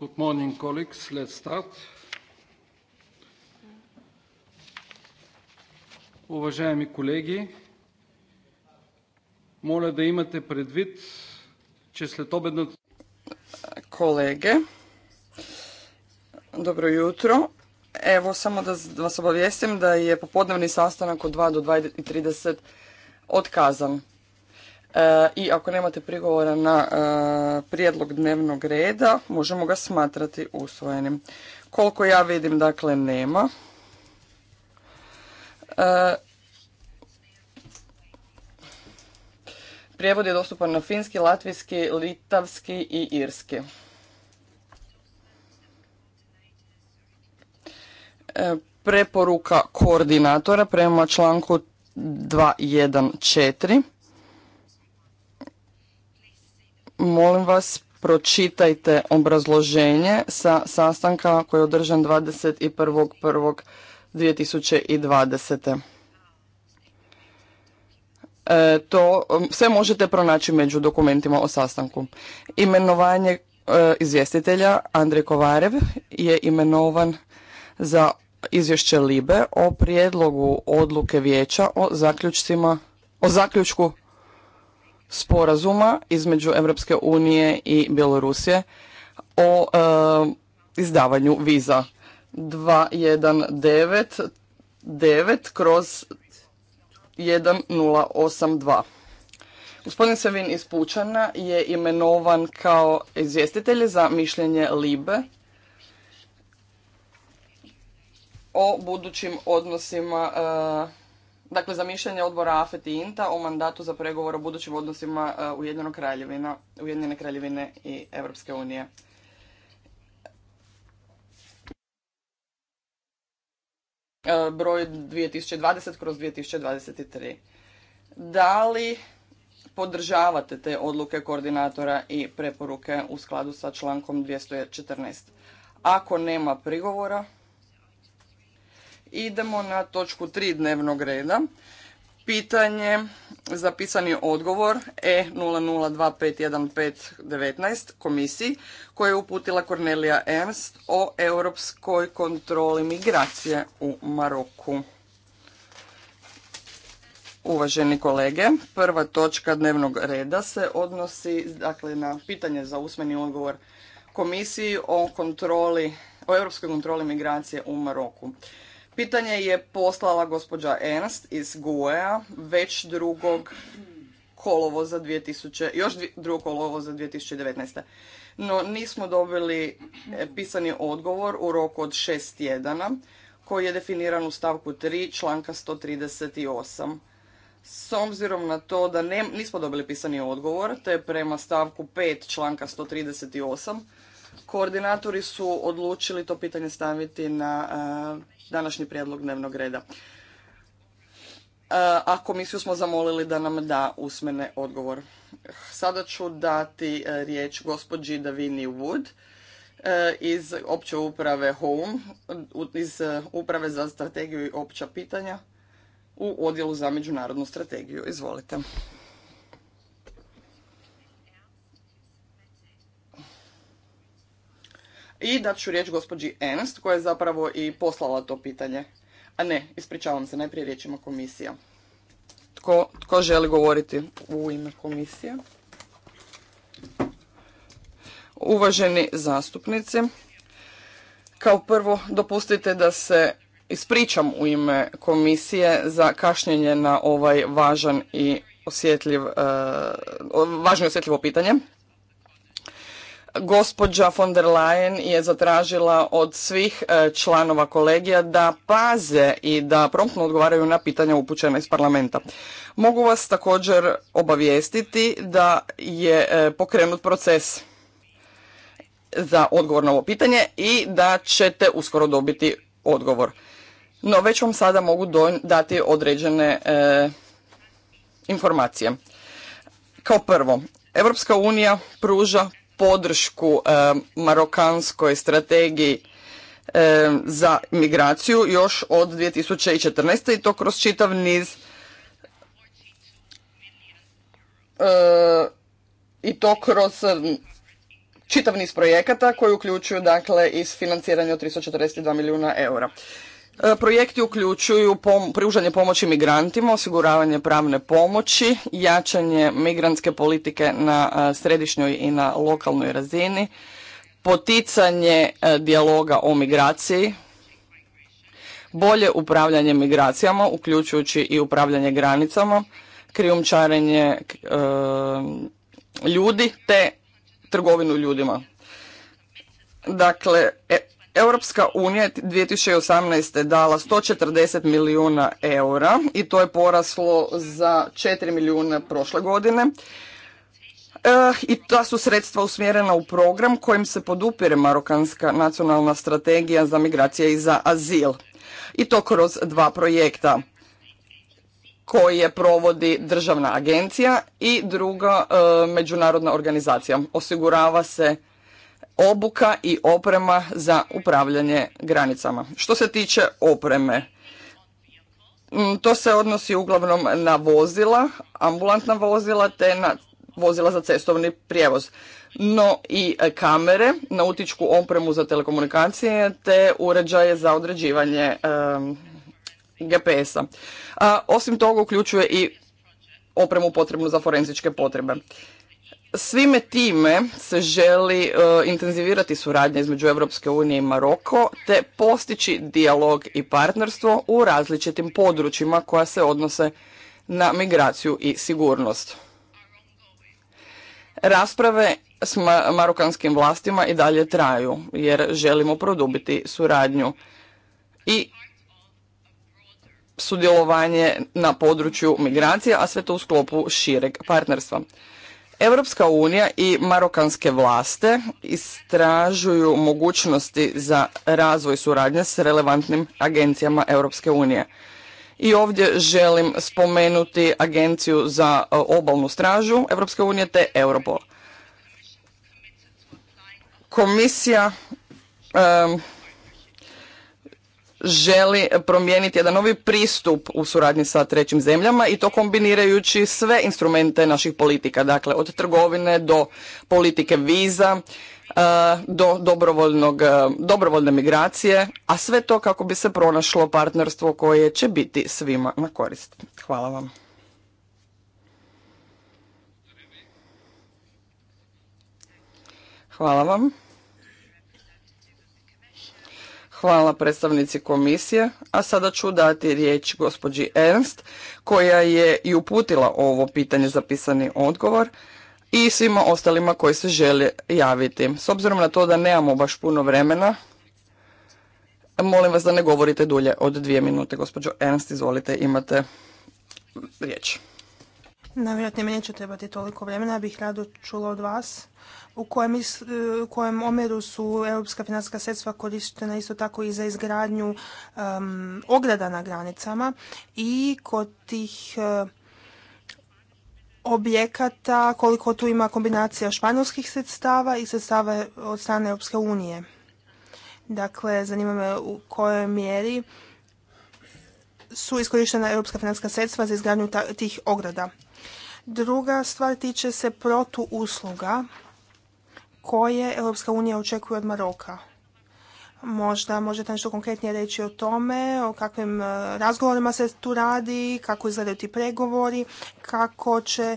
Good morning, colleagues. Let's start. Уважаеми колеги, моля да имате предвид, че след обедната... Kolege, dobro jutro. Evo, samo da vas obavijestim da je popodnevni sastanak od 2 do 2.30 otkazan. E, I ako nemate prigovora na e, prijedlog dnevnog reda, možemo ga smatrati usvojenim. Koliko ja vidim, dakle, nema. E, prijevod je dostupan na finski, latvijski, litavski i irski. Preporuka koordinatora prema članku 214 molim vas pročitajte obrazloženje sa sastanka koji je održan 21.1.2020. E, to sve možete pronaći među dokumentima o sastanku. Imenovanje e, izvjestitelja Andrej Kovarev je imenovan za izvješće Libe o prijedlogu odluke vijeća o zaključcima o zaključku sporazuma između Europske unije i Bjelorusije o e, izdavanju viza 2199 kroz 1082. Gospodin Sevin iz Pučana je imenovan kao izvjestitelj za mišljenje Libe o budućim odnosima e, dakle za mišljenje odbora AFET i INTA o mandatu za pregovor o budućim odnosima e, Ujedinjene kraljevine, Ujedinjene kraljevine i Europske unije. E, broj 2020 kroz 2023. Da li podržavate te odluke koordinatora i preporuke u skladu sa člankom 214? Ako nema prigovora, Idemo na točku 3 dnevnog reda. Pitanje za pisani odgovor e 00251519 komisiji koje je uputila Cornelia Ernst o europskoj kontroli migracije u Maroku. Uvaženi kolege, prva točka dnevnog reda se odnosi dakle, na pitanje za usmeni odgovor komisiji o kontroli, o europskoj kontroli migracije u Maroku. Pitanje je poslala gospođa Ernst iz gue već drugog kolovo za 2000, još drugo kolovo za 2019. No nismo dobili e, pisani odgovor u roku od šest tjedana koji je definiran u stavku 3 članka 138. S obzirom na to da nismo dobili pisani odgovor, te prema stavku 5 članka 138 Koordinatori su odlučili to pitanje staviti na eh, današnji prijedlog dnevnog reda. Eh, a komisiju smo zamolili da nam da usmene odgovor. Sada ću dati eh, riječ gospođi Davini Wood iz opće uprave HOME, iz uprave za strategiju i opća pitanja u odjelu za međunarodnu strategiju. Izvolite. I dat ću riječ gospođi Ernst koja je zapravo i poslala to pitanje. A ne, ispričavam se, najprije riječima komisija. Tko, tko želi govoriti u ime komisije? Uvaženi zastupnici, kao prvo dopustite da se ispričam u ime komisije za kašnjenje na ovaj važan i osjetljiv, e, važno i osjetljivo pitanje. Gospođa von der Leyen je zatražila od svih e, članova kolegija da paze i da promptno odgovaraju na pitanja upućena iz parlamenta. Mogu vas također obavijestiti da je e, pokrenut proces za odgovor na ovo pitanje i da ćete uskoro dobiti odgovor. No već vam sada mogu dati određene e, informacije. Kao prvo, Europska unija pruža podršku e, marokanskoj strategiji e, za migraciju još od 2014. i to kroz čitav niz e, i to kroz čitav niz projekata koji uključuju dakle iz financiranja od 342 milijuna eura. E, projekti uključuju pom pružanje pomoći migrantima, osiguravanje pravne pomoći, jačanje migrantske politike na e, središnjoj i na lokalnoj razini, poticanje e, dijaloga o migraciji, bolje upravljanje migracijama, uključujući i upravljanje granicama, krijumčarenje ljudi te trgovinu ljudima. Dakle, Europska unija je 2018. dala 140 milijuna eura i to je poraslo za 4 milijuna prošle godine. E, I ta su sredstva usmjerena u program kojim se podupire Marokanska nacionalna strategija za migracije i za azil. I to kroz dva projekta koje provodi državna agencija i druga e, međunarodna organizacija. Osigurava se obuka i oprema za upravljanje granicama. Što se tiče opreme, mm, to se odnosi uglavnom na vozila, ambulantna vozila te na vozila za cestovni prijevoz. No i kamere, na nautičku opremu za telekomunikacije te uređaje za određivanje GPS-a. Osim toga uključuje i opremu potrebnu za forenzičke potrebe. Svime time se želi e, intenzivirati suradnja između Europske unije i Maroko te postići dijalog i partnerstvo u različitim područjima koja se odnose na migraciju i sigurnost. Rasprave s marokanskim vlastima i dalje traju jer želimo produbiti suradnju i sudjelovanje na području migracija, a sve to u sklopu šireg partnerstva. Europska unija i marokanske vlaste istražuju mogućnosti za razvoj suradnje s relevantnim agencijama Europske unije. I ovdje želim spomenuti Agenciju za e, obalnu stražu Europske unije te Europol. Komisija želi promijeniti jedan novi pristup u suradnji sa trećim zemljama i to kombinirajući sve instrumente naših politika, dakle od trgovine do politike viza, e, do e, dobrovoljne migracije, a sve to kako bi se pronašlo partnerstvo koje će biti svima na korist. Hvala vam. Hvala vam. Hvala predstavnici komisije, a sada ću dati riječ gospođi Ernst koja je i uputila ovo pitanje za pisani odgovor i svima ostalima koji se žele javiti. S obzirom na to da nemamo baš puno vremena, molim vas da ne govorite dulje od dvije minute. Gospođo Ernst, izvolite, imate riječ. Navjerojatno meni će trebati toliko vremena, bih rado čula od vas u kojem, omeru omjeru su europska financijska sredstva korištena isto tako i za izgradnju ograda na granicama i kod tih e, objekata koliko tu ima kombinacija španjolskih sredstava i sredstava od strane Europske unije. Dakle, zanima me u kojoj mjeri su iskorištena europska financijska sredstva za izgradnju tih ograda. Druga stvar tiče se protuusluga koje Europska unija očekuje od Maroka. Možda možete nešto konkretnije reći o tome, o kakvim e, razgovorima se tu radi, kako izgledaju ti pregovori, kako će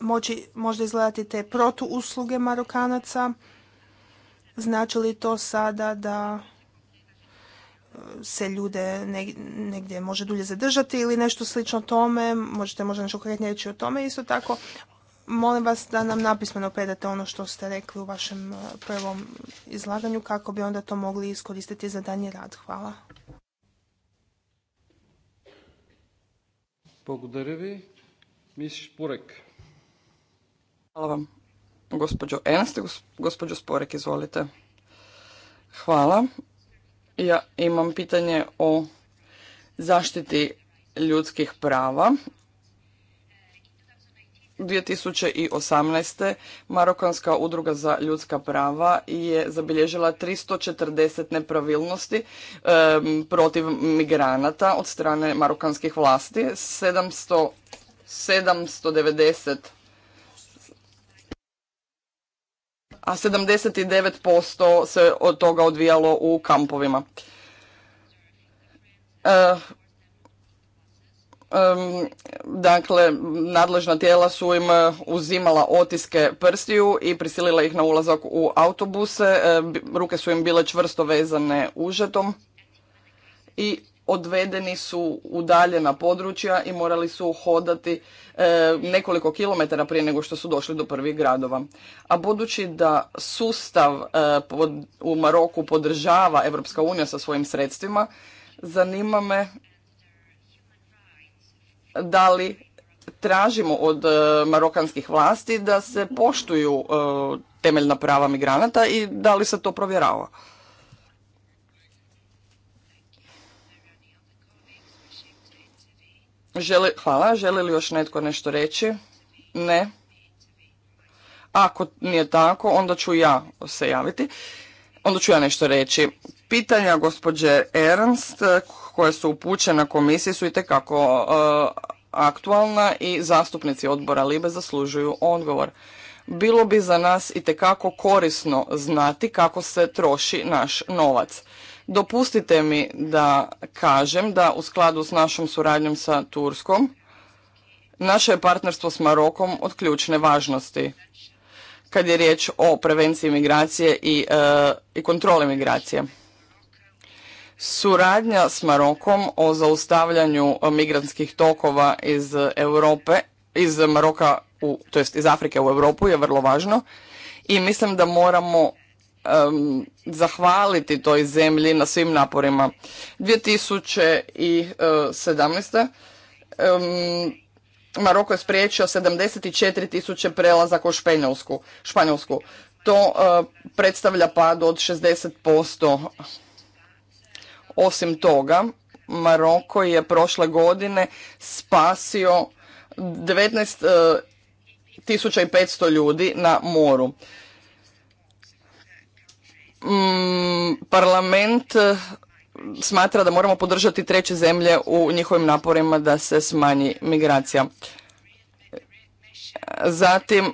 moći možda izgledati te protuusluge Marokanaca. Znači li to sada da e, se ljude negdje može dulje zadržati ili nešto slično tome, možete možda nešto konkretnije reći o tome. Isto tako molim vas da nam napismeno predate ono što ste rekli u vašem e, prvom izlaganju kako bi onda to mogli iskoristiti za danji rad. Hvala. Hvala vam. Gospođo Enste, gospođo Sporek, izvolite. Hvala. Ja imam pitanje o zaštiti ljudskih prava 2018. Marokanska udruga za ljudska prava je zabilježila 340 nepravilnosti protiv migranata od strane marokanskih vlasti, 700, 790 a 79% se od toga odvijalo u kampovima. Eh, dakle nadležna tijela su im e, uzimala otiske prstiju i prisilila ih na ulazak u autobuse, e, ruke su im bile čvrsto vezane užetom i odvedeni su udaljena područja i morali su hodati e, nekoliko kilometara prije nego što su došli do prvih gradova. A budući da sustav u Maroku podržava Europska unija sa svojim sredstvima, zanima me da li tražimo od e, marokanskih vlasti da se poštuju e, temeljna prava migranata i da li se to provjerava. Želi, hvala. Želi li još netko nešto reći? Ne. Ako nije tako, onda ću ja se javiti. Onda ću ja nešto reći. Pitanja gospođe Ernst koja su upućena komisiji su itekako e, aktualna i zastupnici odbora Libe zaslužuju odgovor. Bilo bi za nas itekako korisno znati kako se troši naš novac. Dopustite mi da kažem da u skladu s našom suradnjom sa Turskom naše je partnerstvo s Marokom od ključne važnosti kad je riječ o prevenciji migracije i, e, i kontroli migracije. Suradnja s Marokom o zaustavljanju migrantskih tokova iz Europe, iz Maroka, u, to jest iz Afrike u Europu je vrlo važno i mislim da moramo zahvaliti toj zemlji na svim naporima. 2017. Um, Maroko je spriječio 74 tisuće prelazak u Španjolsku. To eh, predstavlja pad od 60% osim toga, Maroko je prošle godine spasio 19.500 e, ljudi na moru. Mm, parlament e, smatra da moramo podržati treće zemlje u njihovim naporima da se smanji migracija. Zatim e,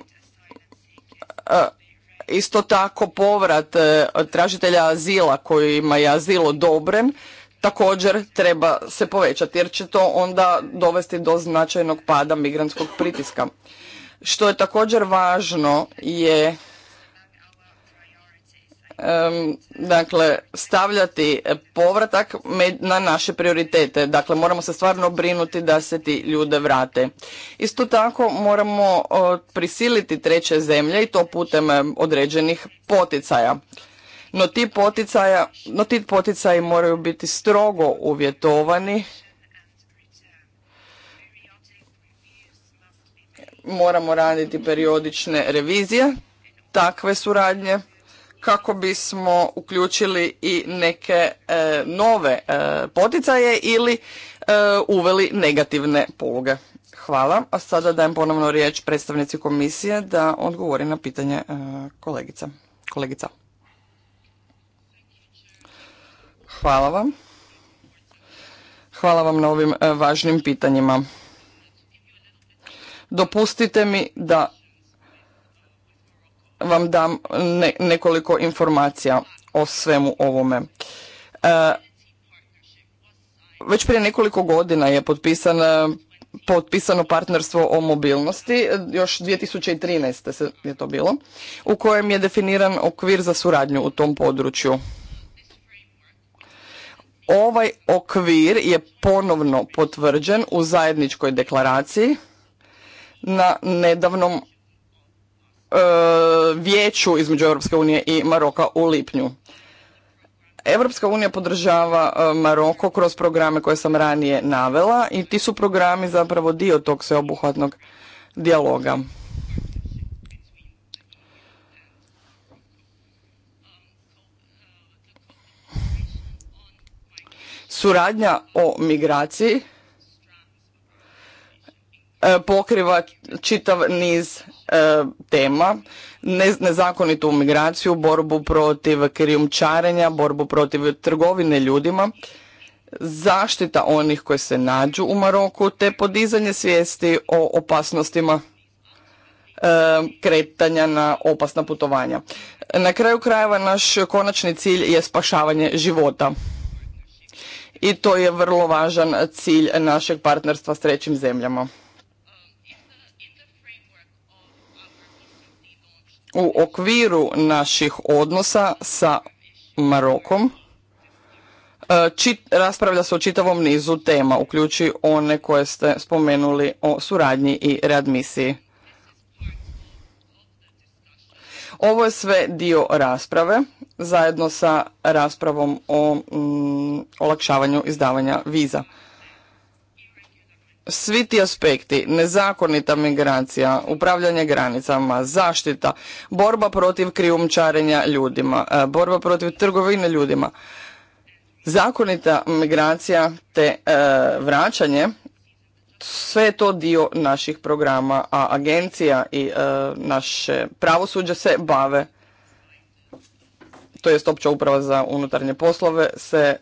isto tako povrat e, tražitelja azila kojima je azil odobren također treba se povećati jer će to onda dovesti do značajnog pada migrantskog pritiska. Što je također važno je dakle stavljati povratak na naše prioritete. Dakle, moramo se stvarno brinuti da se ti ljude vrate. Isto tako moramo prisiliti treće zemlje i to putem određenih poticaja. No ti, poticaja, no ti poticaji moraju biti strogo uvjetovani. Moramo raditi periodične revizije takve suradnje kako bismo uključili i neke e, nove e, poticaje ili e, uveli negativne poluge. Hvala. A sada dajem ponovno riječ predstavnici komisije da odgovori na pitanje kolegica. kolegica. Hvala vam. Hvala vam na ovim važnim pitanjima. Dopustite mi da vam dam nekoliko informacija o svemu ovome. E, već prije nekoliko godina je potpisan e, potpisano partnerstvo o mobilnosti, e, još 2013. je to bilo, u kojem je definiran okvir za suradnju u tom području. Ovaj okvir je ponovno potvrđen u zajedničkoj deklaraciji na nedavnom vijeću između Europske unije i Maroka u lipnju. Europska unija podržava e, Maroko kroz programe koje sam ranije navela i ti su programi zapravo dio tog sveobuhvatnog dijaloga. Suradnja o migraciji e, pokriva čitav niz E, tema, nezakonitu migraciju, borbu protiv krijumčarenja, borbu protiv trgovine ljudima, zaštita onih koji se nađu u Maroku te podizanje svijesti o opasnostima e, kretanja na opasna putovanja. Na kraju krajeva naš konačni cilj je spašavanje života. I to je vrlo važan cilj našeg partnerstva s trećim zemljama. u okviru naših odnosa sa Marokom e, čit, raspravlja se o čitavom nizu tema, uključi one koje ste spomenuli o suradnji i readmisiji. Ovo je sve dio rasprave zajedno sa raspravom o mm, olakšavanju izdavanja viza svi ti aspekti, nezakonita migracija, upravljanje granicama, zaštita, borba protiv krijumčarenja ljudima, e, borba protiv trgovine ljudima, zakonita migracija te e, vraćanje, sve je to dio naših programa, a agencija i e, naše pravosuđe se bave, to je opća uprava za unutarnje poslove, se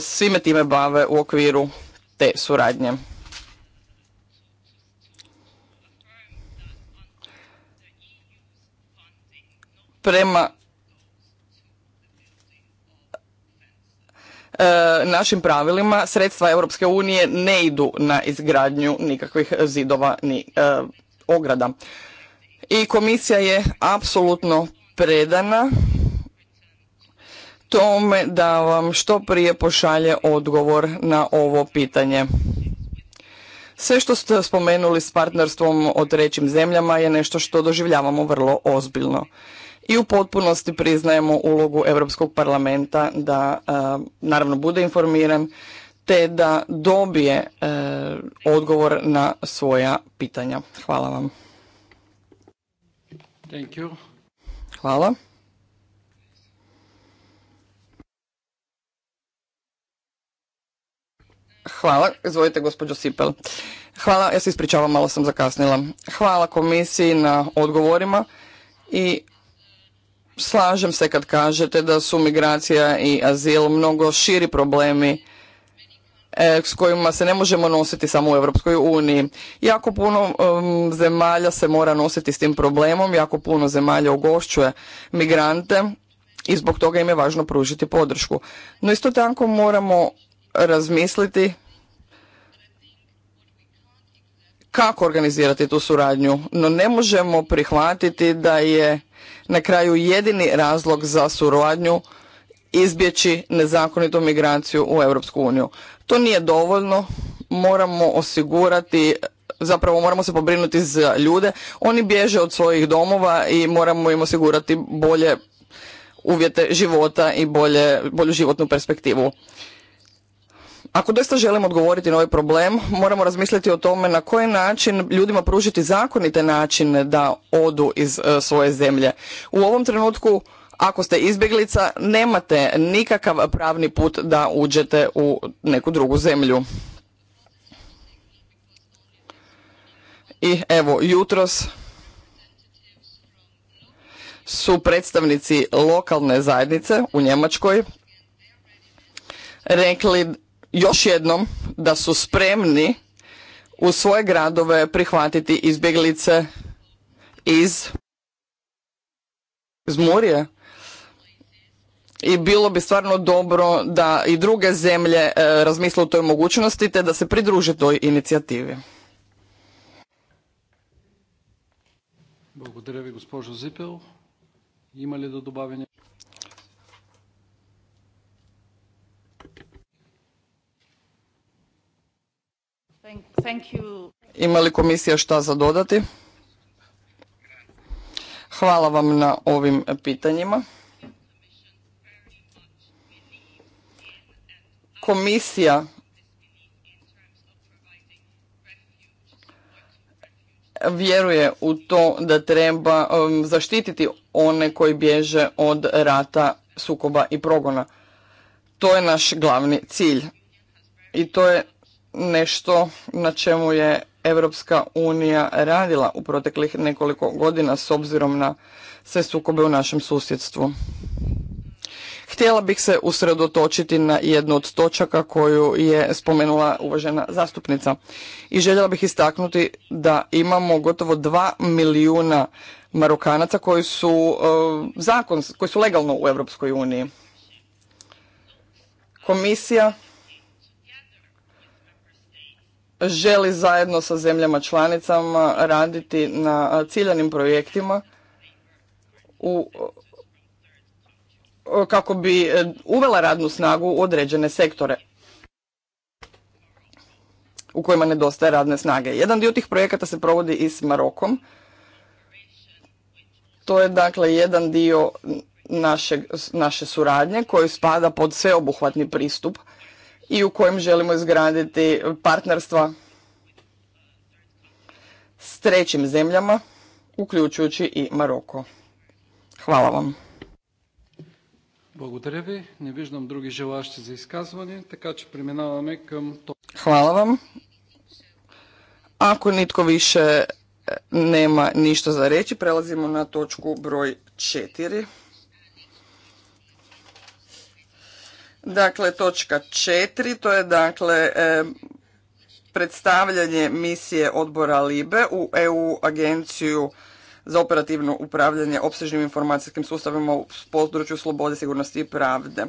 svime time bave u okviru te suradnje. Prema e, našim pravilima sredstva Europske unije ne idu na izgradnju nikakvih zidova ni e, ograda. I komisija je apsolutno predana tome da vam što prije pošalje odgovor na ovo pitanje. Sve što ste spomenuli s partnerstvom o trećim zemljama je nešto što doživljavamo vrlo ozbiljno i u potpunosti priznajemo ulogu Europskog parlamenta da e, naravno bude informiran te da dobije e, odgovor na svoja pitanja. Hvala vam. Hvala. Hvala. Izvolite, gospođo Sipel. Hvala. Ja se ispričavam, malo sam zakasnila. Hvala komisiji na odgovorima i slažem se kad kažete da su migracija i azil mnogo širi problemi e, s kojima se ne možemo nositi samo u Europskoj uniji. Jako puno zemalja se mora nositi s tim problemom, jako puno zemalja ugošćuje migrante i zbog toga im je važno pružiti podršku. No isto tako moramo razmisliti kako organizirati tu suradnju, no ne možemo prihvatiti da je na kraju jedini razlog za suradnju izbjeći nezakonitu migraciju u Europsku uniju. To nije dovoljno, moramo osigurati zapravo moramo se pobrinuti za ljude. Oni bježe od svojih domova i moramo im osigurati bolje uvjete života i bolje, bolju životnu perspektivu. Ako doista želimo odgovoriti na ovaj problem, moramo razmisliti o tome na koji način ljudima pružiti zakonite načine da odu iz e, svoje zemlje. U ovom trenutku, ako ste izbjeglica, nemate nikakav pravni put da uđete u neku drugu zemlju. I evo, jutros su predstavnici lokalne zajednice u Njemačkoj rekli još jednom da su spremni u svoje gradove prihvatiti izbjeglice iz, iz I bilo bi stvarno dobro da i druge zemlje e, razmisle o toj mogućnosti te da se pridruže toj inicijativi. Благодаря ви, госпожо Зипел. Има ли да Ima li komisija šta za dodati? Hvala vam na ovim pitanjima. Komisija vjeruje u to da treba um, zaštititi one koji bježe od rata, sukoba i progona. To je naš glavni cilj i to je nešto na čemu je Europska unija radila u proteklih nekoliko godina s obzirom na sve sukobe u našem susjedstvu. Htjela bih se usredotočiti na jednu od točaka koju je spomenula uvažena zastupnica i željela bih istaknuti da imamo gotovo 2 milijuna Marokanaca koji su, e, zakon, koji su legalno u Europskoj uniji. Komisija želi zajedno sa zemljama članicama raditi na ciljanim projektima u kako bi e, uvela radnu snagu u određene sektore u kojima nedostaje radne snage. Jedan dio tih projekata se provodi i s Marokom. To je dakle jedan dio naše, naše suradnje koji spada pod sveobuhvatni pristup i u kojem želimo izgraditi partnerstva s trećim zemljama, uključujući i Maroko. Hvala vam. Hvala vam. Ako nitko više nema ništa za reći, prelazimo na točku broj četiri. Dakle, točka četiri, to je dakle e, predstavljanje misije odbora LIBE u EU agenciju za operativno upravljanje opsežnim informacijskim sustavima u području slobode, sigurnosti i pravde.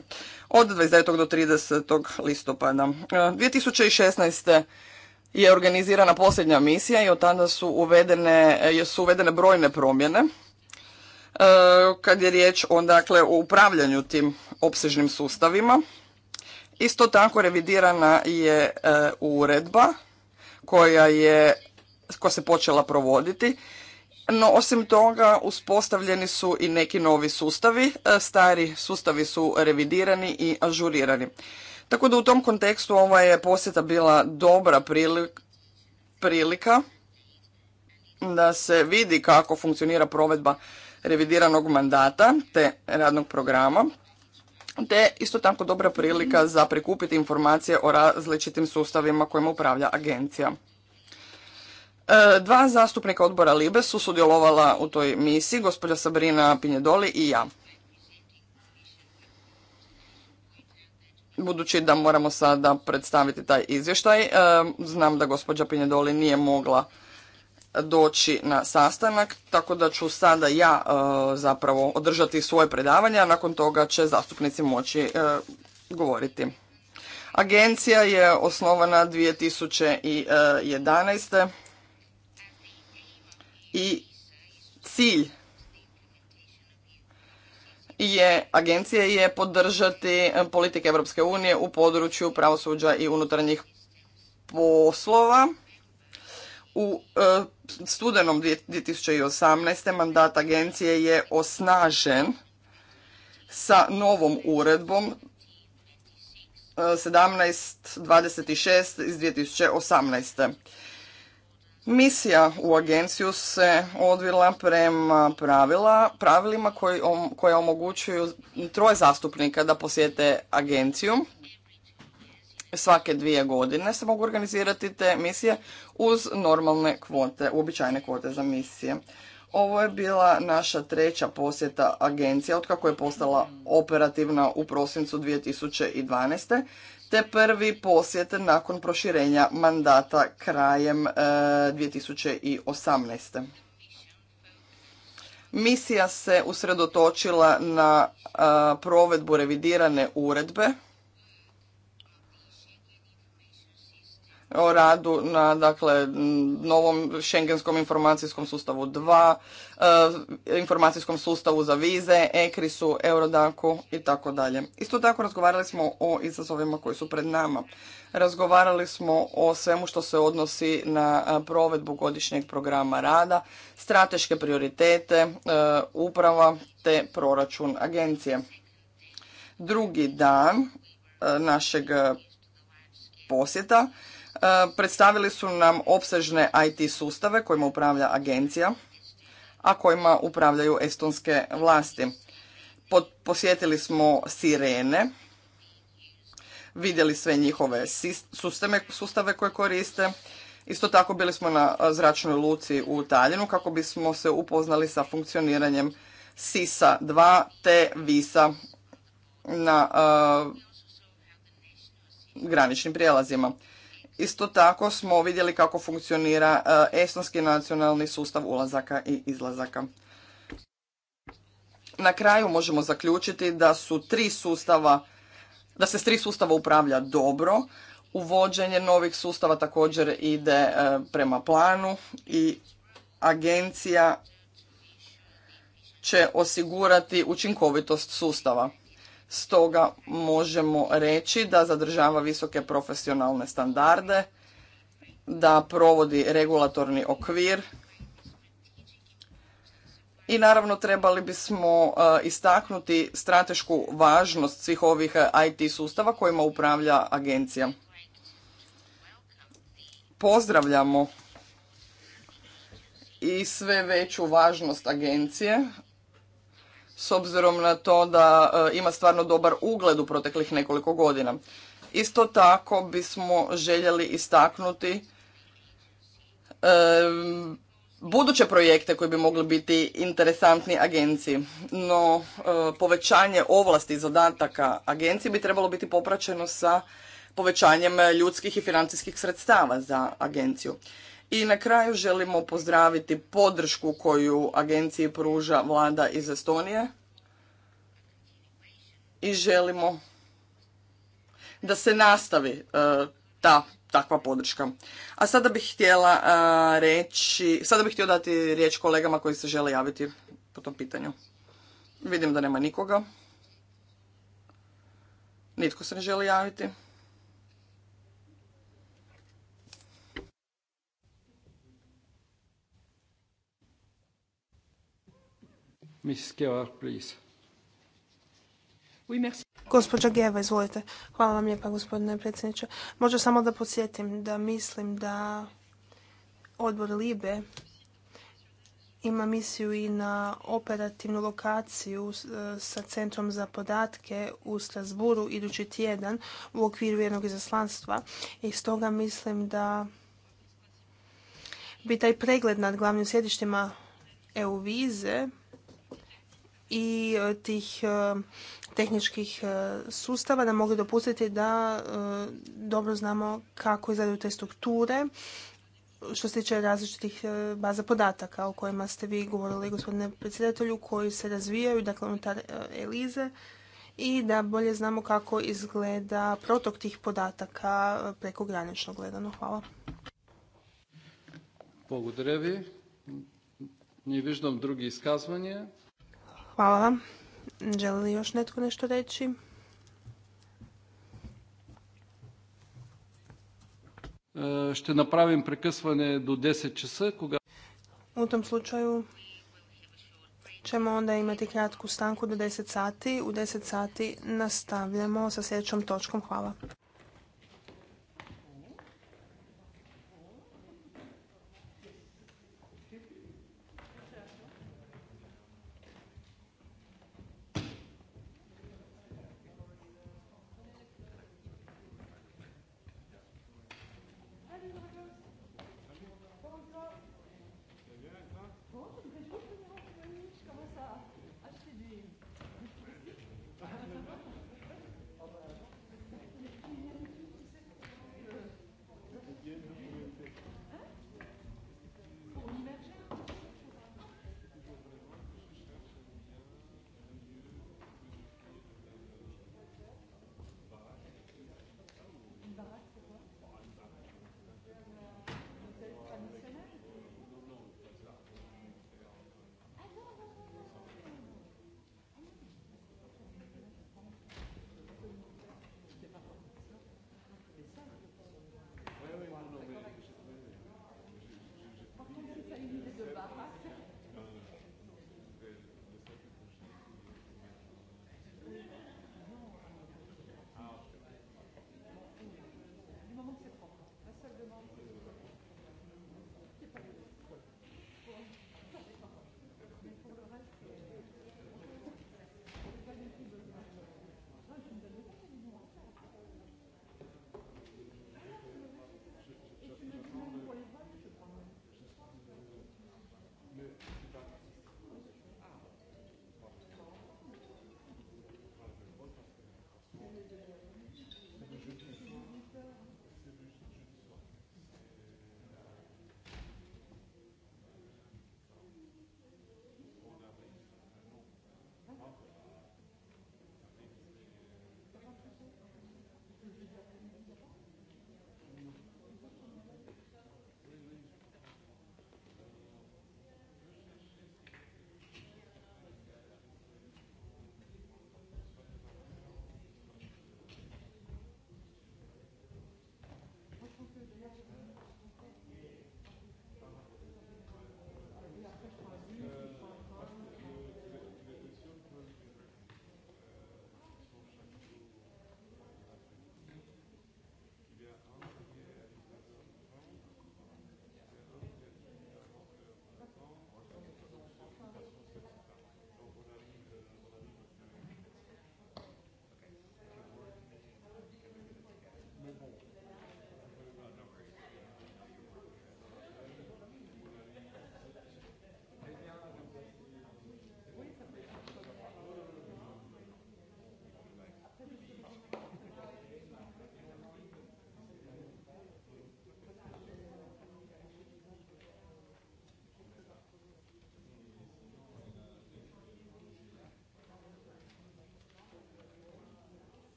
Od 29. do 30. listopada. 2016. E, je organizirana posljednja misija i od tada su uvedene, e, su uvedene brojne promjene E, kad je riječ o, dakle, o upravljanju tim opsežnim sustavima. Isto tako revidirana je e, uredba koja je koja se počela provoditi. No, osim toga, uspostavljeni su i neki novi sustavi. E, stari sustavi su revidirani i ažurirani. Tako da u tom kontekstu ova je posjeta bila dobra prilika da se vidi kako funkcionira provedba revidiranog mandata te radnog programa, te isto tako dobra prilika za prikupiti informacije o različitim sustavima kojima upravlja agencija. E, dva zastupnika odbora Libe su sudjelovala u toj misiji, gospođa Sabrina Pinjedoli i ja. Budući da moramo sada predstaviti taj izvještaj, e, znam da gospođa Pinjedoli nije mogla doći na sastanak, tako da ću sada ja e, zapravo održati svoje predavanje, a nakon toga će zastupnici moći e, govoriti. Agencija je osnovana 2011. E, i cilj je agencije je podržati politike Europske unije u području pravosuđa i unutarnjih poslova u e, studenom 2018. mandat agencije je osnažen sa novom uredbom 1726 e, iz 2018. Misija u agenciju se odvila prema pravila, pravilima koji, koja omogućuju troje zastupnika da posjete agenciju svake dvije godine se mogu organizirati te misije uz normalne kvote, uobičajene kvote za misije. Ovo je bila naša treća posjeta agencija otkako je postala operativna u prosincu 2012. te prvi posjet nakon proširenja mandata krajem 2018. E, Misija se usredotočila na e, provedbu revidirane uredbe o radu na dakle, novom šengenskom informacijskom sustavu 2, eh, informacijskom sustavu za vize, ECRIS-u, Eurodaku i tako dalje. Isto tako razgovarali smo o izazovima koji su pred nama. Razgovarali smo o svemu što se odnosi na eh, provedbu godišnjeg programa rada, strateške prioritete, eh, uprava te proračun agencije. Drugi dan našeg posjeta Predstavili su nam opsežne IT sustave kojima upravlja agencija, a kojima upravljaju estonske vlasti. Posjetili smo sirene, vidjeli sve njihove sustave, koje koriste. Isto tako bili smo na zračnoj luci u Taljinu kako bismo se upoznali sa funkcioniranjem SISA 2 te VISA na graničnim prijelazima. Isto tako smo vidjeli kako funkcionira e, estonski nacionalni sustav ulazaka i izlazaka. Na kraju možemo zaključiti da su tri sustava, da se s tri sustava upravlja dobro, uvođenje novih sustava također ide e, prema planu i agencija će osigurati učinkovitost sustava. Stoga možemo reći da zadržava visoke profesionalne standarde, da provodi regulatorni okvir i naravno trebali bismo e, istaknuti stratešku važnost svih ovih e, IT sustava kojima upravlja agencija. Pozdravljamo i sve veću važnost agencije s obzirom na to da e, ima stvarno dobar ugled u proteklih nekoliko godina. Isto tako bismo željeli istaknuti e, buduće projekte koji bi mogli biti interesantni agenciji. No, e, povećanje ovlasti i zadataka agenciji bi trebalo biti popraćeno sa povećanjem ljudskih i financijskih sredstava za agenciju. I na kraju želimo pozdraviti podršku koju agenciji pruža vlada iz Estonije i želimo da se nastavi e, ta takva podrška. A sada bih htjela e, reći, sada bih htio dati riječ kolegama koji se žele javiti po tom pitanju. Vidim da nema nikoga. Nitko se ne želi javiti. Geva, izvolite. Hvala vam lijepa, gospodine predsjedniče. Možda samo da podsjetim da mislim da odbor Libe ima misiju i na operativnu lokaciju e, sa Centrom za podatke u Strasburu idući tjedan u okviru jednog izaslanstva i stoga mislim da bi taj pregled nad glavnim sjedištima EU vize i e, tih e, tehničkih e, sustava da mogli dopustiti da dobro znamo kako izgledaju te strukture što se tiče različitih baza podataka o kojima ste vi govorili, gospodine predsjedatelju, koji se razvijaju dakle, unutar Elize i da bolje znamo kako izgleda protok tih podataka preko gledano. Hvala. Благодаря ви. drugi други Hvala vam. Želi li još netko nešto reći? E, Ще napravim прекъсване do 10 часа, U tom slučaju ćemo onda imati kratku stanku do 10 sati. U 10 sati nastavljamo sa sljedećom točkom. Hvala.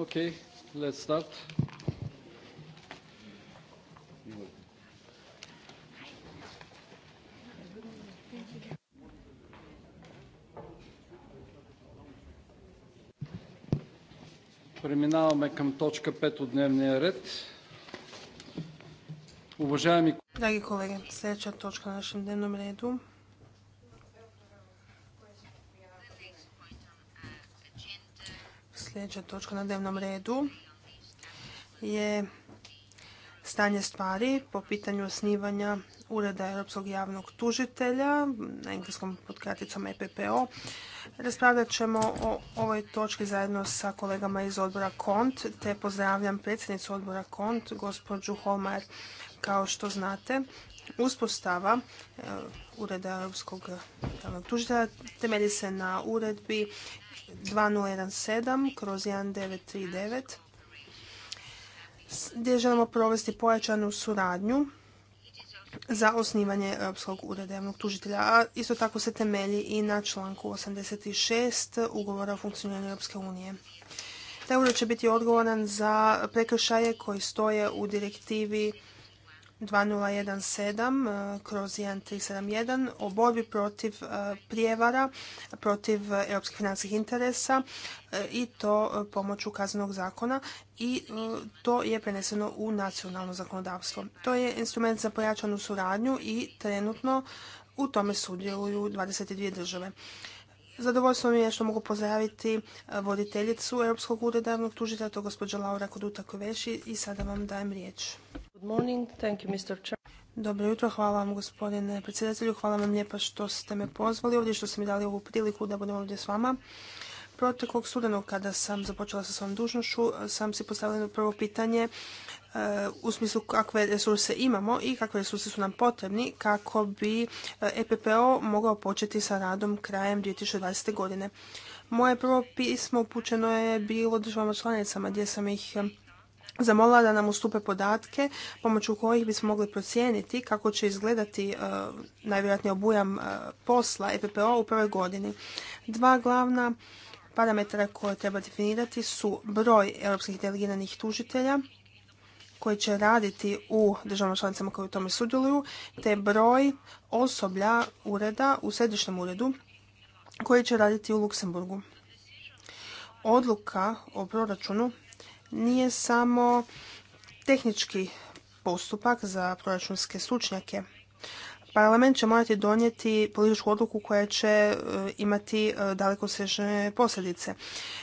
Okay, let's start. Преминаваме към точка 5 от дневния ред. Уважаеми Драги колеги, следващата точка на нашем дневном реду Sljedeća točka na dnevnom redu je stanje stvari po pitanju osnivanja Ureda Europskog javnog tužitelja, na engleskom pod kraticom EPPO. Raspravljat ćemo o ovoj točki zajedno sa kolegama iz odbora KONT, te pozdravljam predsjednicu odbora KONT, gospođu Homer Kao što znate, uspostava e, Ureda Europskog javnog tužitelja temelji se na uredbi 2017 kroz 1939 gdje želimo provesti pojačanu suradnju za osnivanje Europskog ureda javnog tužitelja. A isto tako se temelji i na članku 86 ugovora o funkcioniranju Europske unije. Taj ured će biti odgovoran za prekršaje koji stoje u direktivi 2017 e, kroz 1371 o borbi protiv e, prijevara, protiv europskih financijskih interesa e, i to pomoću kaznenog zakona i to je preneseno u nacionalno zakonodavstvo. To je instrument za pojačanu suradnju i trenutno u tome sudjeluju 22 države. Zadovoljstvo mi je što mogu pozdraviti voditeljicu Europskog ureda javnog tužitelja, to gospođa Laura Koduta Koveši i sada vam dajem riječ. Dobro jutro, hvala vam gospodine predsjedatelju, hvala vam lijepa što ste me pozvali ovdje, što ste mi dali ovu priliku da budem ovdje s vama. Proteklog studenog kada sam započela sa svojom dužnošću, sam si postavila prvo pitanje eh, u smislu kakve resurse imamo i kakve resurse su nam potrebni kako bi EPPO eh, e mogao početi sa radom krajem 2020. godine. Moje prvo pismo upućeno je bilo državama članicama gdje sam ih eh, zamolila da nam ustupe podatke pomoću kojih bismo mogli procijeniti kako će izgledati e, najvjerojatnije obujam e, posla EPPO u prvoj godini. Dva glavna parametra koje treba definirati su broj europskih delegiranih tužitelja koji će raditi u državnom članicama koji u tome sudjeluju, te broj osoblja ureda u središnjem uredu koji će raditi u Luksemburgu. Odluka o proračunu nije samo tehnički postupak za proračunske stručnjake. Parlament će morati donijeti političku odluku koja će e, imati e, daleko sežne posljedice.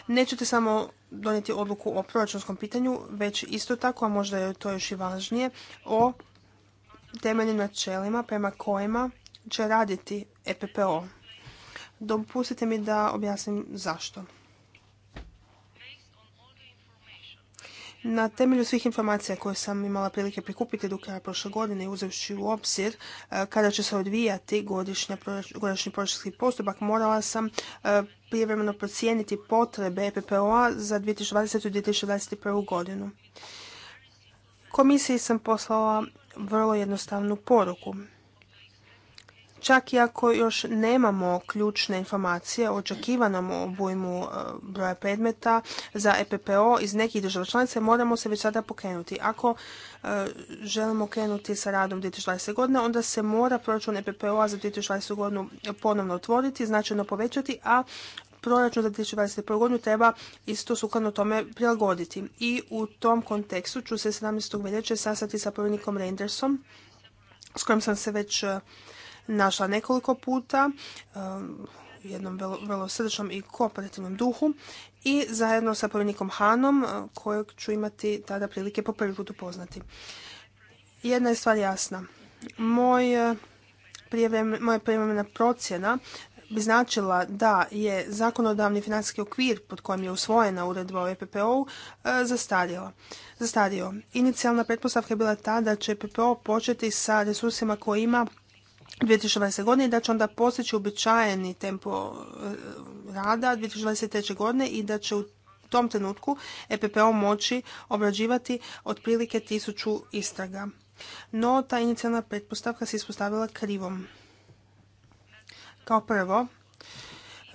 Nećete samo donijeti odluku o proračunskom pitanju, već isto tako, a možda je to još i važnije, o temeljnim načelima prema kojima će raditi EPPO. Dopustite mi da objasnim zašto. Na temelju svih informacija koje sam imala prilike prikupiti do kraja prošle godine i uzevši u obzir e, kada će se odvijati godišnji proračunski postupak, morala sam e, prijevremeno procijeniti potrebe EPPO-a za 2020. i 2021. godinu. Komisiji sam poslala vrlo jednostavnu poruku. Čak i ako još nemamo ključne informacije o očekivanom obujmu e, broja predmeta za EPPO iz nekih država članica, moramo se već sada pokrenuti. Ako e, želimo krenuti sa radom 2020. godine, onda se mora proračun EPPO-a za 2020. godinu ponovno otvoriti, značajno povećati, a proračun za 2021. godinu treba isto sukladno tome prilagoditi. I u tom kontekstu ću se 17. veljače sastati sa povjerenikom Rendersom, s kojim sam se već e, našla nekoliko puta u um, jednom vrlo, srčnom i kooperativnom duhu i zajedno sa povjerenikom Hanom uh, kojeg ću imati tada prilike po prvi put upoznati. Jedna je stvar jasna. Moj uh, moja prijevremena procjena bi značila da je zakonodavni financijski okvir pod kojim je usvojena uredba o EPPO-u uh, Zastario. Inicijalna pretpostavka je bila ta da će EPPO početi sa resursima koje ima 2020. godine i da će onda postići uobičajeni tempo e, rada 2023. godine i da će u tom trenutku EPPO moći obrađivati otprilike tisuću istraga. No, ta inicijalna pretpostavka se ispostavila krivom. Kao prvo,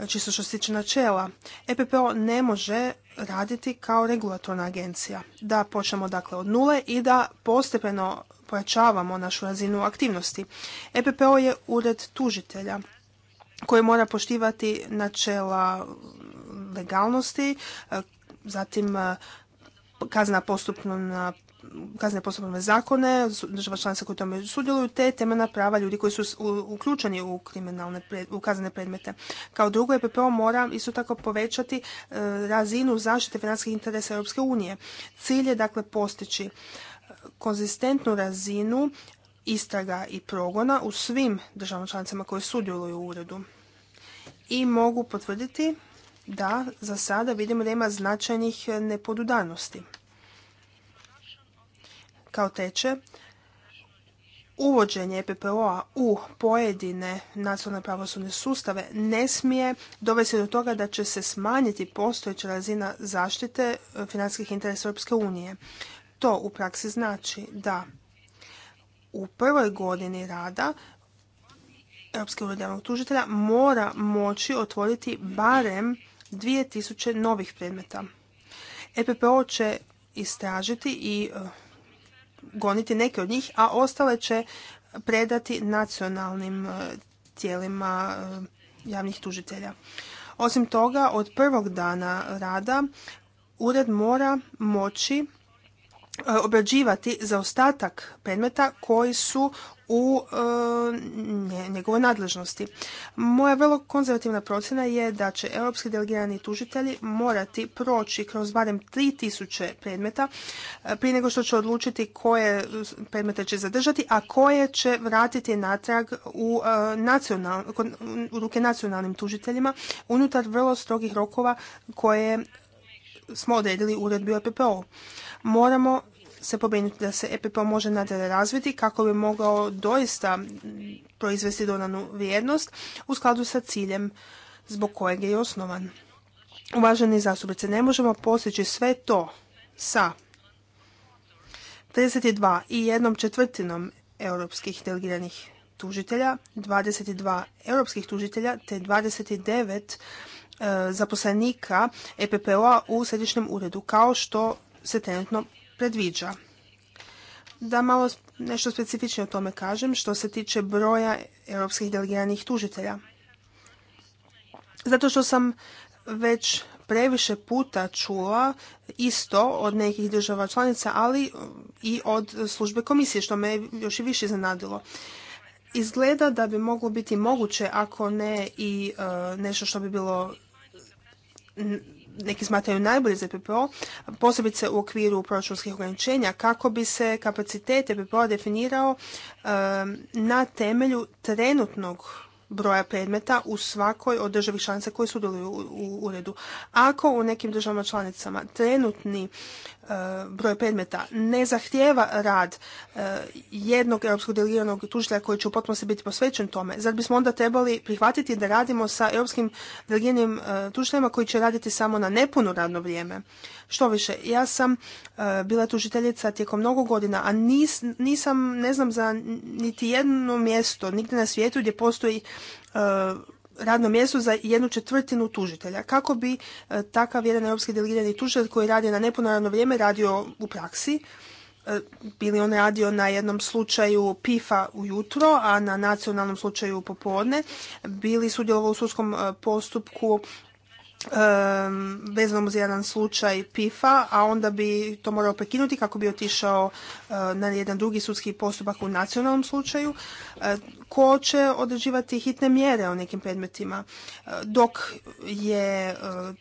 čisto što se tiče načela, EPPO ne može raditi kao regulatorna agencija. Da počnemo dakle od nule i da postepeno pojačavamo našu razinu aktivnosti. EPPO je ured tužitelja koji mora poštivati načela legalnosti, zatim e, kazna postupno na kazne poslovne zakone, država članica koji tome sudjeluju, te temena prava ljudi koji su uključeni u, kriminalne, u kaznene predmete. Kao drugo, EPPO mora isto tako povećati e, razinu zaštite financijskih interesa Europske unije. Cilj je dakle postići e, konzistentnu razinu istraga i progona u svim državama članicama koje sudjeluju u uredu. I mogu potvrditi da za sada vidimo da ima značajnih nepodudanosti kao teče uvođenje EPPO-a u pojedine nacionalne pravosudne sustave ne smije dovesti do toga da će se smanjiti postojeća razina zaštite e, financijskih interesa Europske unije. To u praksi znači da u prvoj godini rada Europske unije javnog tužitelja mora moći otvoriti barem 2000 novih predmeta. EPPO će istražiti i e, goniti neke od njih, a ostale će predati nacionalnim e, tijelima e, javnih tužitelja. Osim toga, od prvog dana rada ured mora moći E, obrađivati zaostatak predmeta koji su u e, njegovoj nadležnosti. Moja vrlo konzervativna procjena je da će europski delegirani tužitelji morati proći kroz barem 3000 predmeta e, prije nego što će odlučiti koje predmete će zadržati, a koje će vratiti natrag u, u ruke nacionalnim tužiteljima unutar vrlo strogih rokova koje smo odredili u uredbi o PPO moramo se pobrinuti da se EPPO može nadalje razviti kako bi mogao doista proizvesti donanu vrijednost u skladu sa ciljem zbog kojeg je osnovan. Uvaženi zastupnici, ne možemo postići sve to sa 32 i jednom četvrtinom europskih delegiranih tužitelja, 22 europskih tužitelja te 29 e, zaposlenika EPPO-a u središnjem uredu, kao što se trenutno predviđa. Da malo nešto specifičnije o tome kažem što se tiče broja europskih delegiranih tužitelja. Zato što sam već previše puta čula isto od nekih država članica, ali um, i od službe komisije, što me još i više zanadilo. Izgleda da bi moglo biti moguće, ako ne i uh, nešto što bi bilo neki smatraju najbolje za e PPO, posebice u okviru proračunskih ograničenja, kako bi se kapacitet e PPO definirao na temelju trenutnog broja predmeta u svakoj od državih članica koji sudjeluju u uredu. Ako u nekim državama članicama trenutni Eh, broj predmeta ne zahtijeva rad eh, jednog europskog delegiranog tužitelja koji će u potpunosti biti posvećen tome, zar bismo onda trebali prihvatiti da radimo sa europskim delegiranim eh, tužiteljima koji će raditi samo na nepuno radno vrijeme? Što više, ja sam bila tužiteljica tijekom mnogo godina, a nisam, ne znam za niti jedno mjesto, nigdje na svijetu gdje postoji radno mjesto za jednu četvrtinu tužitelja. Kako bi e, takav jedan europski delegirani tužitelj koji radi na nepuno vrijeme radio u praksi, e, bili on radio na jednom slučaju PIFA ujutro, a na nacionalnom slučaju popodne, bili sudjelovao u sudskom e, postupku vezano vezanom uz jedan slučaj PIFA, a onda bi to morao prekinuti kako bi otišao na jedan drugi sudski postupak u nacionalnom slučaju. E, ko će određivati hitne mjere o nekim predmetima e, dok je e,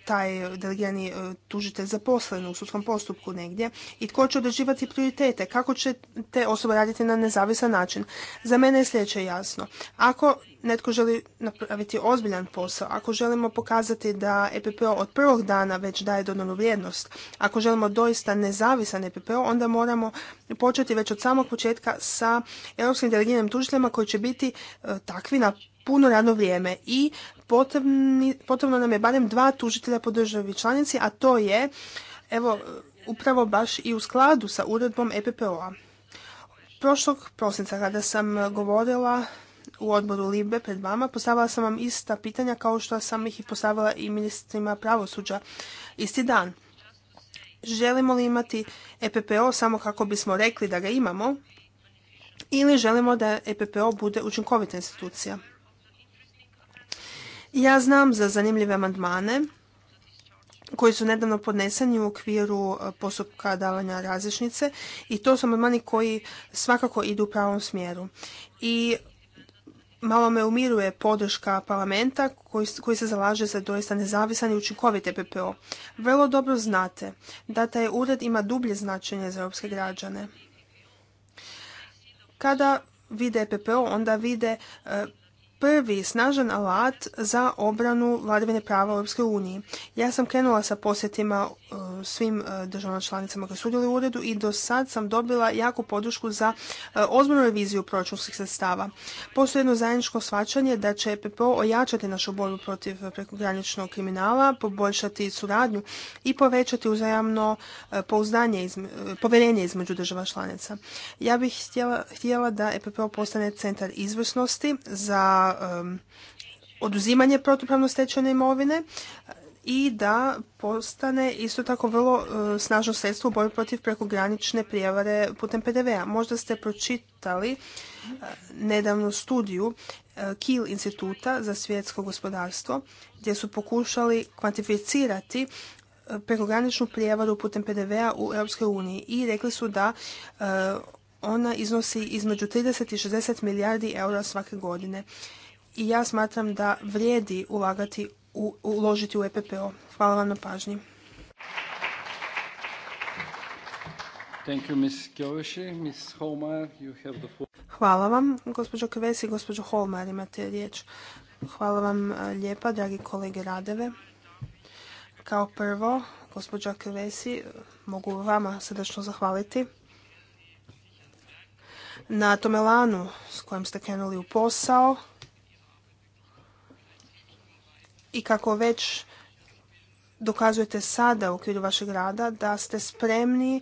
taj delegirani tužitelj zaposlen u sudskom postupku negdje i tko će određivati prioritete, kako će te osobe raditi na nezavisan način. Za mene je sljedeće jasno. Ako netko želi napraviti ozbiljan posao, ako želimo pokazati da EPPO od prvog dana već daje dodanu vrijednost, ako želimo doista nezavisan EPPO, onda moramo početi već od samog početka sa europskim delegiranim tužiteljima koji će biti e, takvi na puno radno vrijeme i potrebno nam je barem dva tužitelja po državi članici, a to je evo upravo baš i u skladu sa uredbom EPPO-a. Prošlog prosinca kada sam govorila u odboru Libe pred vama, postavila sam vam ista pitanja kao što sam ih i postavila i ministrima pravosuđa isti dan. Želimo li imati EPPO samo kako bismo rekli da ga imamo ili želimo da EPPO bude učinkovita institucija. Ja znam za zanimljive amandmane koji su nedavno podneseni u okviru e, postupka davanja različnice i to su amandmani koji svakako idu u pravom smjeru. I malo me umiruje podrška parlamenta koji, koji se zalaže za doista nezavisan i učinkovit EPPO. Vrlo dobro znate da taj ured ima dublje značenje za europske građane. Kada vide e PPO, onda vide e, prvi snažan alat za obranu vladavine prava u Europskoj uniji. Ja sam krenula sa posjetima e, svim e, državama članicama koje sudjeluju u uredu i do sad sam dobila jako podršku za e, ozbiljnu reviziju proračunskih sredstava. Postoji jedno zajedničko svačanje da će EPPO ojačati našu borbu protiv prekograničnog kriminala, poboljšati suradnju i povećati uzajamno pouzdanje, povjerenje između država članica. Ja bih htjela, htjela da EPPO postane centar izvrsnosti za oduzimanje protupravno stečene imovine i da postane isto tako vrlo e, snažno sredstvo u borbi protiv prekogranične prijevare putem PDV-a. Možda ste pročitali e, nedavnu studiju e, Kiel instituta za svjetsko gospodarstvo gdje su pokušali kvantificirati prekograničnu prijevaru putem PDV-a u EU i rekli su da ona iznosi između 30 i 60 milijardi eura svake godine i ja smatram da vrijedi ulagati, u, uložiti u EPPO. Hvala vam na pažnji. Hvala vam, gospođo Kvesi, gospođo Holmar, imate riječ. Hvala vam e, lijepa, dragi kolege Radeve. Kao prvo, gospođo Kvesi, e, mogu vama srdečno zahvaliti na tome lanu s kojim ste krenuli u posao i kako već dokazujete sada u okviru vašeg rada da ste spremni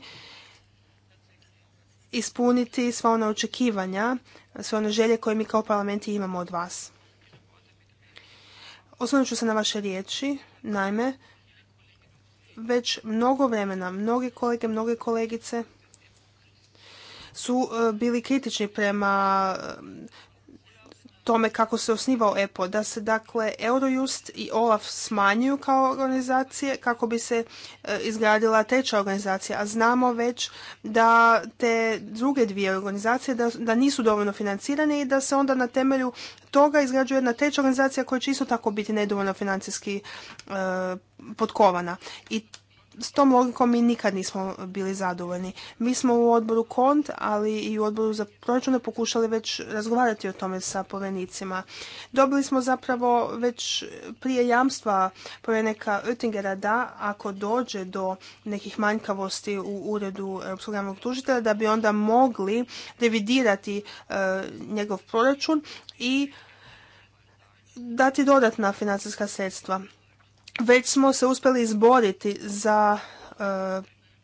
ispuniti sva ona očekivanja, sve one želje koje mi kao parlament imamo od vas. Osvrnut ću se na vaše riječi, naime, već mnogo vremena, mnoge kolege, mnoge kolegice su e, bili kritični prema tome kako se osnivao EPO, da se dakle Eurojust i OLAF smanjuju kao organizacije kako bi se e, izgradila treća organizacija, a znamo već da te druge dvije organizacije da, nisu dovoljno financirane i da se onda na temelju toga izgrađuje jedna treća organizacija koja će isto tako biti nedovoljno financijski e, potkovana. I s tom logikom mi nikad nismo bili zadovoljni. Mi smo u odboru KONT, ali i u odboru za proračune pokušali već razgovarati o tome sa povenicima. Dobili smo zapravo već prije jamstva povjerenika Oettingera da ako dođe do nekih manjkavosti u uredu Europskog javnog tužitelja, da bi onda mogli revidirati e, njegov proračun i dati dodatna financijska sredstva već smo se uspjeli izboriti za e,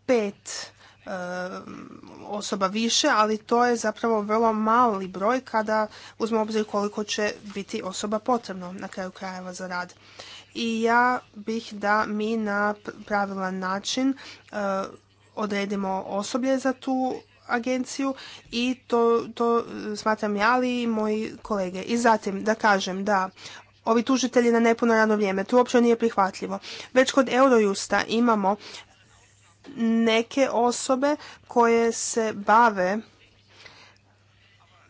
pet e, osoba više, ali to je zapravo vrlo mali broj kada uzmemo obzir koliko će biti osoba potrebno na kraju krajeva za rad. I ja bih da mi na pravilan način e, odredimo osoblje za tu agenciju i to, to smatram ja ali i moji kolege. I zatim da kažem da ovi tužitelji na nepuno radno vrijeme. To uopće nije prihvatljivo. Već kod Eurojusta imamo neke osobe koje se bave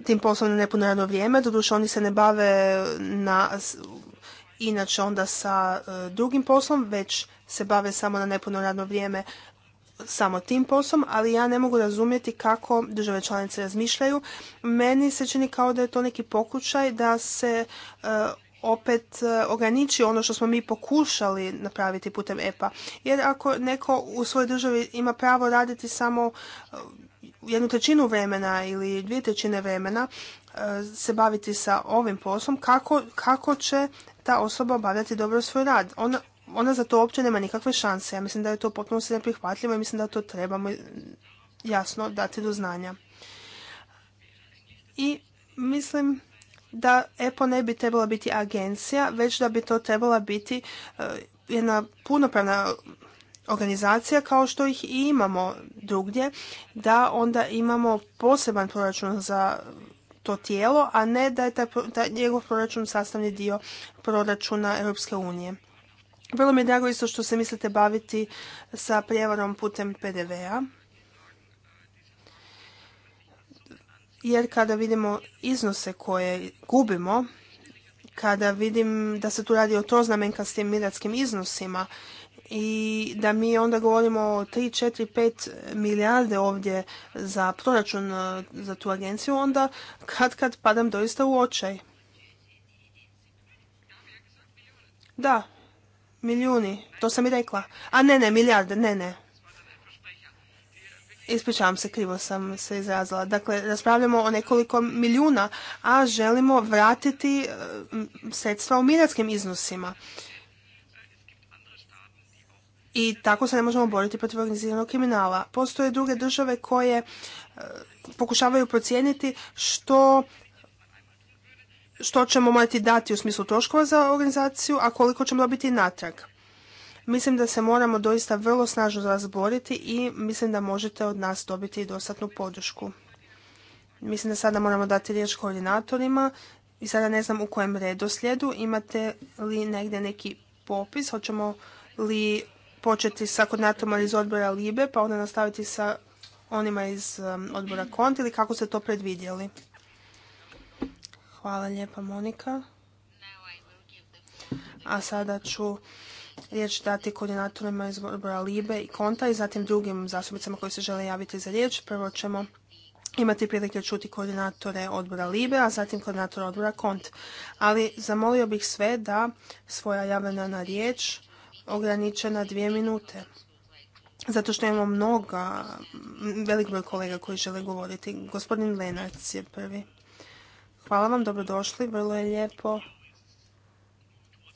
tim poslom na nepuno radno vrijeme, doduše oni se ne bave na, inače onda sa e, drugim poslom, već se bave samo na nepuno radno vrijeme samo tim poslom, ali ja ne mogu razumjeti kako države članice razmišljaju. Meni se čini kao da je to neki pokušaj da se e, opet e, ograniči ono što smo mi pokušali napraviti putem EPA. Jer ako neko u svojoj državi ima pravo raditi samo e, jednu trećinu vremena ili dvije trećine vremena e, se baviti sa ovim poslom, kako, kako će ta osoba obavljati dobro svoj rad? Ona, ona za to uopće nema nikakve šanse. Ja mislim da je to potpuno se neprihvatljivo i mislim da to trebamo jasno dati do znanja. I mislim da EPO ne bi trebala biti agencija, već da bi to trebala biti eh, jedna punopravna organizacija kao što ih i imamo drugdje, da onda imamo poseban proračun za to tijelo, a ne da je taj, njegov proračun sastavni dio proračuna Europske unije. Vrlo mi je drago isto što se mislite baviti sa prijevarom putem PDV-a. jer kada vidimo iznose koje gubimo, kada vidim da se tu radi o troznamenkastim miratskim iznosima i da mi onda govorimo o 3, 4, 5 milijarde ovdje za proračun e, za tu agenciju, onda kad kad padam doista u očaj. Da, milijuni, to sam i rekla. A ne, ne, milijarde, ne, ne. Ispričavam se, krivo sam se izrazila. Dakle, raspravljamo o nekoliko milijuna, a želimo vratiti e, sredstva u miratskim iznosima. I tako se ne možemo boriti protiv organiziranog kriminala. Postoje druge države koje e, pokušavaju procijeniti što što ćemo morati dati u smislu troškova za organizaciju, a koliko ćemo dobiti natrag. Mislim da se moramo doista vrlo snažno razboriti i mislim da možete od nas dobiti i dostatnu podršku. Mislim da sada moramo dati riječ koordinatorima i sada ne znam u kojem redoslijedu. Imate li negdje neki popis? Hoćemo li početi sa koordinatorima iz odbora LIBE pa onda nastaviti sa onima iz um, odbora KONT ili kako ste to predvidjeli? Hvala lijepa Monika. A sada ću riječ dati koordinatorima iz odbora Libe i Konta i zatim drugim zastupnicama koji se žele javiti za riječ. Prvo ćemo imati prilike čuti koordinatore odbora Libe, a zatim koordinatora odbora Kont. Ali zamolio bih sve da svoja javljena na riječ ograniče na dvije minute. Zato što imamo mnoga, velik broj kolega koji žele govoriti. Gospodin Lenac je prvi. Hvala vam, dobrodošli. Vrlo je lijepo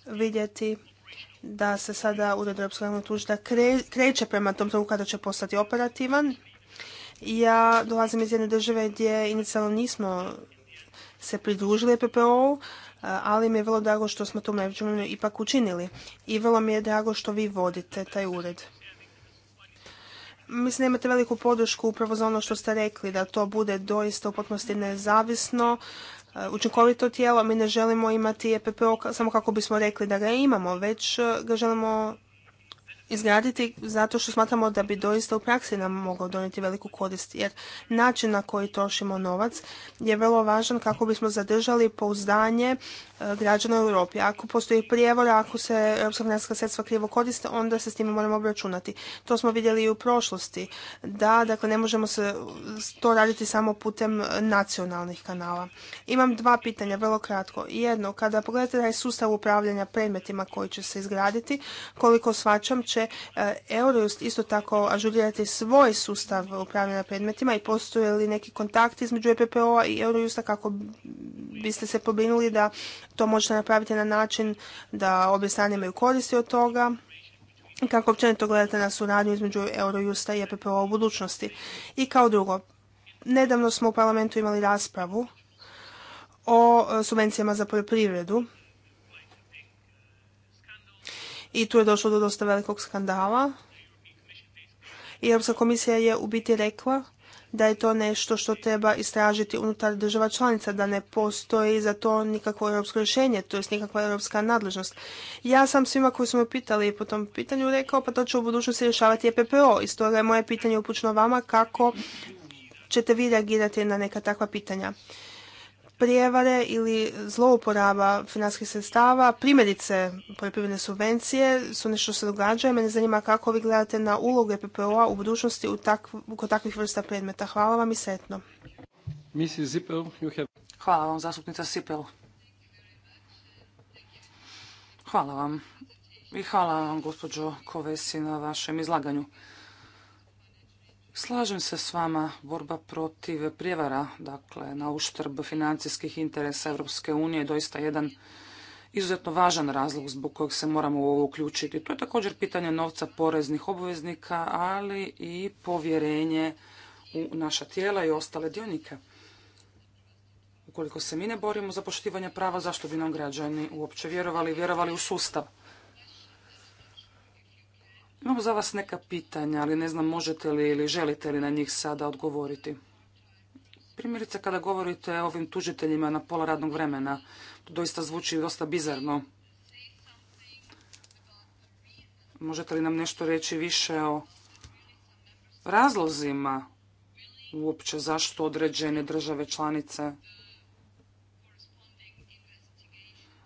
vidjeti da se sada Ured Europskog javnog da kreće prema tom trenutku kada će postati operativan. Ja dolazim iz jedne države gdje inicijalno nismo se pridružili PPO-u, ali mi je vrlo drago što smo to najvećem ipak učinili. I vrlo mi je drago što vi vodite taj ured. Mislim da imate veliku podršku upravo za ono što ste rekli, da to bude doista u potpunosti nezavisno, E, učinkovito tijelo. Mi ne želimo imati EPPO samo kako bismo rekli da ga imamo, već e, ga želimo izgraditi zato što smatramo da bi doista u praksi nam mogao donijeti veliku korist. Jer način na koji trošimo novac je vrlo važan kako bismo zadržali pouzdanje Eh, građana u Europi. Ako postoji prijevora, ako se europska sredstva krivo koriste, onda se s time moramo obračunati. To smo vidjeli i u prošlosti. Da, dakle, ne možemo se to raditi samo putem nacionalnih kanala. Imam dva pitanja, vrlo kratko. Jedno, kada pogledate taj sustav upravljanja predmetima koji će se izgraditi, koliko svačam će eh, Eurojust isto tako ažurirati svoj sustav upravljanja predmetima i postoje li neki kontakt između EPPO-a i Eurojusta kako biste se pobrinuli da to možete napraviti na način da obje strane imaju koristi od toga. Kako općenito gledate na suradnju između Eurojusta i EPPO u budućnosti? I kao drugo, nedavno smo u parlamentu imali raspravu o e, subvencijama za poljoprivredu. I tu je došlo do dosta velikog skandala. I Europska komisija je u biti rekla da je to nešto što treba istražiti unutar država članica, da ne postoji za to nikakvo europsko rješenje, to jest nikakva europska nadležnost. Ja sam svima koji su me pitali po tom pitanju rekao pa to će u budućnosti rješavati EPPO i stoga je moje pitanje upućeno vama kako ćete vi reagirati na neka takva pitanja prijevare ili zlouporaba finanskih sredstava, primjerice poljoprivredne subvencije su nešto se događa mene zanima kako vi gledate na ulogu e PPO-a u budućnosti u kod takvih vrsta predmeta. Hvala vam i sretno. Hvala vam, zastupnica Sipel. Hvala vam i hvala vam, gospođo Kovesi, na vašem izlaganju. Slažem se s vama, borba protiv prijevara, dakle na uštrb financijskih interesa Europske unije je doista jedan izuzetno važan razlog zbog kojeg se moramo u ovo uključiti. To je također pitanje novca poreznih obveznika, ali i povjerenje u naša tijela i ostale dionike. Ukoliko se mi ne borimo za poštivanje prava, zašto bi nam građani uopće vjerovali i vjerovali u sustav? Imamo za vas neka pitanja, ali ne znam možete li ili želite li na njih sada odgovoriti. Primjerice kada govorite o ovim tužiteljima na pola radnog vremena, to doista zvuči dosta bizarno. Možete li nam nešto reći više o razlozima uopće zašto određene države članice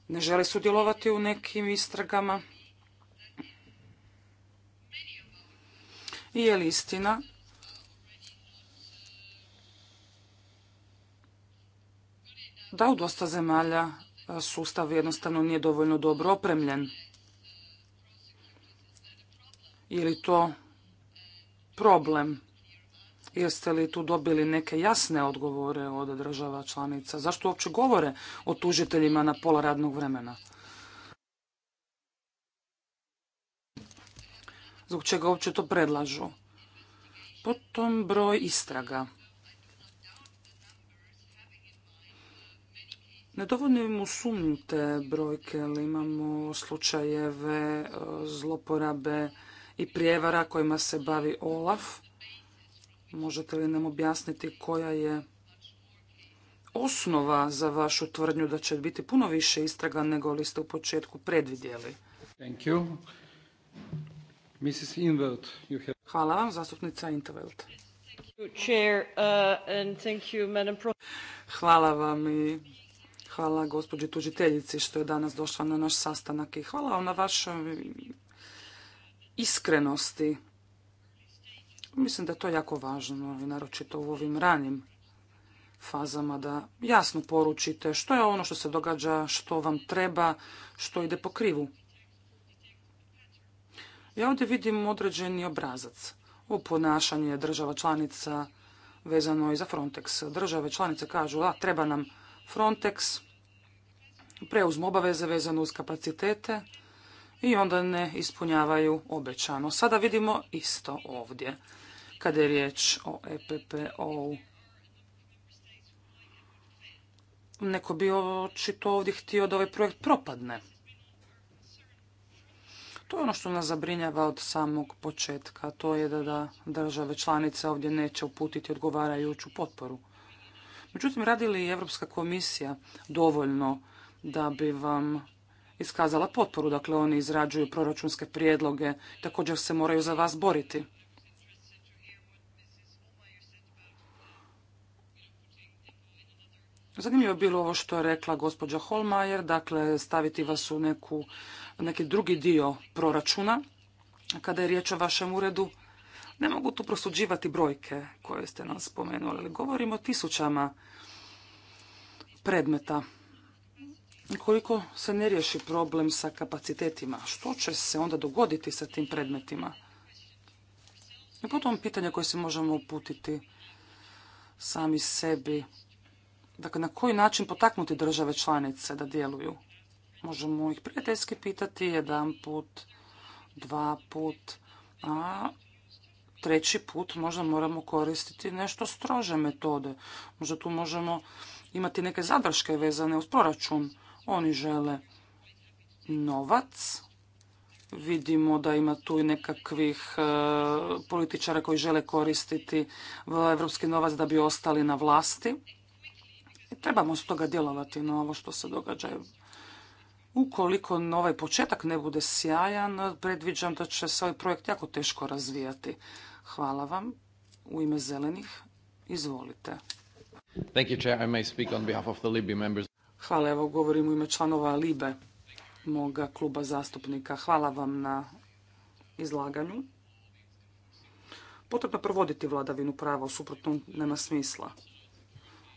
ne žele sudjelovati u nekim istragama? I je li istina da u dosta zemalja e, sustav jednostavno nije dovoljno dobro opremljen? Je li to problem? Jeste li tu dobili neke jasne odgovore od država članica? Zašto uopće govore o tužiteljima na pola radnog vremena? zbog čega uopće to predlažu. Potom broj istraga. Ne dovodim u sumnju te brojke, ali imamo slučajeve e, zloporabe i prijevara kojima se bavi Olaf. Možete li nam objasniti koja je osnova za vašu tvrdnju da će biti puno više istraga nego li ste u početku predvidjeli? Hvala vam, zastupnica Intervelt. Uh, hvala vam i hvala gospođi tužiteljici što je danas došla na naš sastanak i hvala vam na vašoj iskrenosti. Mislim da je to jako važno i naročito u ovim ranim fazama da jasno poručite što je ono što se događa, što vam treba, što ide po krivu. Ja ovdje vidim određeni obrazac u ponašanje država članica vezano i za Frontex. Države članice kažu, a treba nam Frontex, preuzmu obaveze vezano uz kapacitete i onda ne ispunjavaju obećano. Sada vidimo isto ovdje, kada je riječ o eppo Neko bi očito ovdje htio da ovaj projekt propadne. To je ono što nas zabrinjava od samog početka, to je da, da države članice ovdje neće uputiti odgovarajuću potporu. Međutim, radi li Europska komisija dovoljno da bi vam iskazala potporu, dakle oni izrađuju proračunske prijedloge, također se moraju za vas boriti. Zanimljivo je bilo ovo što je rekla gospođa Holmajer, dakle staviti vas u neku neki drugi dio proračuna, kada je riječ o vašem uredu, ne mogu tu prosuđivati brojke koje ste nam spomenuli, ali govorimo o tisućama predmeta. Koliko se ne riješi problem sa kapacitetima, što će se onda dogoditi sa tim predmetima? I potom pitanje koje se možemo uputiti sami sebi. Dakle, na koji način potaknuti države članice da djeluju? Možemo ih prijateljski pitati jedan put, dva put, a treći put možda moramo koristiti nešto strože metode. Možda tu možemo imati neke zadrške vezane uz proračun. Oni žele novac, Vidimo da ima tu i nekakvih e, političara koji žele koristiti evropski novac da bi ostali na vlasti. Trebamo s toga djelovati na ovo što se događa Ukoliko ovaj početak ne bude sjajan, predviđam da će se ovaj projekt jako teško razvijati. Hvala vam. U ime zelenih, izvolite. Hvala, evo govorim u ime članova Libe, moga kluba zastupnika. Hvala vam na izlaganju. Potrebno je provoditi vladavinu prava, u nema smisla.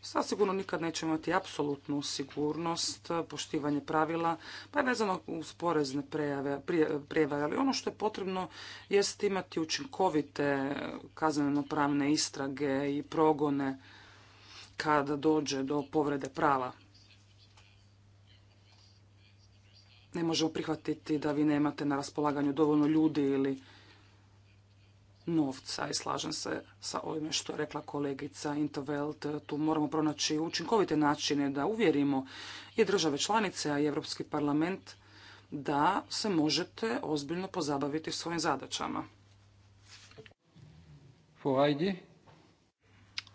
Sasigurno nikad nećemo imati apsolutnu sigurnost, poštivanje pravila, pa je vezano uz porezne prijeve, ali ono što je potrebno jest imati učinkovite kazneno-pravne istrage i progone kada dođe do povrede prava. Ne možemo prihvatiti da vi nemate na raspolaganju dovoljno ljudi ili novca i slažem se sa ovime što je rekla kolegica Intervelt. Tu moramo pronaći učinkovite načine da uvjerimo i države članice, a i Europski parlament da se možete ozbiljno pozabaviti svojim zadaćama.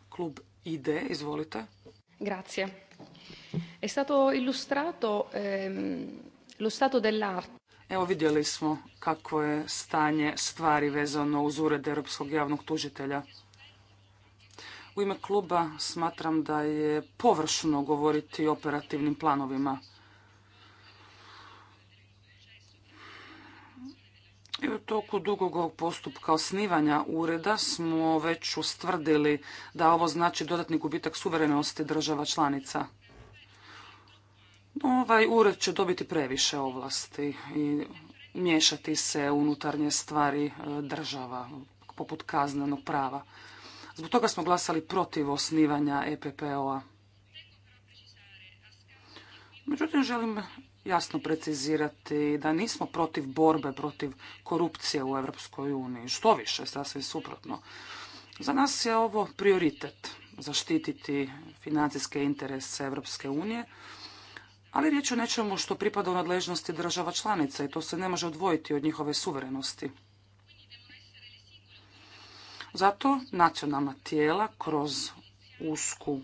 Klub IDE, izvolite. Grazie. È stato illustrato ehm, lo stato Evo vidjeli smo kako je stanje stvari vezano uz ured Europskog javnog tužitelja. U ime kluba smatram da je površno govoriti o operativnim planovima. I u toku dugog postupka osnivanja ureda smo već ustvrdili da ovo znači dodatni gubitak suverenosti država članica. Ovaj ured će dobiti previše ovlasti i miješati se unutarnje stvari e, država, poput kaznenog prava. Zbog toga smo glasali protiv osnivanja EPPO-a. Međutim, želim jasno precizirati da nismo protiv borbe protiv korupcije u Europskoj uniji. Što više, sasvim suprotno. Za nas je ovo prioritet zaštititi financijske interese Europske unije, ali riječ o nečemu što pripada u nadležnosti država članica i to se ne može odvojiti od njihove suverenosti. Zato nacionalna tijela kroz usku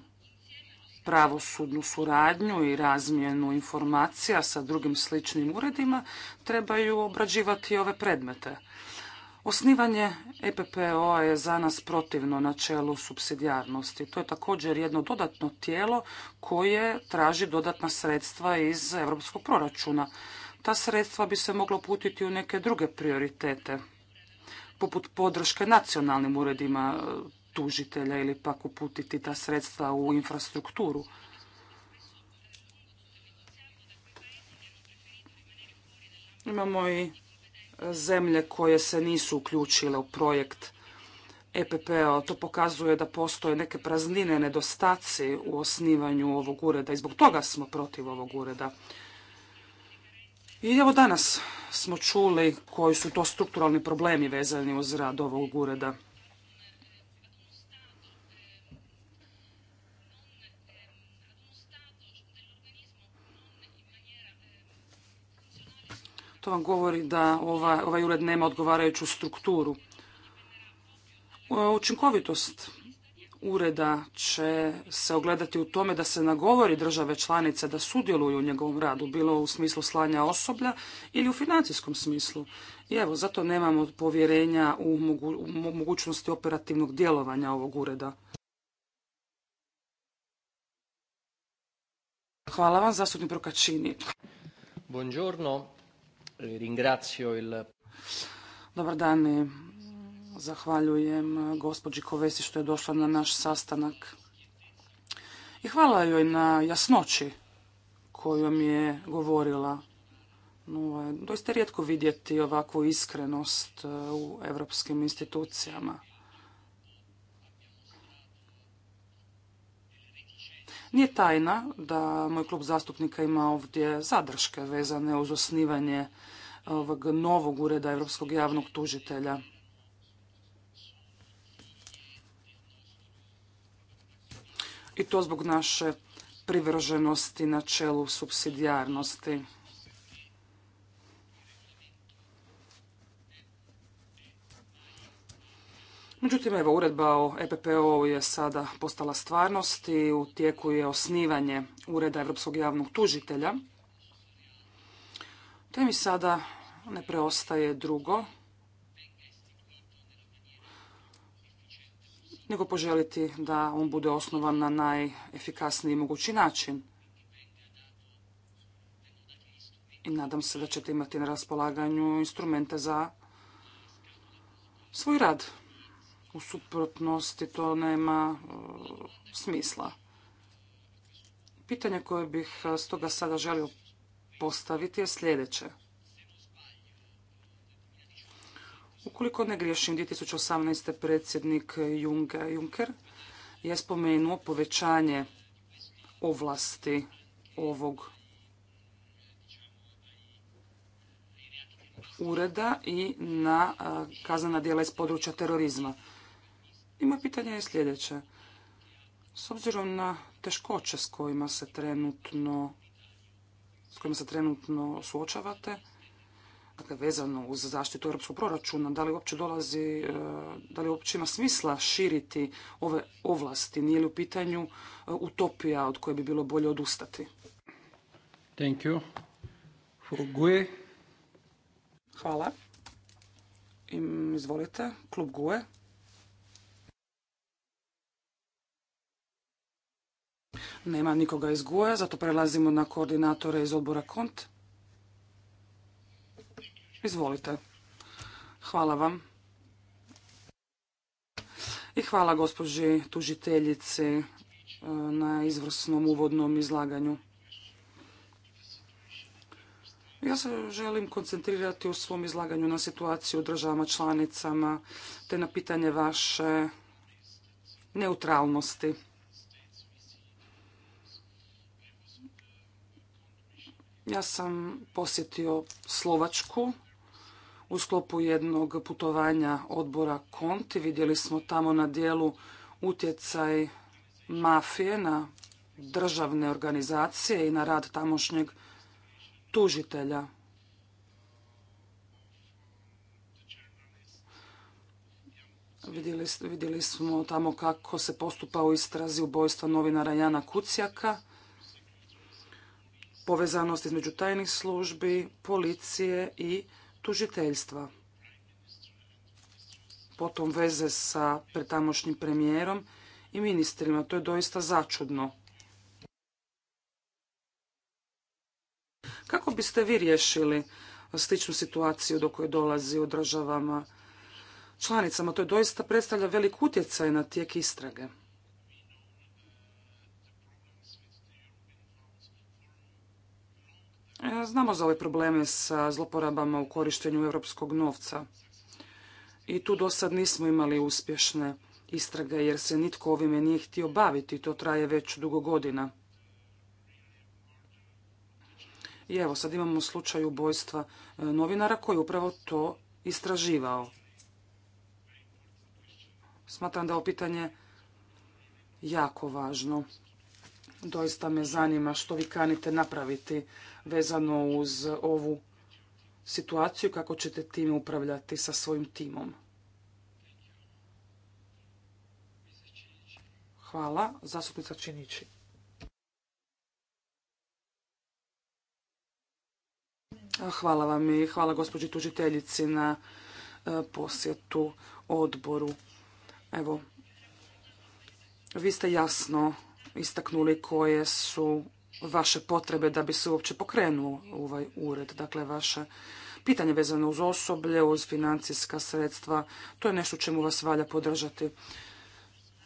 pravosudnu suradnju i razmjenu informacija sa drugim sličnim uredima trebaju obrađivati ove predmete. Osnivanje EPPO je za nas protivno načelu subsidijarnosti. To je također jedno dodatno tijelo koje traži dodatna sredstva iz europskog proračuna. Ta sredstva bi se moglo putiti u neke druge prioritete, poput podrške nacionalnim uredima e, tužitelja ili pak uputiti ta sredstva u infrastrukturu. Imamo i zemlje koje se nisu uključile u projekt EPP-a. To pokazuje da postoje neke praznine, nedostaci u osnivanju ovog ureda i zbog toga smo protiv ovog ureda. I evo danas smo čuli koji su to strukturalni problemi vezani uz rad ovog ureda. To vam govori da ovaj ured nema odgovarajuću strukturu. Učinkovitost ureda će se ogledati u tome da se nagovori države članice da sudjeluju u njegovom radu, bilo u smislu slanja osoblja ili u financijskom smislu. I evo, zato nemamo povjerenja u, mogućnosti operativnog djelovanja ovog ureda. Hvala vam, zastupnik Prokačini. Buongiorno. Ringrazio il... Dobar dan zahvaljujem eh, gospođi Kovesi što je došla na naš sastanak. I hvala joj na jasnoći kojom je govorila. No, doista rijetko vidjeti ovakvu iskrenost eh, u europskim institucijama. Nije tajna da moj klub zastupnika ima ovdje zadrške vezane uz osnivanje ovog novog ureda Europskog javnog tužitelja. I to zbog naše privrženosti na čelu subsidijarnosti. Međutim, evo, uredba o EPPO je sada postala stvarnost i u tijeku je osnivanje Ureda Europskog javnog tužitelja. Te mi sada ne preostaje drugo nego poželiti da on bude osnovan na najefikasniji mogući način. I nadam se da ćete imati na raspolaganju instrumente za svoj rad. U suprotnosti to nema e, smisla. Pitanje koje bih e, stoga sada želio postaviti je sljedeće. Ukoliko ne griješim, 2018. predsjednik Juncker je spomenuo povećanje ovlasti ovog ureda i na e, kaznena dijela iz područja terorizma. I moje pitanje je sljedeće. S obzirom na teškoće s kojima se trenutno s kojima se trenutno suočavate, dakle vezano uz zaštitu europskog proračuna, da li uopće dolazi, e, da li uopće ima smisla širiti ove ovlasti, nije li u pitanju e, utopija od koje bi bilo bolje odustati? Thank you. Hvala. izvolite, klub GUE. Nema nikoga iz Guja, zato prelazimo na koordinatore iz odbora KONT. Izvolite. Hvala vam. I hvala gospođi tužiteljici e, na izvrsnom uvodnom izlaganju. Ja se želim koncentrirati u svom izlaganju na situaciju u državama članicama te na pitanje vaše neutralnosti. Ja sam posjetio Slovačku u sklopu jednog putovanja odbora Konti. Vidjeli smo tamo na dijelu utjecaj mafije na državne organizacije i na rad tamošnjeg tužitelja. Vidjeli, vidjeli smo tamo kako se postupa u istrazi ubojstva novinara Jana Kucijaka povezanost između tajnih službi, policije i tužiteljstva. Potom veze sa pretamošnjim premijerom i ministrima. To je doista začudno. Kako biste vi riješili sličnu situaciju do koje dolazi u državama članicama? To je doista predstavlja velik utjecaj na tijek istrage. E, znamo za ove probleme sa zloporabama u korištenju europskog novca. I tu do sad nismo imali uspješne istrage jer se nitko ovime nije htio baviti. To traje već dugo godina. I evo, sad imamo slučaj ubojstva e, novinara koji je upravo to istraživao. Smatram da je ovo pitanje jako važno. Doista me zanima što vi kanite napraviti vezano uz ovu situaciju, kako ćete time upravljati sa svojim timom. Hvala. Zastupnica Činići. Hvala vam i hvala gospođi tužiteljici na e, posjetu odboru. Evo, vi ste jasno istaknuli koje su vaše potrebe da bi se uopće pokrenuo ovaj ured. Dakle, vaše pitanje vezano uz osoblje, uz financijska sredstva, to je nešto čemu vas valja podržati.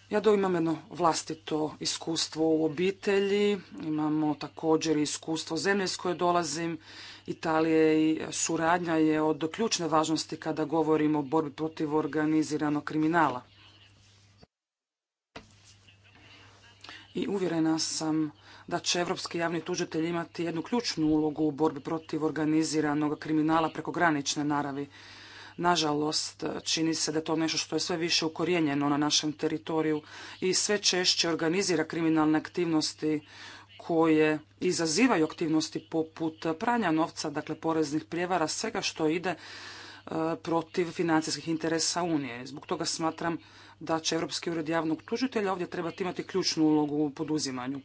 Ja imam jedno vlastito iskustvo u obitelji, imamo također iskustvo zemlje s koje dolazim, Italije i suradnja je od ključne važnosti kada govorimo o borbi protiv organiziranog kriminala. I uvjerena sam da će Europski javni tužitelj imati jednu ključnu ulogu u borbi protiv organiziranog kriminala prekogranične naravi. Nažalost, čini se da je to nešto što je sve više ukorijenjeno na našem teritoriju i sve češće organizira kriminalne aktivnosti koje izazivaju aktivnosti poput pranja novca, dakle poreznih prijevara, svega što ide e, protiv financijskih interesa Unije. Zbog toga smatram da će Europski ured javnog tužitelja ovdje trebati imati ključnu ulogu u poduzimanju.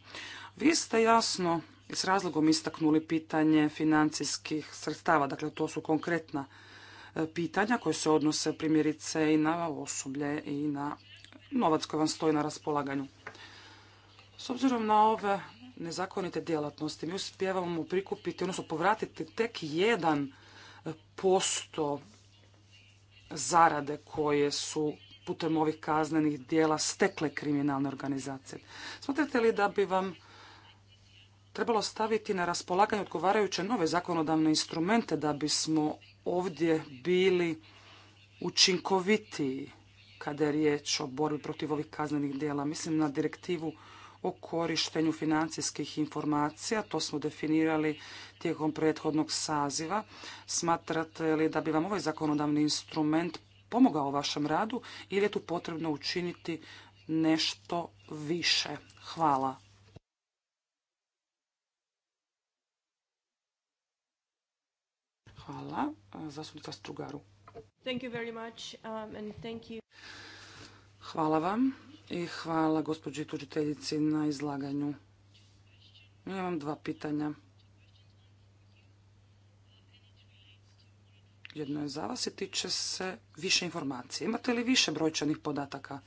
Vi ste jasno i s razlogom istaknuli pitanje financijskih sredstava, dakle to su konkretna e, pitanja koje se odnose primjerice i na osoblje i na novac koji vam stoji na raspolaganju. S obzirom na ove nezakonite djelatnosti mi uspjevamo prikupiti, odnosno povratiti tek jedan e, posto zarade koje su putem ovih kaznenih djela stekle kriminalne organizacije. Smatrate li da bi vam trebalo staviti na raspolaganje odgovarajuće nove zakonodavne instrumente da bismo ovdje bili učinkovitiji kada je riječ o borbi protiv ovih kaznenih djela. Mislim na direktivu o korištenju financijskih informacija. To smo definirali tijekom prethodnog saziva. Smatrate li da bi vam ovaj zakonodavni instrument pomogao vašem radu ili je tu potrebno učiniti nešto više? Hvala. Hvala. Zastupnica Strugaru. Thank um, Hvala vam i hvala gospođi tužiteljici na izlaganju. Ja imam dva pitanja. Jedno je za vas i tiče se više informacije. Imate li više brojčanih podataka?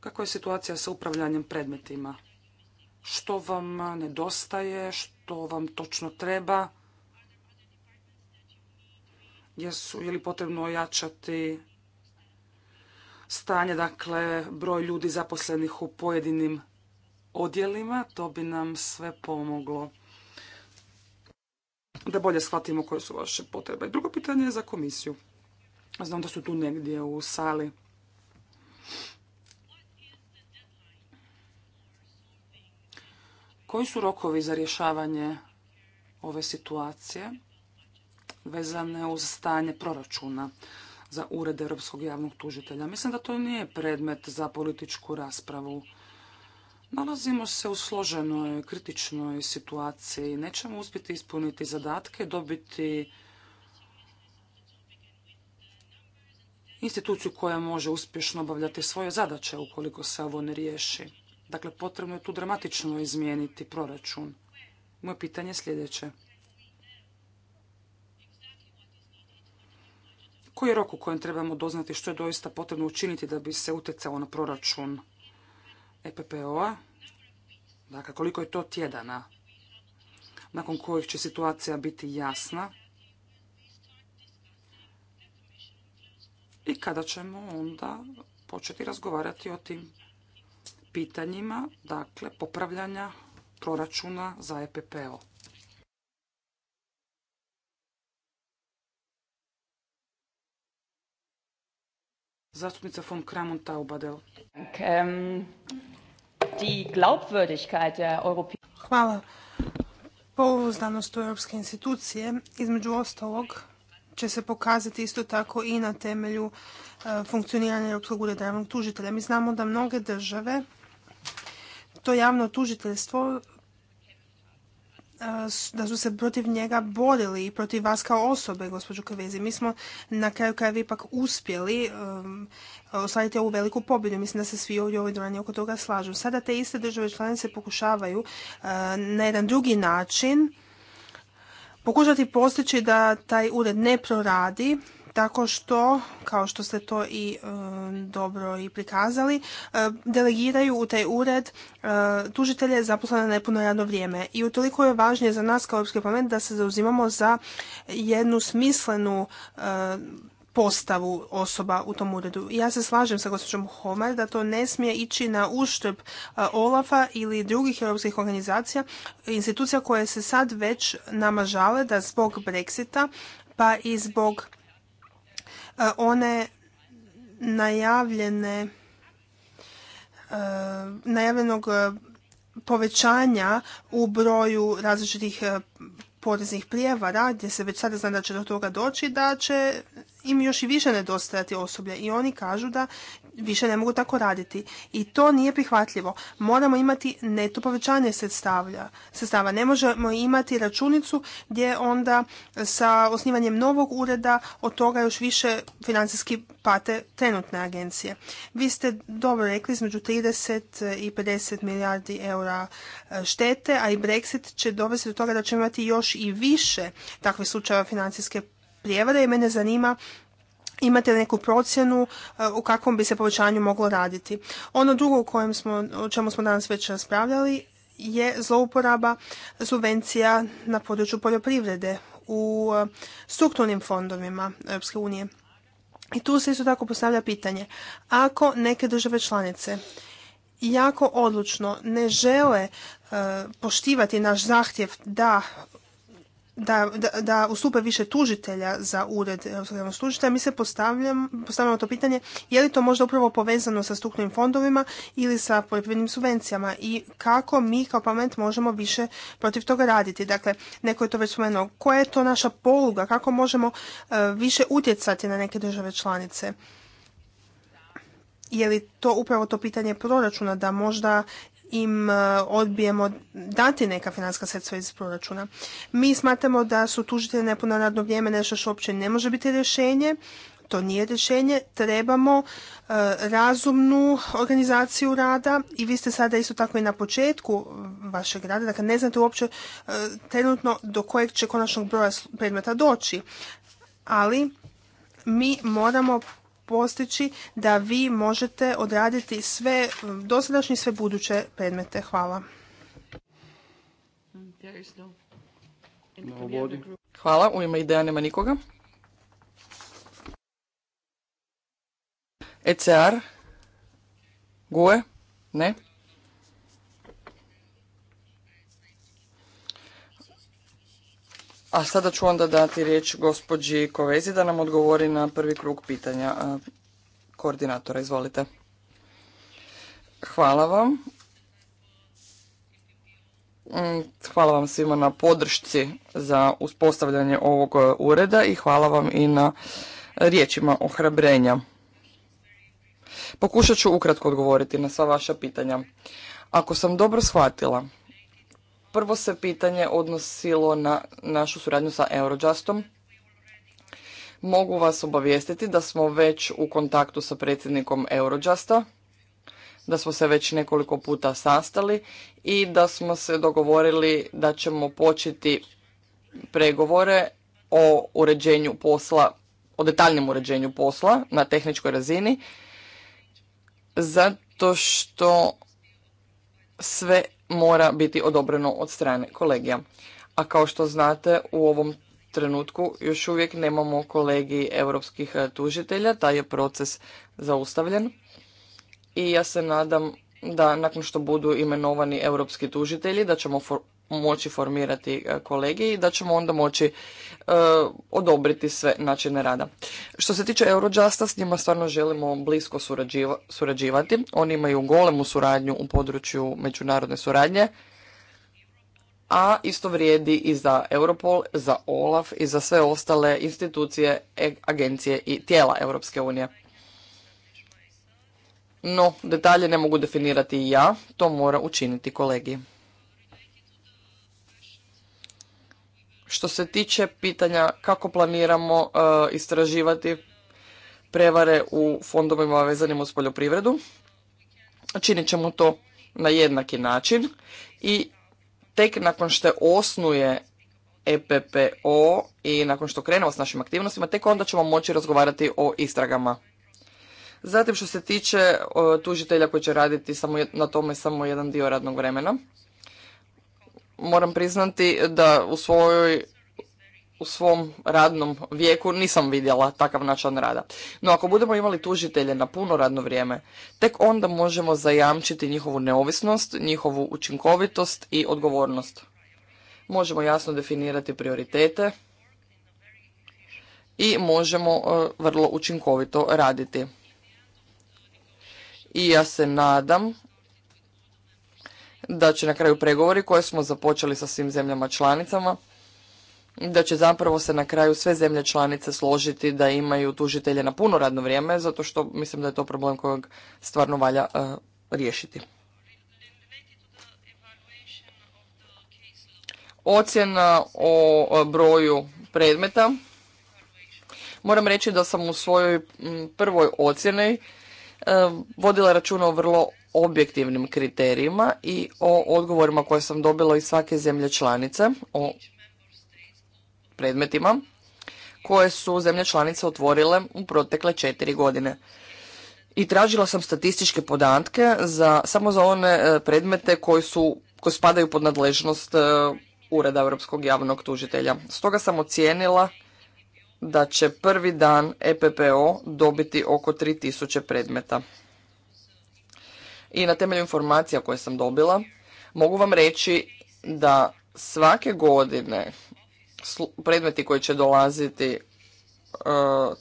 Kako je situacija sa upravljanjem predmetima? Što vam nedostaje? Što vam točno treba? jesu, je li potrebno ojačati stanje, dakle broj ljudi zaposlenih u pojedinim odjelima, to bi nam sve pomoglo da bolje shvatimo koje su vaše potrebe. Drugo pitanje je za komisiju. Znam da su tu negdje u sali. Koji su rokovi za rješavanje ove situacije? vezane uz stanje proračuna za Ured Europskog javnog tužitelja. Mislim da to nije predmet za političku raspravu. Nalazimo se u složenoj, kritičnoj situaciji. Nećemo uspjeti ispuniti zadatke, dobiti instituciju koja može uspješno obavljati svoje zadaće ukoliko se ovo ne riješi. Dakle, potrebno je tu dramatično izmijeniti proračun. Moje pitanje je sljedeće. Koji je rok u kojem trebamo doznati što je doista potrebno učiniti da bi se utjecalo na proračun EPPO-a? Dakle, koliko je to tjedana nakon kojih će situacija biti jasna? I kada ćemo onda početi razgovarati o tim pitanjima, dakle, popravljanja proračuna za EPPO? Zastupnica von Taubadel. Ähm, Hvala. Pouzdanost u europske institucije, između ostalog, će se pokazati isto tako i na temelju e, funkcioniranja Europskog ureda javnog tužitelja. Mi znamo da mnoge države to javno tužiteljstvo da su se protiv njega borili i protiv vas kao osobe, gospođo Kavezi. Mi smo na kraju krajeva ipak uspjeli um, ovu veliku pobjedu. Mislim da se svi ovdje ovoj dvorani oko toga slažu. Sada te iste države članice pokušavaju uh, na jedan drugi način pokušati postići da taj ured ne proradi, tako što, kao što ste to i e, dobro i prikazali, e, delegiraju u taj ured e, tužitelje zaposlene na nepuno radno vrijeme. I utoliko je važnije za nas kao Europski parlament da se zauzimamo za jednu smislenu postavu osoba u tom uredu. ja se slažem sa gospođom Homer da to ne smije ići na uštrb Olafa ili drugih europskih organizacija, institucija koje se sad već nama žale da zbog Brexita pa i zbog one najavljene e, najavljenog e, povećanja u broju različitih e, poreznih prijevara gdje se već sada zna da će do toga doći, da će im još i više nedostajati osoblja i oni kažu da više ne mogu tako raditi. I to nije prihvatljivo. Moramo imati neto povećanje sredstava. Ne možemo imati računicu gdje onda sa osnivanjem novog ureda od toga još više financijski pate trenutne agencije. Vi ste dobro rekli između 30 i 50 milijardi eura e, štete, a i Brexit će dovesti do toga da ćemo imati još i više takve slučajeva financijske prijevare i mene zanima imate li neku procjenu e, u kakvom bi se povećanju moglo raditi. Ono drugo o, kojem smo, o čemu smo danas već raspravljali je zlouporaba subvencija na području poljoprivrede u e, strukturnim fondovima Europske unije. I tu se isto tako postavlja pitanje, ako neke države članice jako odlučno ne žele e, poštivati naš zahtjev da da, da, da ustupe više tužitelja za ured javnog mi se postavljamo, postavljamo to pitanje je li to možda upravo povezano sa stuknim fondovima ili sa poljoprivrednim subvencijama i kako mi kao parlament možemo više protiv toga raditi. Dakle, neko je to već spomenuo. Koja je to naša poluga? Kako možemo e, više utjecati na neke države članice? Je li to upravo to pitanje proračuna da možda im e, odbijemo dati neka financijska sredstva iz proračuna. Mi smatramo da su tužitelji nepuno radno vrijeme nešto što uopće ne može biti rješenje, to nije rješenje, trebamo e, razumnu organizaciju rada i vi ste sada isto tako i na početku vašeg rada, dakle ne znate uopće e, trenutno do kojeg će konačnog broja predmeta doći, ali mi moramo postići da vi možete odraditi sve dosadašnje i sve buduće predmete. Hvala. Hvala, u ima ideja nema nikoga. ECR? GUE? Ne? A sada ću onda dati riječ gospođi Kovezi da nam odgovori na prvi krug pitanja koordinatora. Izvolite. Hvala vam. Mm, hvala vam svima na podršci za uspostavljanje ovog e, ureda i hvala vam i na riječima ohrabrenja. Pokušat ću ukratko odgovoriti na sva vaša pitanja. Ako sam dobro shvatila, Prvo se pitanje odnosilo na našu suradnju sa Eurojustom. Mogu vas obavijestiti da smo već u kontaktu sa predsjednikom Eurojusta, da smo se već nekoliko puta sastali i da smo se dogovorili da ćemo početi pregovore o uređenju posla, o detaljnom uređenju posla na tehničkoj razini, zato što sve mora biti odobreno od strane kolegija. A kao što znate, u ovom trenutku još uvijek nemamo kolegiji europskih eh, tužitelja, taj je proces zaustavljen i ja se nadam da nakon što budu imenovani europski tužitelji da ćemo moći formirati e, kolegiji i da ćemo onda moći e, odobriti sve načine rada. Što se tiče Eurojusta, s njima stvarno želimo blisko surađivati. Oni imaju golemu suradnju u području međunarodne suradnje, a isto vrijedi i za Europol, za OLAF i za sve ostale institucije, e, agencije i tijela Europske unije. No, detalje ne mogu definirati i ja, to mora učiniti kolegi. Što se tiče pitanja kako planiramo e, istraživati prevare u fondovima vezanim uz poljoprivredu, činit ćemo to na jednaki način i tek nakon što osnuje EPPO i nakon što krenemo s našim aktivnostima, tek onda ćemo moći razgovarati o istragama. Zatim što se tiče e, tužitelja koji će raditi samo na tome samo jedan dio radnog vremena, moram priznati da u svojoj u svom radnom vijeku nisam vidjela takav način rada. No ako budemo imali tužitelje na puno radno vrijeme, tek onda možemo zajamčiti njihovu neovisnost, njihovu učinkovitost i odgovornost. Možemo jasno definirati prioritete i možemo e, vrlo učinkovito raditi. I ja se nadam da će na kraju pregovori koje smo započeli sa svim zemljama članicama, da će zapravo se na kraju sve zemlje članice složiti da imaju tužitelje na puno radno vrijeme, zato što mislim da je to problem kojeg stvarno valja e, riješiti. Ocjena o e, broju predmeta. Moram reći da sam u svojoj prvoj ocjeni e, vodila računa o vrlo objektivnim kriterijima i o odgovorima koje sam dobila iz svake zemlje članice o predmetima koje su zemlje članice otvorile u protekle četiri godine. I tražila sam statističke podatke za, samo za one e, predmete koji, su, spadaju pod nadležnost e, Ureda Europskog javnog tužitelja. Stoga sam ocijenila da će prvi dan EPPO dobiti oko 3000 predmeta i na temelju informacija koje sam dobila mogu vam reći da svake godine predmeti koji će dolaziti, e,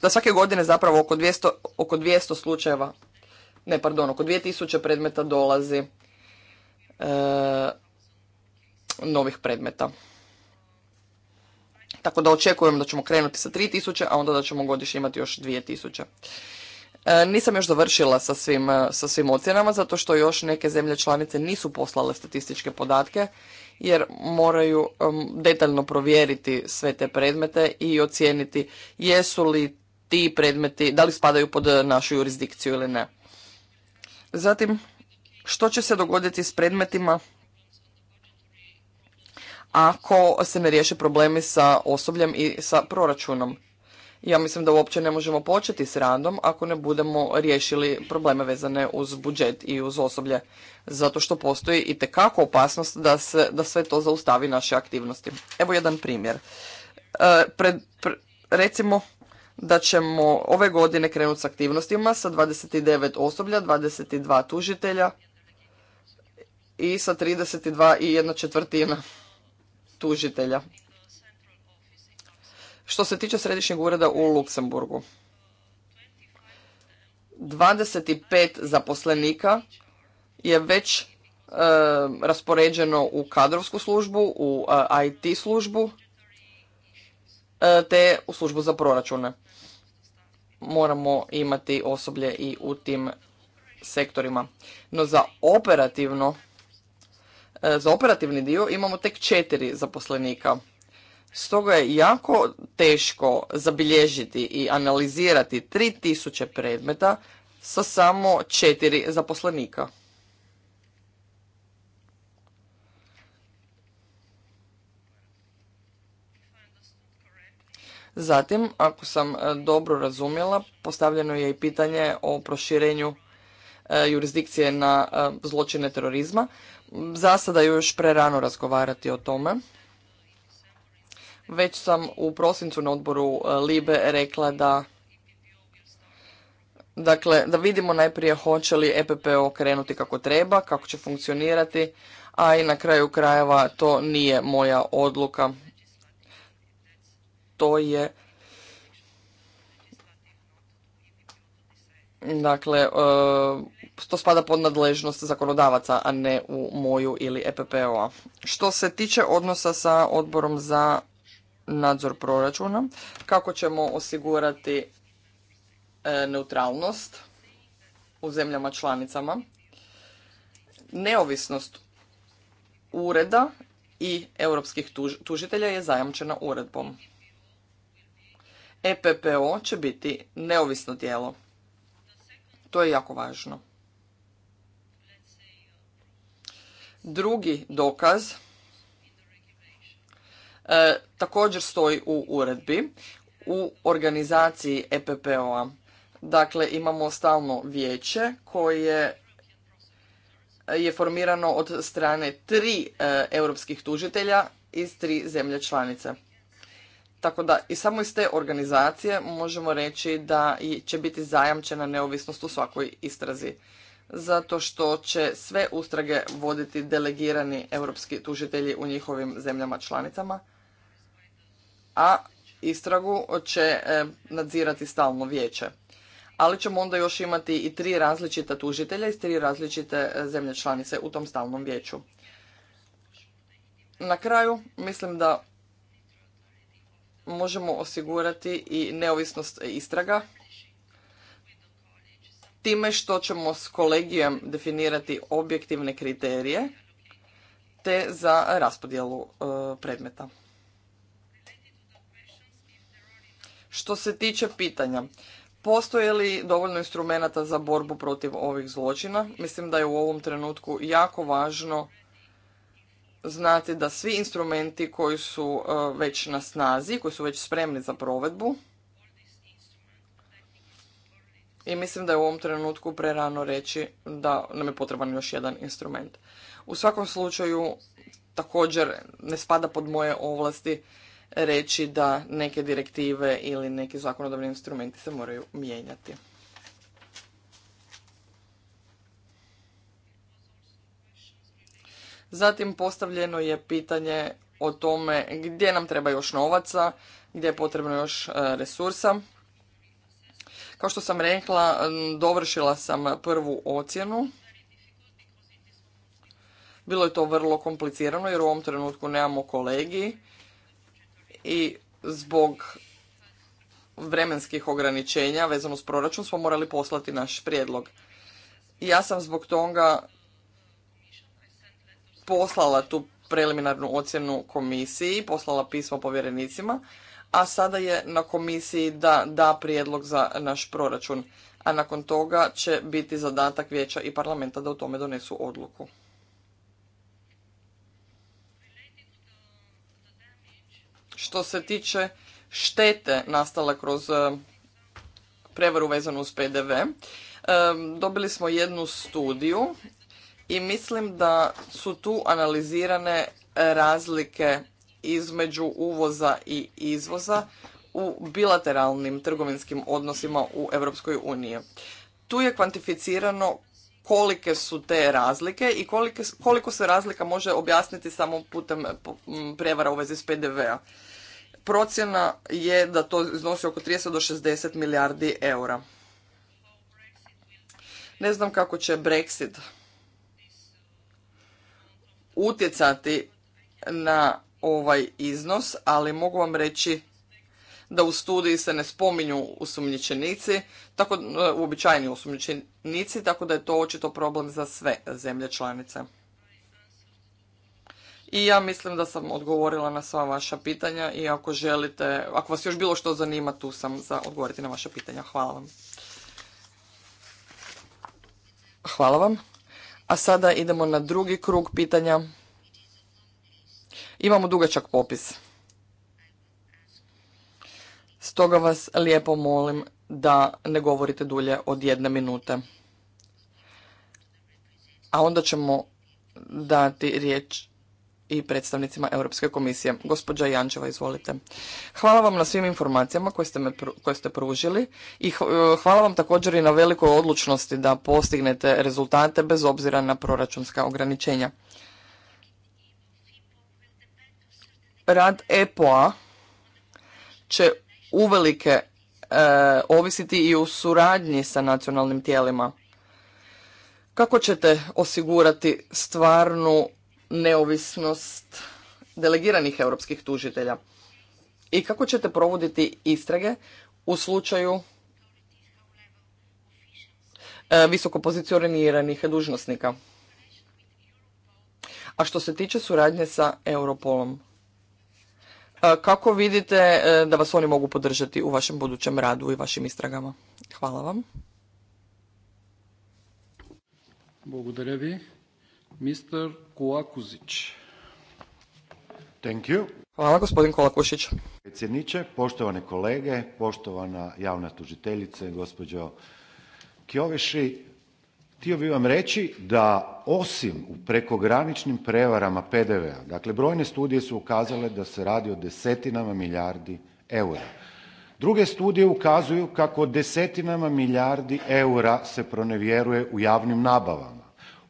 da svake godine zapravo oko 200, oko 200 slučajeva, ne pardon, oko 2000 predmeta dolazi e, novih predmeta. Tako da očekujem da ćemo krenuti sa 3000, a onda da ćemo godišnje imati još 2000. E, nisam još završila sa svim, e, sa svim ocjenama, zato što još neke zemlje članice nisu poslale statističke podatke, jer moraju detaljno provjeriti sve te predmete i ocijeniti jesu li ti predmeti, da li spadaju pod našu jurisdikciju ili ne. Zatim, što će se dogoditi s predmetima ako se ne riješe problemi sa osobljem i sa proračunom? Ja mislim da uopće ne možemo početi s random ako ne budemo riješili probleme vezane uz budžet i uz osoblje, zato što postoji i tekako opasnost da, se, da sve to zaustavi naše aktivnosti. Evo jedan primjer. E, pred, pre, recimo da ćemo ove godine krenuti s aktivnostima sa 29 osoblja, 22 tužitelja i sa 32 i jedna četvrtina tužitelja. Što se tiče središnjeg ureda u Luksemburgu, 25 zaposlenika je već e, raspoređeno u kadrovsku službu, u e, IT službu, e, te u službu za proračune. Moramo imati osoblje i u tim sektorima. No za operativno, za operativni dio imamo tek četiri zaposlenika Stoga je jako teško zabilježiti i analizirati 3000 predmeta sa samo četiri zaposlenika. Zatim, ako sam e, dobro razumjela, postavljeno je i pitanje o proširenju e, jurisdikcije na e, zločine terorizma. Za sada je još prerano razgovarati o tome. Već sam u prosincu na odboru e, Libe rekla da Dakle, da vidimo najprije hoće li EPPO krenuti kako treba, kako će funkcionirati, a i na kraju krajeva to nije moja odluka. To je Dakle, e, to spada pod nadležnost zakonodavaca, a ne u moju ili EPPO-a. Što se tiče odnosa sa odborom za nadzor proračuna, kako ćemo osigurati e, neutralnost u zemljama članicama, neovisnost ureda i europskih tužitelja je zajamčena uredbom. EPPO će biti neovisno tijelo. To je jako važno. Drugi dokaz E, također stoji u uredbi u organizaciji EPPO-a. Dakle, imamo stalno vijeće koje je formirano od strane tri e, europskih tužitelja iz tri zemlje članice. Tako da i samo iz te organizacije možemo reći da će biti zajamčena neovisnost u svakoj istrazi. Zato što će sve ustrage voditi delegirani europski tužitelji u njihovim zemljama članicama a istragu će e, nadzirati stalno vijeće. Ali ćemo onda još imati i tri različita tužitelja iz tri različite e, zemlje članice u tom stalnom vijeću. Na kraju mislim da možemo osigurati i neovisnost istraga time što ćemo s kolegijem definirati objektivne kriterije te za raspodjelu e, predmeta. Što se tiče pitanja, postoje li dovoljno instrumenata za borbu protiv ovih zločina? Mislim da je u ovom trenutku jako važno znati da svi instrumenti koji su e, već na snazi, koji su već spremni za provedbu, i mislim da je u ovom trenutku prerano reći da nam je potreban još jedan instrument. U svakom slučaju također ne spada pod moje ovlasti reći da neke direktive ili neki zakonodavni instrumenti se moraju mijenjati. Zatim postavljeno je pitanje o tome gdje nam treba još novaca, gdje je potrebno još e, resursa. Kao što sam rekla, dovršila sam prvu ocjenu. Bilo je to vrlo komplicirano jer u ovom trenutku nemamo kolegi i zbog vremenskih ograničenja vezano s proračun smo morali poslati naš prijedlog. ja sam zbog toga poslala tu preliminarnu ocjenu komisiji, poslala pismo povjerenicima, a sada je na komisiji da da prijedlog za naš proračun, a nakon toga će biti zadatak vijeća i parlamenta da u tome donesu odluku. što se tiče štete nastala kroz e, prevaru vezanu uz PDV, e, dobili smo jednu studiju i mislim da su tu analizirane razlike između uvoza i izvoza u bilateralnim trgovinskim odnosima u Europskoj uniji. Tu je kvantificirano kolike su te razlike i koliko se razlika može objasniti samo putem prevara u vezi s PDV-a. Procjena je da to iznosi oko 30 do 60 milijardi eura. Ne znam kako će Brexit utjecati na ovaj iznos, ali mogu vam reći da u studiji se ne spominju osumnjičenici, tako e, uobičajeni osumnjičenici, tako da je to očito problem za sve zemlje članice. I ja mislim da sam odgovorila na sva vaša pitanja i ako želite, ako vas još bilo što zanima, tu sam za odgovoriti na vaša pitanja. Hvala vam. Hvala vam. A sada idemo na drugi krug pitanja. Imamo dugačak popis. Stoga vas lijepo molim da ne govorite dulje od jedne minute. A onda ćemo dati riječ i predstavnicima Europske komisije. Gospođa Jančeva, izvolite. Hvala vam na svim informacijama koje ste, koje ste pružili i eh, hvala vam također i na velikoj odlučnosti da postignete rezultate bez obzira na proračunska ograničenja. Rad EPOA će uvelike eh, ovisiti i u suradnji sa nacionalnim tijelima. Kako ćete osigurati stvarnu neovisnost delegiranih europskih tužitelja i kako ćete provoditi istrage u slučaju e, visoko pozicioniranih dužnosnika. A što se tiče suradnje sa Europolom, e, kako vidite e, da vas oni mogu podržati u vašem budućem radu i vašim istragama? Hvala vam. Mr. Thank Hvala, gospodin Kolakušić. Predsjedniče, poštovane kolege, poštovana javna tužiteljice, gospođo Kjoviši. htio bih vam reći da osim u prekograničnim prevarama PDV-a, dakle brojne studije su ukazale da se radi o desetinama milijardi eura. Druge studije ukazuju kako desetinama milijardi eura se pronevjeruje u javnim nabavama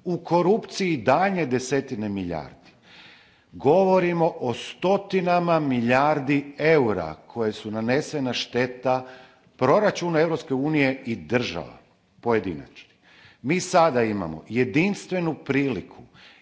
u korupciji daljnje desetine milijardi. Govorimo o stotinama milijardi eura koje su nanesena šteta proračuna Europske unije i država pojedinačni. Mi sada imamo jedinstvenu priliku,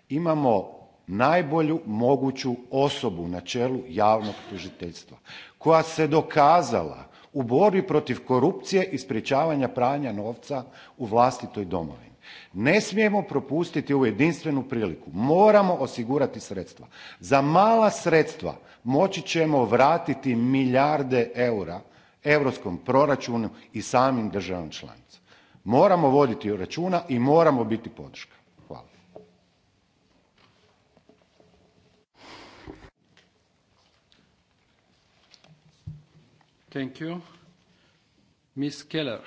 imamo najbolju moguću osobu na čelu javnog tužiteljstva koja se dokazala u borbi protiv korupcije i sprječavanja pranja novca u vlastitoj domovini. Ne smijemo propustiti ovu jedinstvenu priliku. Moramo osigurati sredstva. Za mala sredstva moći ćemo vratiti milijarde eura europskom proračunu i samim državama članicama. Moramo voditi računa i moramo biti podrška. Hvala. Thank you. Miss Keller.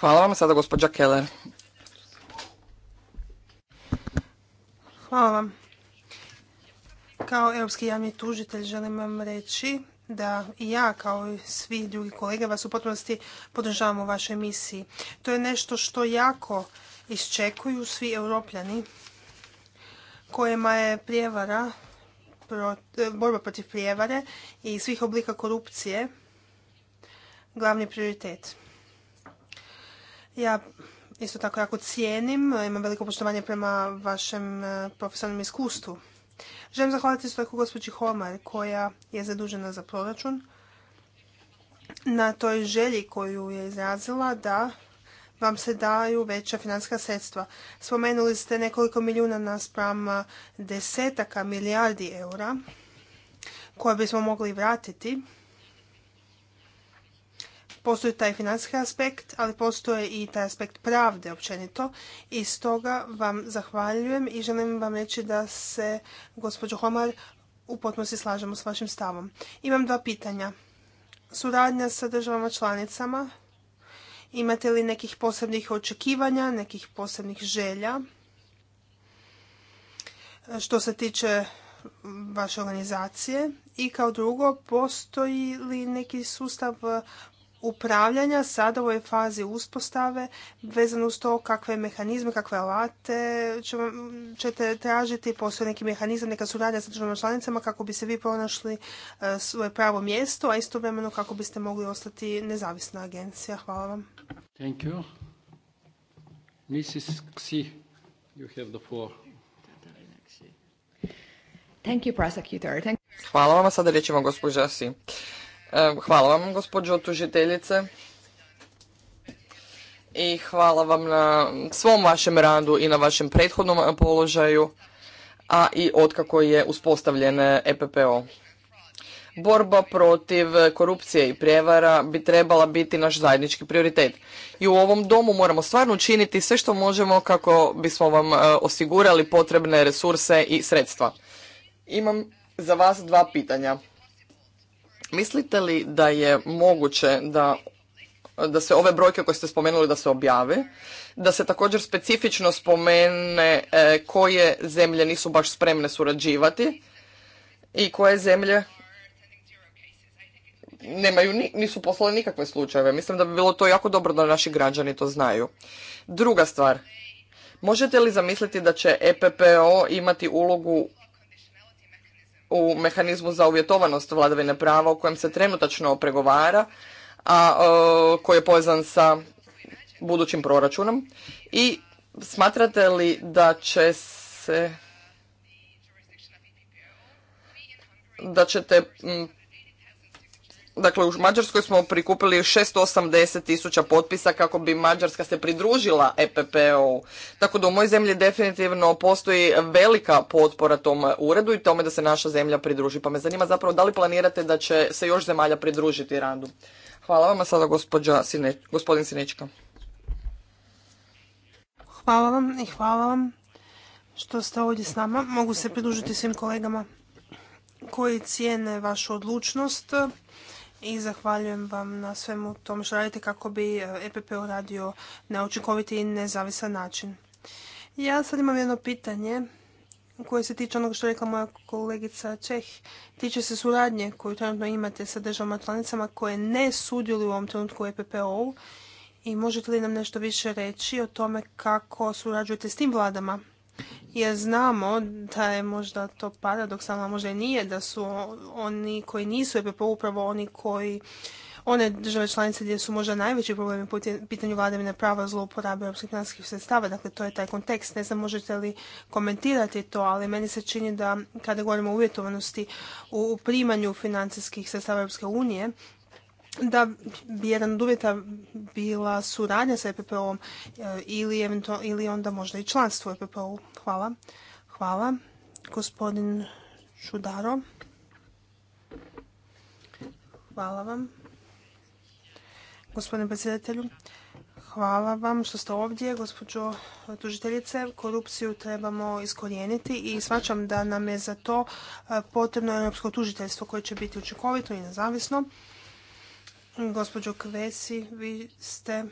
Hvala vam sada gospođa Keller. Hvala vam. Kao europski javni tužitelj želim vam reći da i ja kao i svi drugi kolege vas u potpunosti podržavamo u vašoj misiji. To je nešto što jako iščekuju svi europljani kojima je prijevara, borba protiv prijevare i svih oblika korupcije glavni prioritet. Ja isto tako jako cijenim, imam veliko poštovanje prema vašem e, profesionalnom iskustvu. Želim zahvaliti isto tako gospođi Homar koja je zadužena za proračun na toj želji koju je izrazila da vam se daju veća financijska sredstva. Spomenuli ste nekoliko milijuna naspram desetaka milijardi eura koje bismo mogli vratiti Postoji taj financijski aspekt, ali postoje i taj aspekt pravde općenito i stoga vam zahvaljujem i želim vam reći da se, gospođo Homar, u potpunosti slažemo s vašim stavom. Imam dva pitanja. Suradnja sa državama članicama. Imate li nekih posebnih očekivanja, nekih posebnih želja? Što se tiče vaše organizacije i kao drugo postoji li neki sustav upravljanja sada u ovoj fazi uspostave vezano uz to kakve mehanizme, kakve alate ćete tražiti, postoje neki mehanizam, neka suradnja sa državama članicama kako bi se vi pronašli e, svoje pravo mjesto, a istovremeno kako biste mogli ostati nezavisna agencija. Hvala vam. Thank you. Mrs. Xi, you have the floor. Thank you, prosecutor. Thank you. Hvala vam, sada rećemo gospođa E, hvala vam, gospođo tužiteljice. I hvala vam na svom vašem radu i na vašem prethodnom položaju, a i otkako je uspostavljen EPPO. Borba protiv korupcije i prijevara bi trebala biti naš zajednički prioritet. I u ovom domu moramo stvarno učiniti sve što možemo kako bismo vam e, osigurali potrebne resurse i sredstva. Imam za vas dva pitanja. Mislite li da je moguće da, da se ove brojke koje ste spomenuli da se objave, da se također specifično spomene e, koje zemlje nisu baš spremne surađivati i koje zemlje nemaju, nisu poslale nikakve slučajeve. Mislim da bi bilo to jako dobro da naši građani to znaju. Druga stvar, možete li zamisliti da će EPPO imati ulogu u mehanizmu za uvjetovanost vladavine prava o kojem se trenutačno pregovara, a e, koji je povezan sa budućim proračunom i smatrate li da će se da ćete Dakle, u Mađarskoj smo prikupili 680 tisuća potpisa kako bi Mađarska se pridružila EPPO. Tako da u mojoj zemlji definitivno postoji velika potpora tom uredu i tome da se naša zemlja pridruži. Pa me zanima zapravo da li planirate da će se još zemalja pridružiti radu. Hvala vam, sada gospodin Sinečka. Hvala vam i hvala vam što ste ovdje s nama. Mogu se pridružiti svim kolegama koji cijene vašu odlučnost i zahvaljujem vam na svemu tom što radite kako bi EPP e radio na učinkoviti i nezavisan način. Ja sad imam jedno pitanje koje se tiče onoga što je rekla moja kolegica Čeh, tiče se suradnje koju trenutno imate sa državama članicama koje ne sudjeluju u ovom trenutku u EPPO-u i možete li nam nešto više reći o tome kako surađujete s tim vladama jer znamo da je možda to paradoksalno, možda i nije, da su oni koji nisu EPP upravo oni koji one države članice gdje su možda najveći problemi u pitanju vladavine prava zlouporabe europskih financijskih sredstava. Dakle, to je taj kontekst. Ne znam možete li komentirati to, ali meni se čini da kada govorimo o uvjetovanosti u primanju financijskih sredstava Europske unije, da bi jedan od uvjeta bila suradnja sa EPPO om eh, ili, ili onda možda i članstvo u EPP-u. Hvala. Hvala. Gospodin Šudaro. Hvala vam. Gospodine predsjedatelju, hvala vam što ste ovdje, gospođo tužiteljice. Korupciju trebamo iskorijeniti i svačam da nam je za to eh, potrebno europsko tužiteljstvo koje će biti učinkovito i nezavisno Gospođo Kvesi, vi ste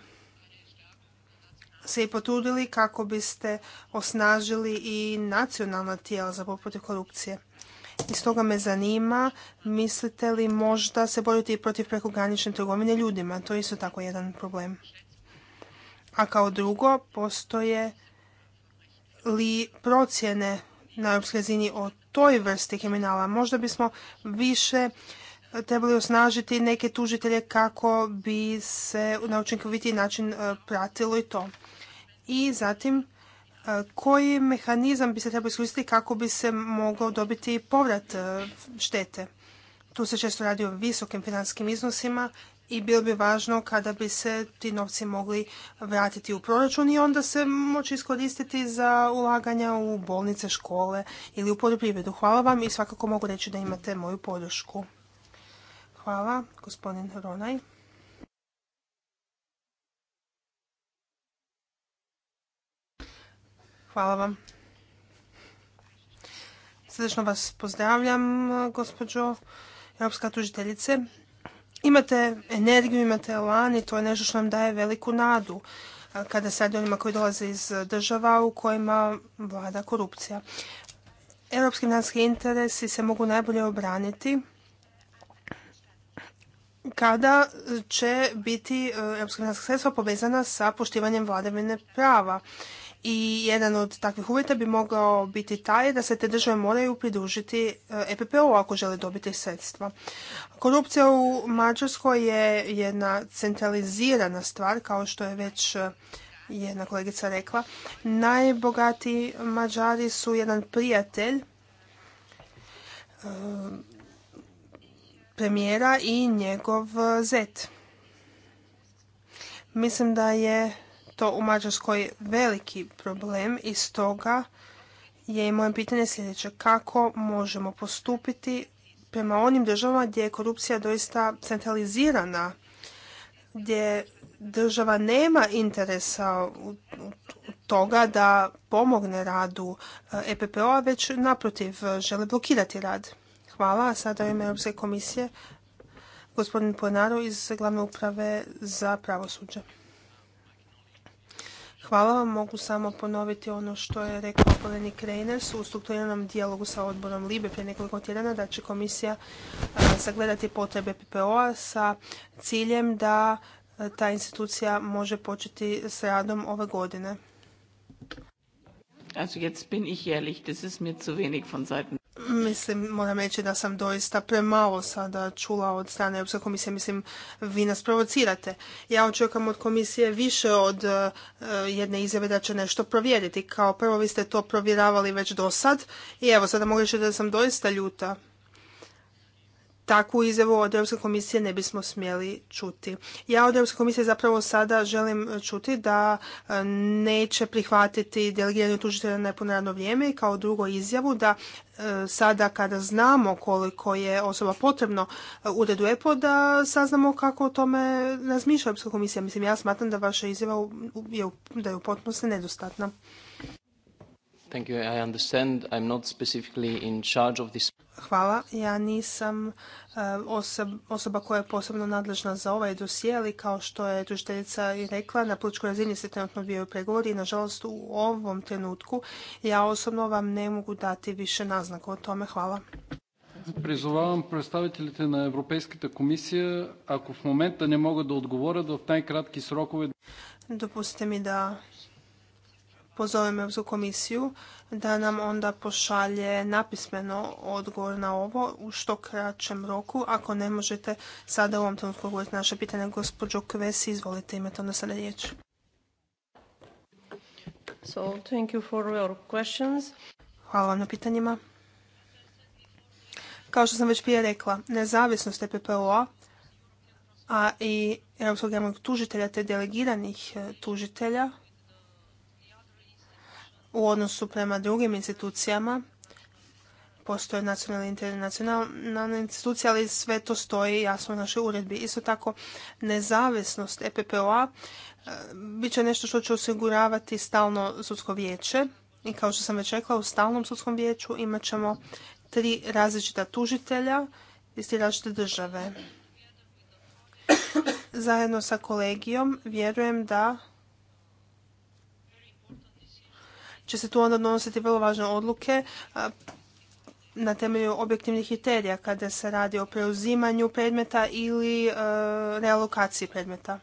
se i potrudili kako biste osnažili i nacionalna tijela za borbu korupcije. I stoga me zanima, mislite li možda se boriti protiv prekogranične trgovine ljudima? To je isto tako jedan problem. A kao drugo, postoje li procjene na europskoj razini o toj vrsti kriminala? Možda bismo više trebali osnažiti neke tužitelje kako bi se na učinkovitiji način e, pratilo i to. I zatim e, koji mehanizam bi se trebao iskoristiti kako bi se mogao dobiti povrat e, štete. Tu se često radi o visokim financijskim iznosima i bilo bi važno kada bi se ti novci mogli vratiti u proračun i onda se moći iskoristiti za ulaganja u bolnice, škole ili u poljoprivredu. Hvala vam i svakako mogu reći da imate moju podršku. Hvala, gospodin Ronaj. Hvala vam. vas pozdravljam, gospođo Europska tužiteljice. Imate energiju, imate elan i to je nešto što nam daje veliku nadu kada se radi onima koji dolaze iz država u kojima vlada korupcija. Europski financijski interesi se mogu najbolje obraniti kada će biti e, europska sredstva povezana sa poštivanjem vladavine prava. I jedan od takvih uvjeta bi mogao biti taj da se te države moraju pridružiti EPPO e ako žele dobiti sredstva. Korupcija u Mađarskoj je jedna centralizirana stvar, kao što je već e, jedna kolegica rekla. Najbogatiji Mađari su jedan prijatelj premijera i njegov e, zet. Mislim da je to u Mađarskoj veliki problem i stoga je i moje pitanje sljedeće. Kako možemo postupiti prema onim državama gdje je korupcija doista centralizirana, gdje država nema interesa u toga da pomogne radu EPPO-a, e već naprotiv e, žele blokirati rad. Hvala. sada u ime Europske komisije gospodin Ponaru iz glavne uprave za pravosuđe. Hvala vam. Mogu samo ponoviti ono što je rekao Poleni Krejners u strukturiranom dijalogu sa odborom Libe prije nekoliko tjedana da će komisija e, sagledati potrebe PPO-a sa ciljem da e, ta institucija može početi s radom ove godine. Also jetzt bin ich ehrlich, das ist mir zu von Seiten Mislim, moram reći da sam doista premalo sada čula od strane Europske komisije. Mislim, vi nas provocirate. Ja očekujem od komisije više od e, jedne izjave da će nešto provjeriti. Kao prvo vi ste to provjeravali već do sad i evo sada mogu reći da sam doista ljuta takvu izjavu od Europske komisije ne bismo smjeli čuti. Ja od Europske komisije zapravo sada želim čuti da e, neće prihvatiti delegiranje tužitelja na nepuno radno vrijeme i kao drugo izjavu da e, sada kada znamo koliko je osoba potrebno e, uredu EPO da saznamo kako o tome razmišlja Europska komisija. Mislim, ja smatram da vaša izjava da je u potpunosti nedostatna. Thank you. I understand in charge Hvala. Ja nisam e, osoba koja je posebno nadležna za ovaj dosije, ali kao što je tužiteljica i rekla, na političkoj razini se trenutno bio pregovori i nažalost u ovom trenutku ja osobno vam ne mogu dati više naznaka o tome. Hvala. Призовавам представителите на Европейската комисия, ако в момента не могат да отговорят в най-кратки срокове. Допустите ми да pozovem Europsku komisiju da nam onda pošalje napismeno odgovor na ovo u što kraćem roku. Ako ne možete sada u ovom trenutku naše pitanje, gospođo Kvesi, izvolite imate onda sada riječ. Hvala vam na pitanjima. Kao što sam već prije rekla, nezavisnost EPPO-a a i Europskog javnog tužitelja te delegiranih e, tužitelja u odnosu prema drugim institucijama. Postoje nacionalne i internacionalne institucije, ali sve to stoji jasno u našoj uredbi. Isto tako, nezavisnost EPPOA a e, bit će nešto što će osiguravati stalno sudsko vijeće. I kao što sam već rekla, u stalnom sudskom vijeću imat ćemo tri različita tužitelja iz tri različite države. Zajedno sa kolegijom vjerujem da će se tu onda donositi vrlo važne odluke na temelju objektivnih kriterija kada se radi o preuzimanju predmeta ili e, realokaciji predmeta.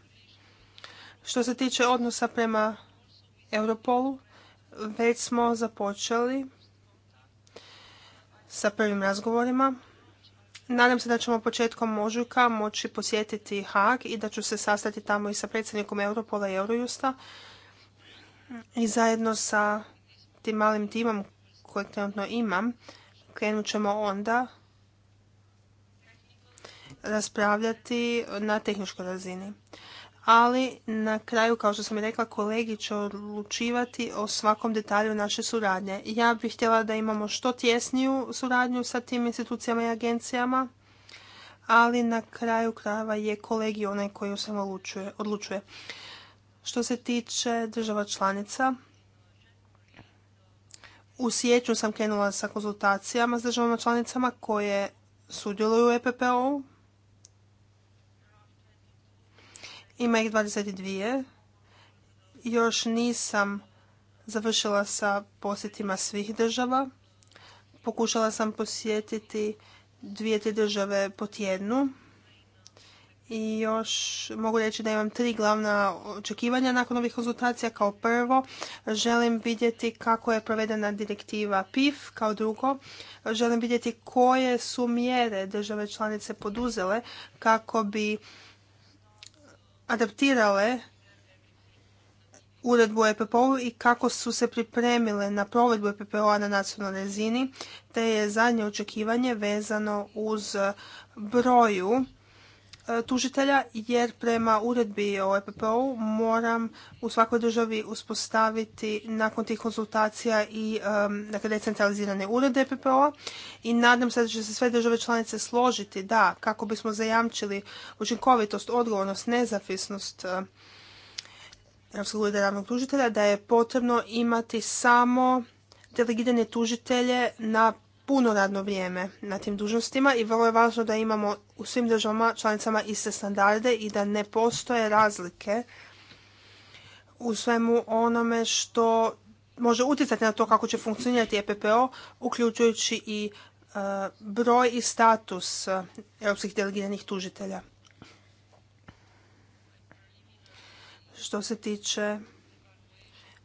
Što se tiče odnosa prema Europolu, već smo započeli sa prvim razgovorima. Nadam se da ćemo početkom ožujka moći posjetiti Haag i da ću se sastati tamo i sa predsjednikom Europola i Eurojusta i zajedno sa tim malim timom koje trenutno imam, krenut ćemo onda raspravljati na tehničkoj razini. Ali na kraju, kao što sam i rekla, kolegi će odlučivati o svakom detalju naše suradnje. Ja bih htjela da imamo što tjesniju suradnju sa tim institucijama i agencijama, ali na kraju krajeva je kolegi onaj koji o svemu odlučuje. Što se tiče država članica, u sjeću sam krenula sa konzultacijama s državama članicama koje sudjeluju u EPPO-u. Ima ih 22. Još nisam završila sa posjetima svih država. Pokušala sam posjetiti dvije, tri države po tjednu. I još mogu reći da imam tri glavna očekivanja nakon ovih konzultacija. Kao prvo, želim vidjeti kako je provedena direktiva PIF. Kao drugo, želim vidjeti koje su mjere države članice poduzele kako bi adaptirale uredbu EPPO-u i kako su se pripremile na provedbu EPPO-a na nacionalnoj razini, te je zadnje očekivanje vezano uz broju E, tužitelja jer prema uredbi o EPPO-u moram u svakoj državi uspostaviti nakon tih konsultacija i dakle, decentralizirane urede EPPO-a i nadam se da će se sve države članice složiti da kako bismo zajamčili učinkovitost, odgovornost, nezafisnost e, ureda ravnog tužitelja da je potrebno imati samo delegirane tužitelje na puno radno vrijeme na tim dužnostima i vrlo je važno da imamo u svim državama članicama iste standarde i da ne postoje razlike u svemu onome što može utjecati na to kako će funkcionirati EPPO, uključujući i e, broj i status e, europskih delegiranih tužitelja. Što se tiče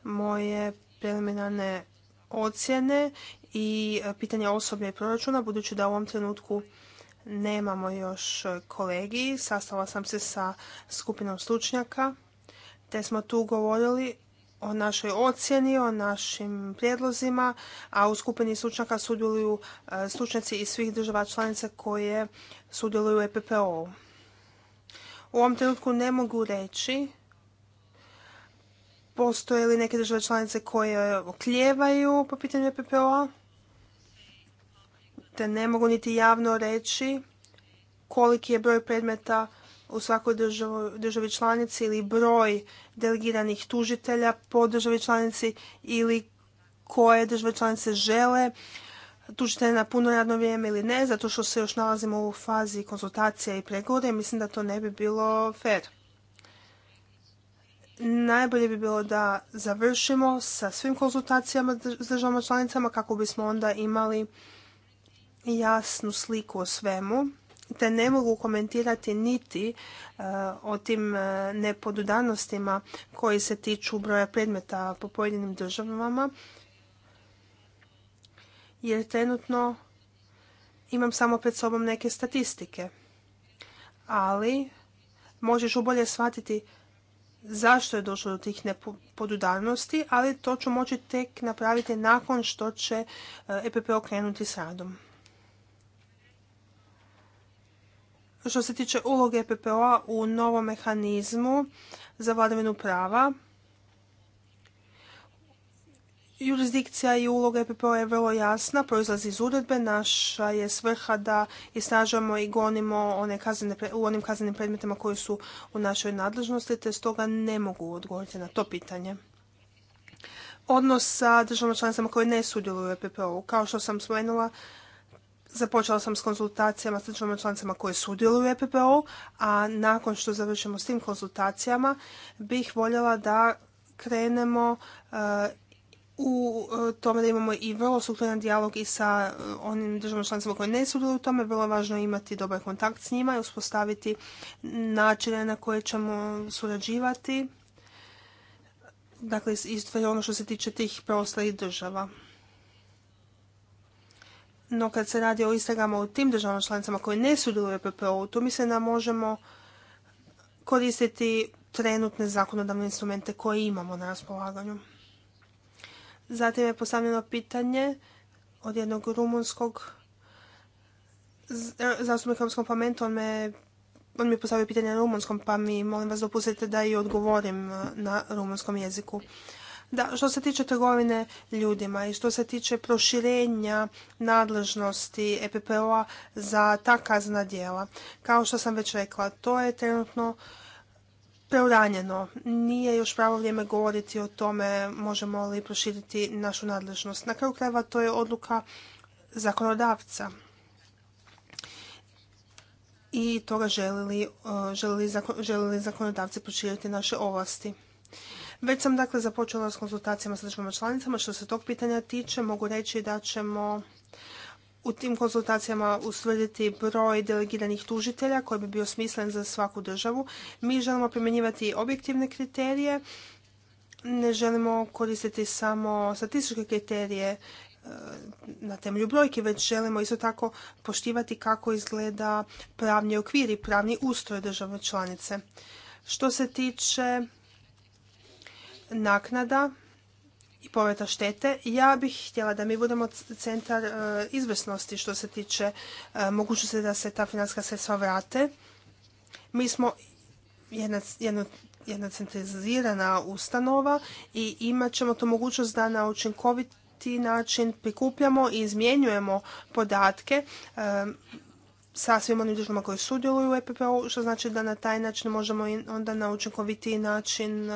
moje preliminarne ocjene i e, pitanje osoblja i proračuna, budući da u ovom trenutku nemamo još e, kolegi Sastala sam se sa skupinom stručnjaka, te smo tu govorili o našoj ocjeni, o našim prijedlozima, a u skupini stručnjaka sudjeluju e, stručnjaci iz svih država članica koje sudjeluju u EPPO-u. ovom trenutku ne mogu reći postoje li neke države članice koje okljevaju po pitanju EPPO-a, ne mogu niti javno reći koliki je broj predmeta u svakoj državi, članici ili broj delegiranih tužitelja po državi članici ili koje države članice žele tužitelje na puno radno vrijeme ili ne, zato što se još nalazimo u fazi konzultacija i pregovora i mislim da to ne bi bilo fair. Najbolje bi bilo da završimo sa svim konzultacijama s državama članicama kako bismo onda imali jasnu sliku o svemu, te ne mogu komentirati niti e, o tim e, nepodudanostima koji se tiču broja predmeta po pojedinim državama, jer trenutno imam samo pred sobom neke statistike. Ali možeš ubolje shvatiti zašto je došlo do tih nepodudarnosti, ali to ću moći tek napraviti nakon što će EPP e okrenuti s radom. što se tiče uloge EPPO-a u novom mehanizmu za vladavinu prava, Jurisdikcija i uloga EPPO je vrlo jasna, proizlazi iz uredbe. Naša je svrha da istražujemo i gonimo one kaznene, u onim kaznenim predmetima koji su u našoj nadležnosti, te stoga ne mogu odgovoriti na to pitanje. Odnos sa državama članicama koje ne sudjeluju u EPPO-u. Kao što sam spomenula, Započela sam s konzultacijama s državama članicama koje sudjeluju u EPPO, a nakon što završimo s tim konzultacijama bih voljela da krenemo uh, u uh, tome da imamo i vrlo sukladan dijalog i sa uh, onim državama članicama koje ne sudjeluju u tome. Vrlo je važno imati dobar kontakt s njima i uspostaviti načine na koje ćemo surađivati. Dakle, isto je ono što se tiče tih preostalih država. No kad se radi o istragama u tim državama članicama koje ne sudjeluju u e PPO-u, tu mislim da možemo koristiti trenutne zakonodavne instrumente koje imamo na raspolaganju. Zatim je postavljeno pitanje od jednog rumunskog e, zastupnika Europskom parlamentu. On, me, on mi je postavio pitanje na rumunskom, pa mi molim vas dopustite da i odgovorim e, na rumunskom jeziku. Da, što se tiče trgovine ljudima i što se tiče proširenja nadležnosti EPPO-a za ta kazna djela, kao što sam već rekla, to je trenutno preuranjeno. Nije još pravo vrijeme govoriti o tome možemo li proširiti našu nadležnost. Na kraju krajeva to je odluka zakonodavca i toga želili, zakonodavci proširiti naše ovlasti. Već sam dakle započela s konzultacijama sa državama članicama. Što se tog pitanja tiče, mogu reći da ćemo u tim konzultacijama ustvrditi broj delegiranih tužitelja koji bi bio smislen za svaku državu. Mi želimo primjenjivati objektivne kriterije, ne želimo koristiti samo statističke kriterije e, na temelju brojke, već želimo isto tako poštivati kako izgleda pravni okvir i pravni ustroj države članice. Što se tiče naknada i povrata štete, ja bih htjela da mi budemo centar e, izvrsnosti što se tiče e, mogućnosti da se ta finanska sredstva vrate. Mi smo jedna, centralizirana ustanova i imat ćemo tu mogućnost da na učinkoviti način prikupljamo i izmjenjujemo podatke e, sa svim onim državama koji sudjeluju u EPP-u, što znači da na taj način možemo onda na učinkovitiji način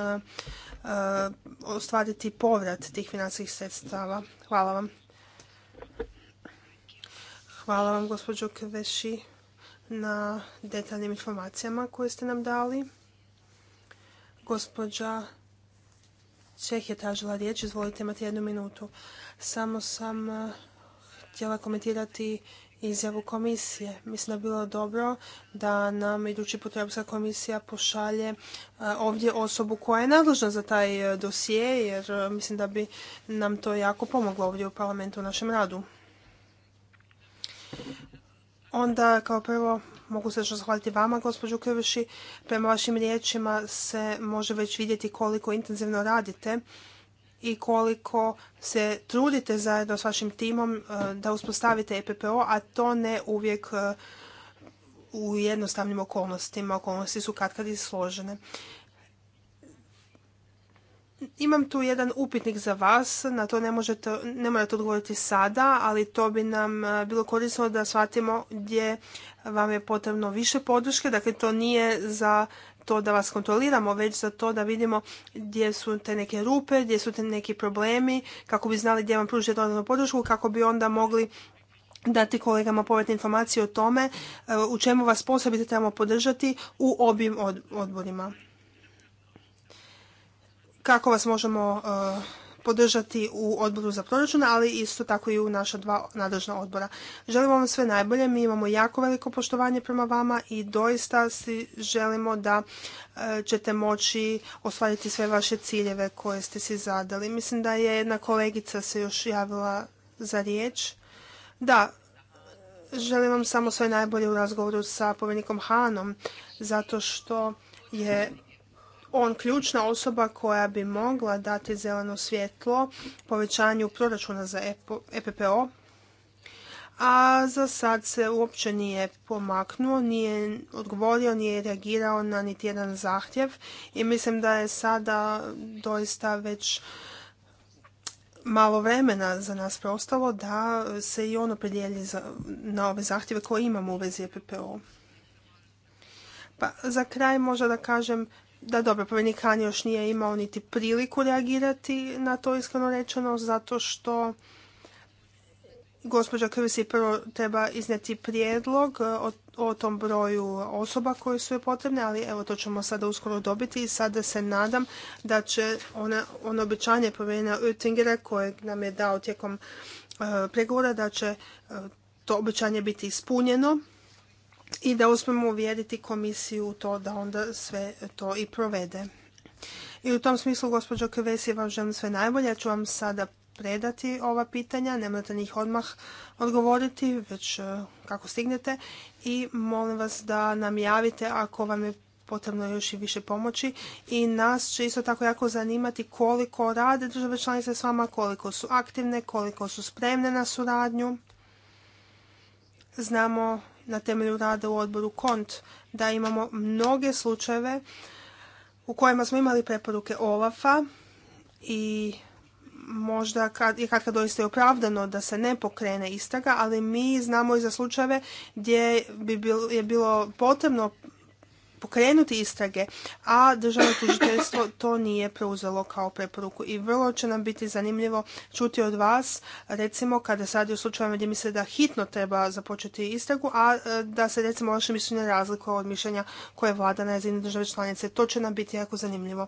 Uh, ostvariti povrat tih financijskih sredstava. Hvala vam. Hvala vam, gospođo Kveši, na detaljnim informacijama koje ste nam dali. Gospođa Čeh je tražila riječ. Izvolite, imati jednu minutu. Samo sam uh, htjela komentirati izjavu komisije. Mislim da bi bilo dobro da nam idući put Europska komisija pošalje e, ovdje osobu koja je nadležna za taj e, dosije, jer e, mislim da bi nam to jako pomoglo ovdje u parlamentu u našem radu. Onda kao prvo mogu što zahvaliti vama, gospođo Krviši. Prema vašim riječima se može već vidjeti koliko intenzivno radite i koliko se trudite zajedno s vašim timom e, da uspostavite EPPO, a to ne uvijek e, u jednostavnim okolnostima. Okolnosti su katkad i složene. Imam tu jedan upitnik za vas, na to ne, možete, ne morate odgovoriti sada, ali to bi nam e, bilo korisno da shvatimo gdje vam je potrebno više podrške. Dakle, to nije za to da vas kontroliramo, već za to da vidimo gdje su te neke rupe, gdje su te neki problemi, kako bi znali gdje vam pružiti dodatnu podršku, kako bi onda mogli dati kolegama povjetne informacije o tome e, u čemu vas sposobite trebamo podržati u obim odborima. Kako vas možemo e, podržati u odboru za proračun, ali isto tako i u naša dva nadležna odbora. Želimo vam sve najbolje, mi imamo jako veliko poštovanje prema vama i doista si želimo da e, ćete moći ostvariti sve vaše ciljeve koje ste si zadali. Mislim da je jedna kolegica se još javila za riječ. Da, želim vam samo sve najbolje u razgovoru sa povjerenikom Hanom, zato što je on ključna osoba koja bi mogla dati zeleno svjetlo povećanju proračuna za EPPO, e a za sad se uopće nije pomaknuo, nije odgovorio, nije reagirao na niti jedan zahtjev i mislim da je sada doista već malo vremena za nas preostalo da se i ono opredijeli na ove zahtjeve koje imamo u vezi EPPO. Pa za kraj možda da kažem da, dobro, povjerenik Han još nije imao niti priliku reagirati na to iskreno rečeno, zato što gospođa Krvisi prvo treba izneti prijedlog e, o, tom broju osoba koje su joj potrebne, ali evo to ćemo sada uskoro dobiti i sada se nadam da će ono običanje povjerenja Oettingera koje nam je dao tijekom e, pregovora, da će e, to obećanje biti ispunjeno i da uspemo uvjeriti komisiju u to da onda sve to i provede. I u tom smislu, gospođo Kvesi, vam želim sve najbolje. Ja ću vam sada predati ova pitanja, ne morate njih odmah odgovoriti, već e, kako stignete. I molim vas da nam javite ako vam je potrebno još i više pomoći i nas će isto tako jako zanimati koliko rade države članice s vama, koliko su aktivne, koliko su spremne na suradnju. Znamo na temelju rada u odboru KONT da imamo mnoge slučajeve u kojima smo imali preporuke OLAF-a i možda kad, je kad, kad doista je opravdano da se ne pokrene istraga, ali mi znamo i za slučajeve gdje bi je bilo potrebno pokrenuti istrage, a državno tužiteljstvo to nije preuzelo kao preporuku. I vrlo će nam biti zanimljivo čuti od vas, recimo kada se radi o slučajevima gdje misle da hitno treba započeti istragu, a e, da se recimo vaše mišljenje razlikuje od mišljenja koje vlada na razini države članice. To će nam biti jako zanimljivo.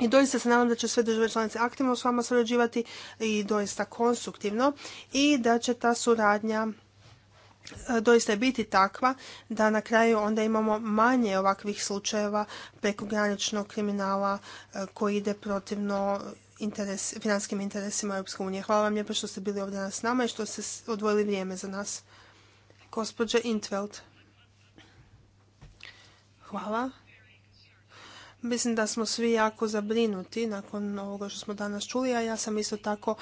I doista se nadam da će sve države članice aktivno s vama surađivati i doista konstruktivno i da će ta suradnja E, doista biti takva da na kraju onda imamo manje ovakvih slučajeva prekograničnog kriminala e, koji ide protivno interes, financijskim interesima Europske unije. Hvala vam lijepo što ste bili ovdje s nama i što ste odvojili vrijeme za nas. Gospođa Intveld. Hvala. Mislim da smo svi jako zabrinuti nakon ovoga što smo danas čuli, a ja sam isto tako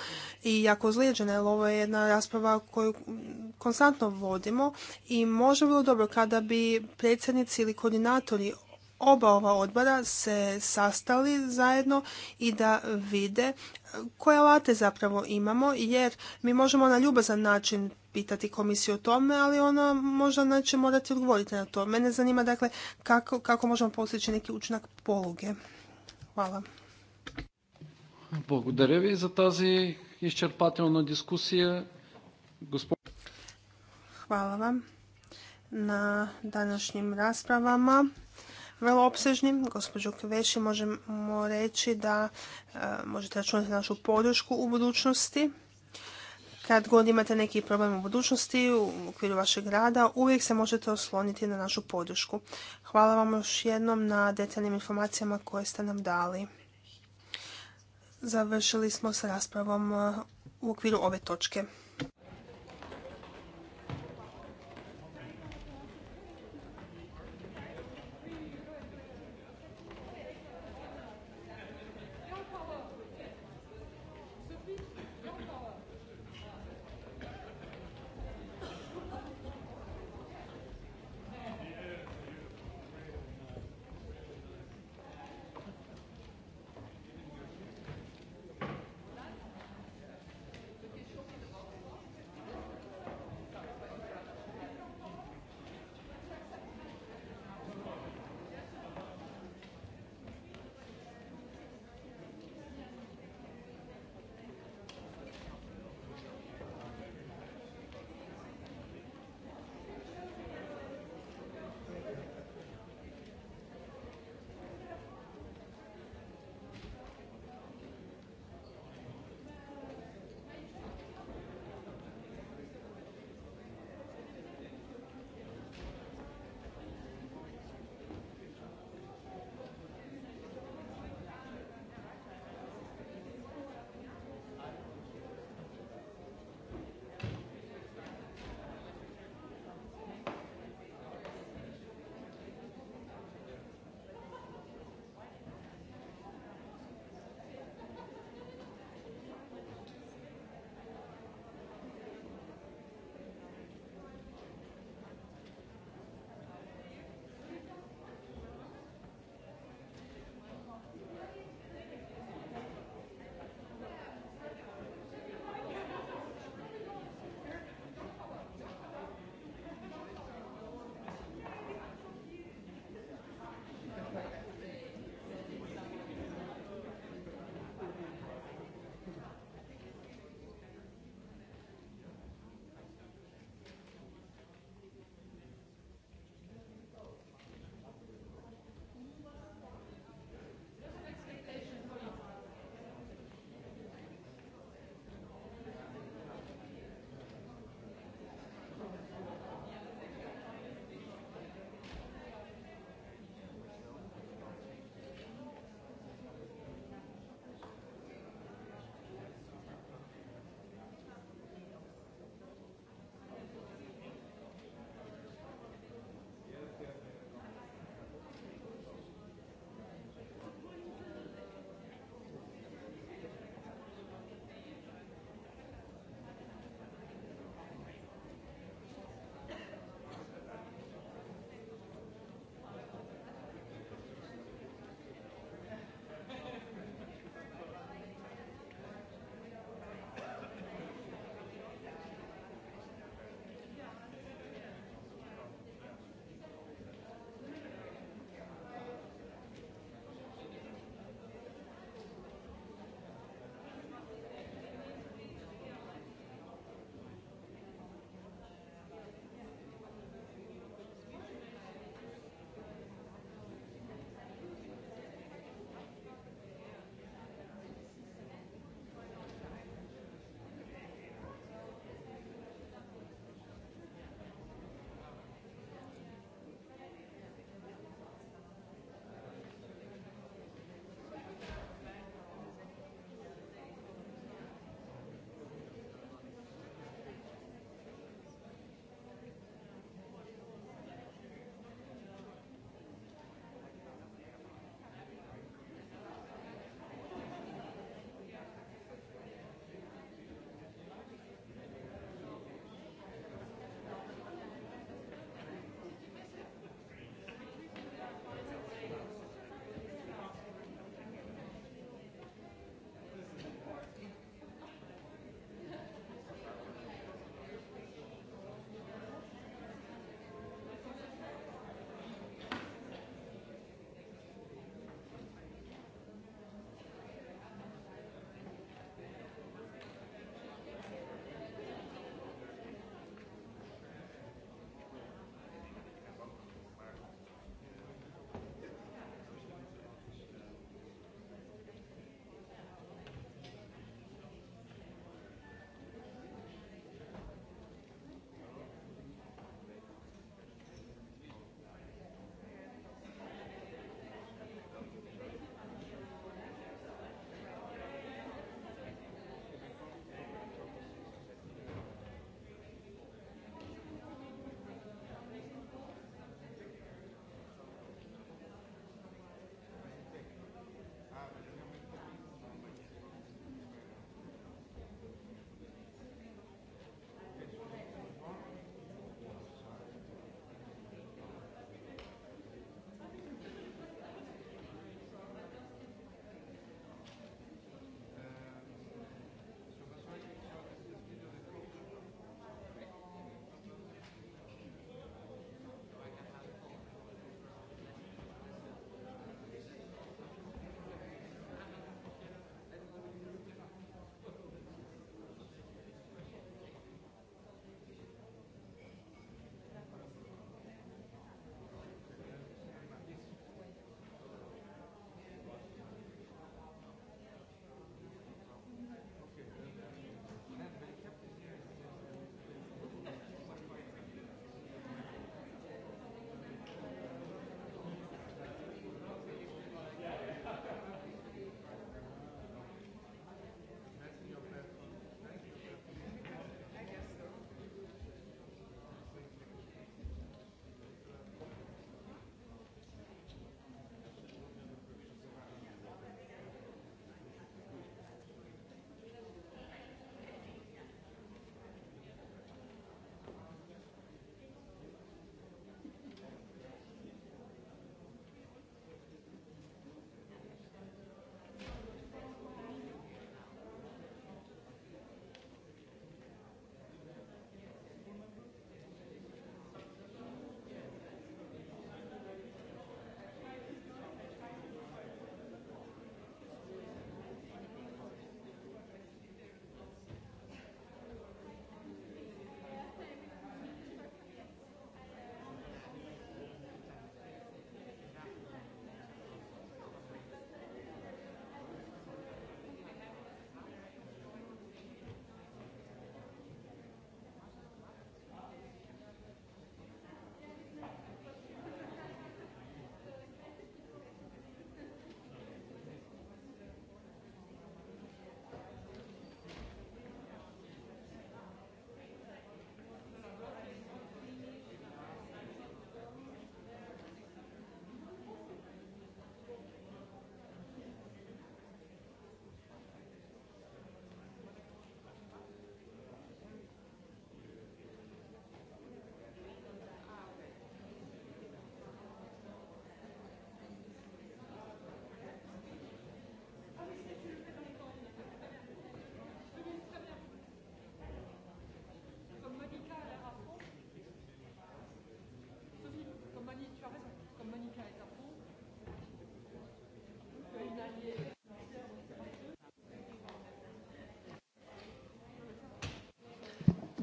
i jako ozlijeđena, jer ovo je jedna rasprava koju konstantno vodimo i može bilo dobro kada bi predsjednici ili koordinatori oba ova odbora se sastali zajedno i da vide koje alate zapravo imamo, jer mi možemo na ljubazan način pitati komisiju o tome, ali ona možda neće morati odgovoriti na to. Mene zanima dakle kako, kako možemo postići neki učinak poluge. Hvala. Hvala vam na današnjim raspravama. Vrlo opsežnim, gospođo Kveši, možemo reći da e, možete računati našu podršku u budućnosti kad god imate neki problem u budućnosti u okviru vašeg rada, uvijek se možete osloniti na našu podršku. Hvala vam još jednom na detaljnim informacijama koje ste nam dali. Završili smo sa raspravom uh, u okviru ove točke.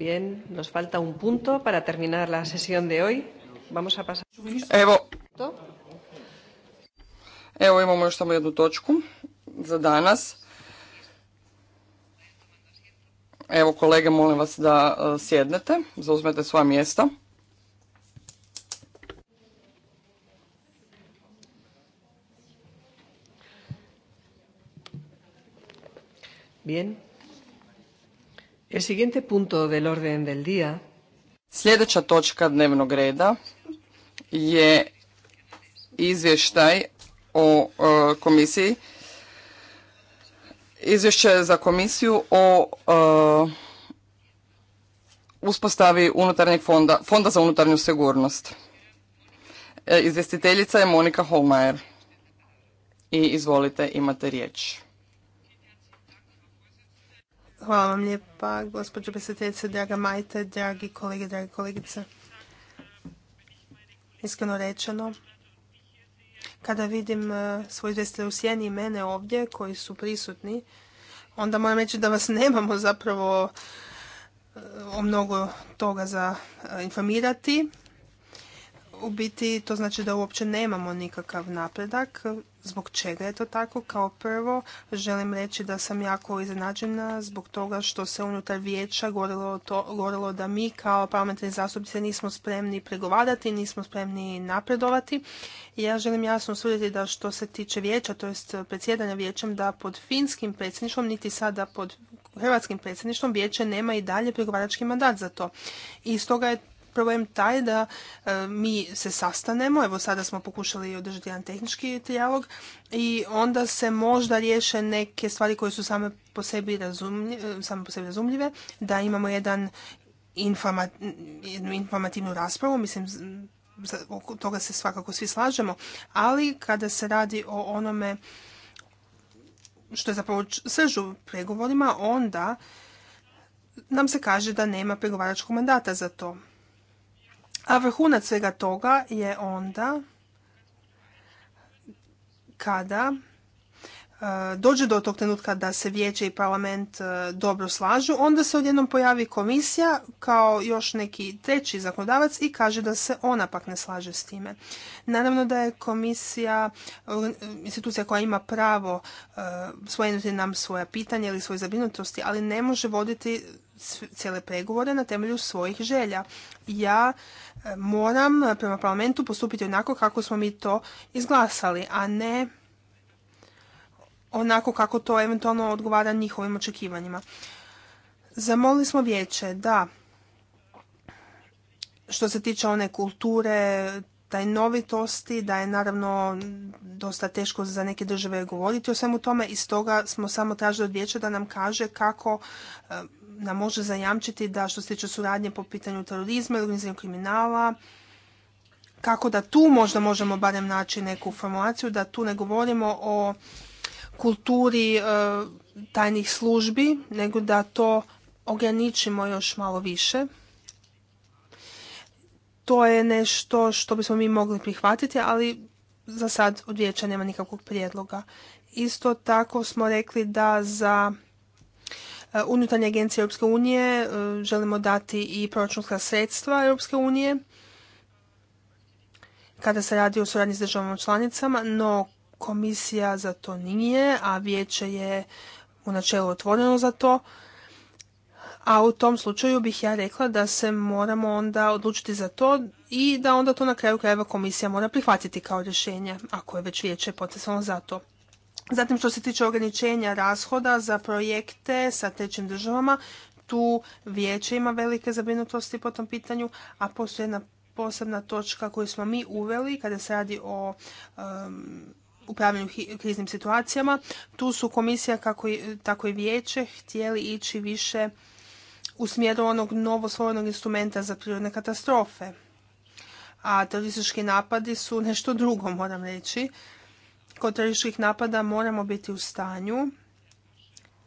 Bien, nos falta un punto para terminar la sesión de hoy. Vamos a pasar... Evo, evo imamo još samo jednu točku za danas. Evo kolege, molim vas da e, sjednete, zauzmete svoja mjesta. siguiente punto del Sljedeća točka dnevnog reda je izvještaj o e, komisiji. Izvješće za komisiju o e, uspostavi unutarnjeg fonda, fonda za unutarnju sigurnost. E, izvjestiteljica je Monika Holmajer. I izvolite, imate riječ. Hvala vam lijepa, gospođo predsjedateljice, draga Majte, dragi kolege, dragi kolegice. Iskreno rečeno, kada vidim e, svoj izvjeste u sjeni i mene ovdje koji su prisutni, onda moram reći da vas nemamo zapravo e, o mnogo toga za e, informirati. U biti to znači da uopće nemamo nikakav napredak. Zbog čega je to tako? Kao prvo, želim reći da sam jako iznenađena zbog toga što se unutar vijeća govorilo, da mi kao parlamentarni zastupnici nismo spremni pregovarati, nismo spremni napredovati. ja želim jasno usuditi da što se tiče vijeća, to jest predsjedanja vijećem, da pod finskim predsjedništvom, niti sada pod hrvatskim predsjedništvom, vijeće nema i dalje pregovarački mandat za to. I stoga je problem taj da e, mi se sastanemo, evo sada smo pokušali održati jedan tehnički trijalog i onda se možda riješe neke stvari koje su same po sebi, razumljive, e, same po sebi razumljive, da imamo jedan jednu informativnu raspravu, mislim oko toga se svakako svi slažemo, ali kada se radi o onome što je zapravo sržu pregovorima, onda nam se kaže da nema pregovaračkog mandata za to. A vrhunac svega toga je onda kada E, dođe do tog trenutka da se vijeće i parlament e, dobro slažu, onda se odjednom pojavi komisija kao još neki treći zakonodavac i kaže da se ona pak ne slaže s time. Naravno da je komisija institucija koja ima pravo e, svojenuti nam svoja pitanja ili svoje zabrinutosti, ali ne može voditi cijele pregovore na temelju svojih želja. Ja moram prema parlamentu postupiti onako kako smo mi to izglasali, a ne onako kako to eventualno odgovara njihovim očekivanjima. Zamolili smo vijeće da što se tiče one kulture, taj novitosti, da je naravno dosta teško za neke države govoriti o svemu tome i stoga smo samo tražili od vijeća da nam kaže kako e, nam može zajamčiti da što se tiče suradnje po pitanju terorizma i kriminala, kako da tu možda možemo barem naći neku formulaciju, da tu ne govorimo o kulturi e, tajnih službi, nego da to ograničimo još malo više. To je nešto što bismo mi mogli prihvatiti, ali za sad od vijeća nema nikakvog prijedloga. Isto tako smo rekli da za e, unutarnje agencije Europske unije e, želimo dati i proračunska sredstva Europske unije kada se radi o suradnji s državama članicama, no komisija za to nije, a vijeće je u načelu otvoreno za to. A u tom slučaju bih ja rekla da se moramo onda odlučiti za to i da onda to na kraju krajeva komisija mora prihvatiti kao rješenje, ako je već vijeće potencijalno za to. Zatim što se tiče ograničenja rashoda za projekte sa trećim državama, tu vijeće ima velike zabrinutosti po tom pitanju, a postoji jedna posebna točka koju smo mi uveli kada se radi o upravljanju kriznim situacijama. Tu su komisija kako i, tako i vijeće htjeli ići više u smjeru onog novosvojenog instrumenta za prirodne katastrofe. A teroristički napadi su nešto drugo, moram reći. Kod terorističkih napada moramo biti u stanju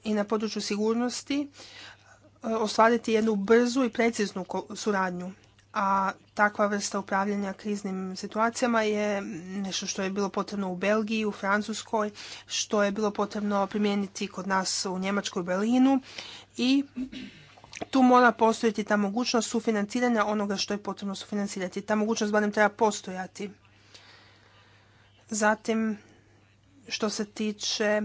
i na području sigurnosti e, ostvariti jednu brzu i preciznu suradnju. A takva vrsta upravljanja kriznim situacijama je nešto što je bilo potrebno u Belgiji, u Francuskoj, što je bilo potrebno primijeniti kod nas u Njemačkoj i Berlinu i tu mora postojati ta mogućnost sufinanciranja onoga što je potrebno sufinancirati. Ta mogućnost barem treba postojati. Zatim, što se tiče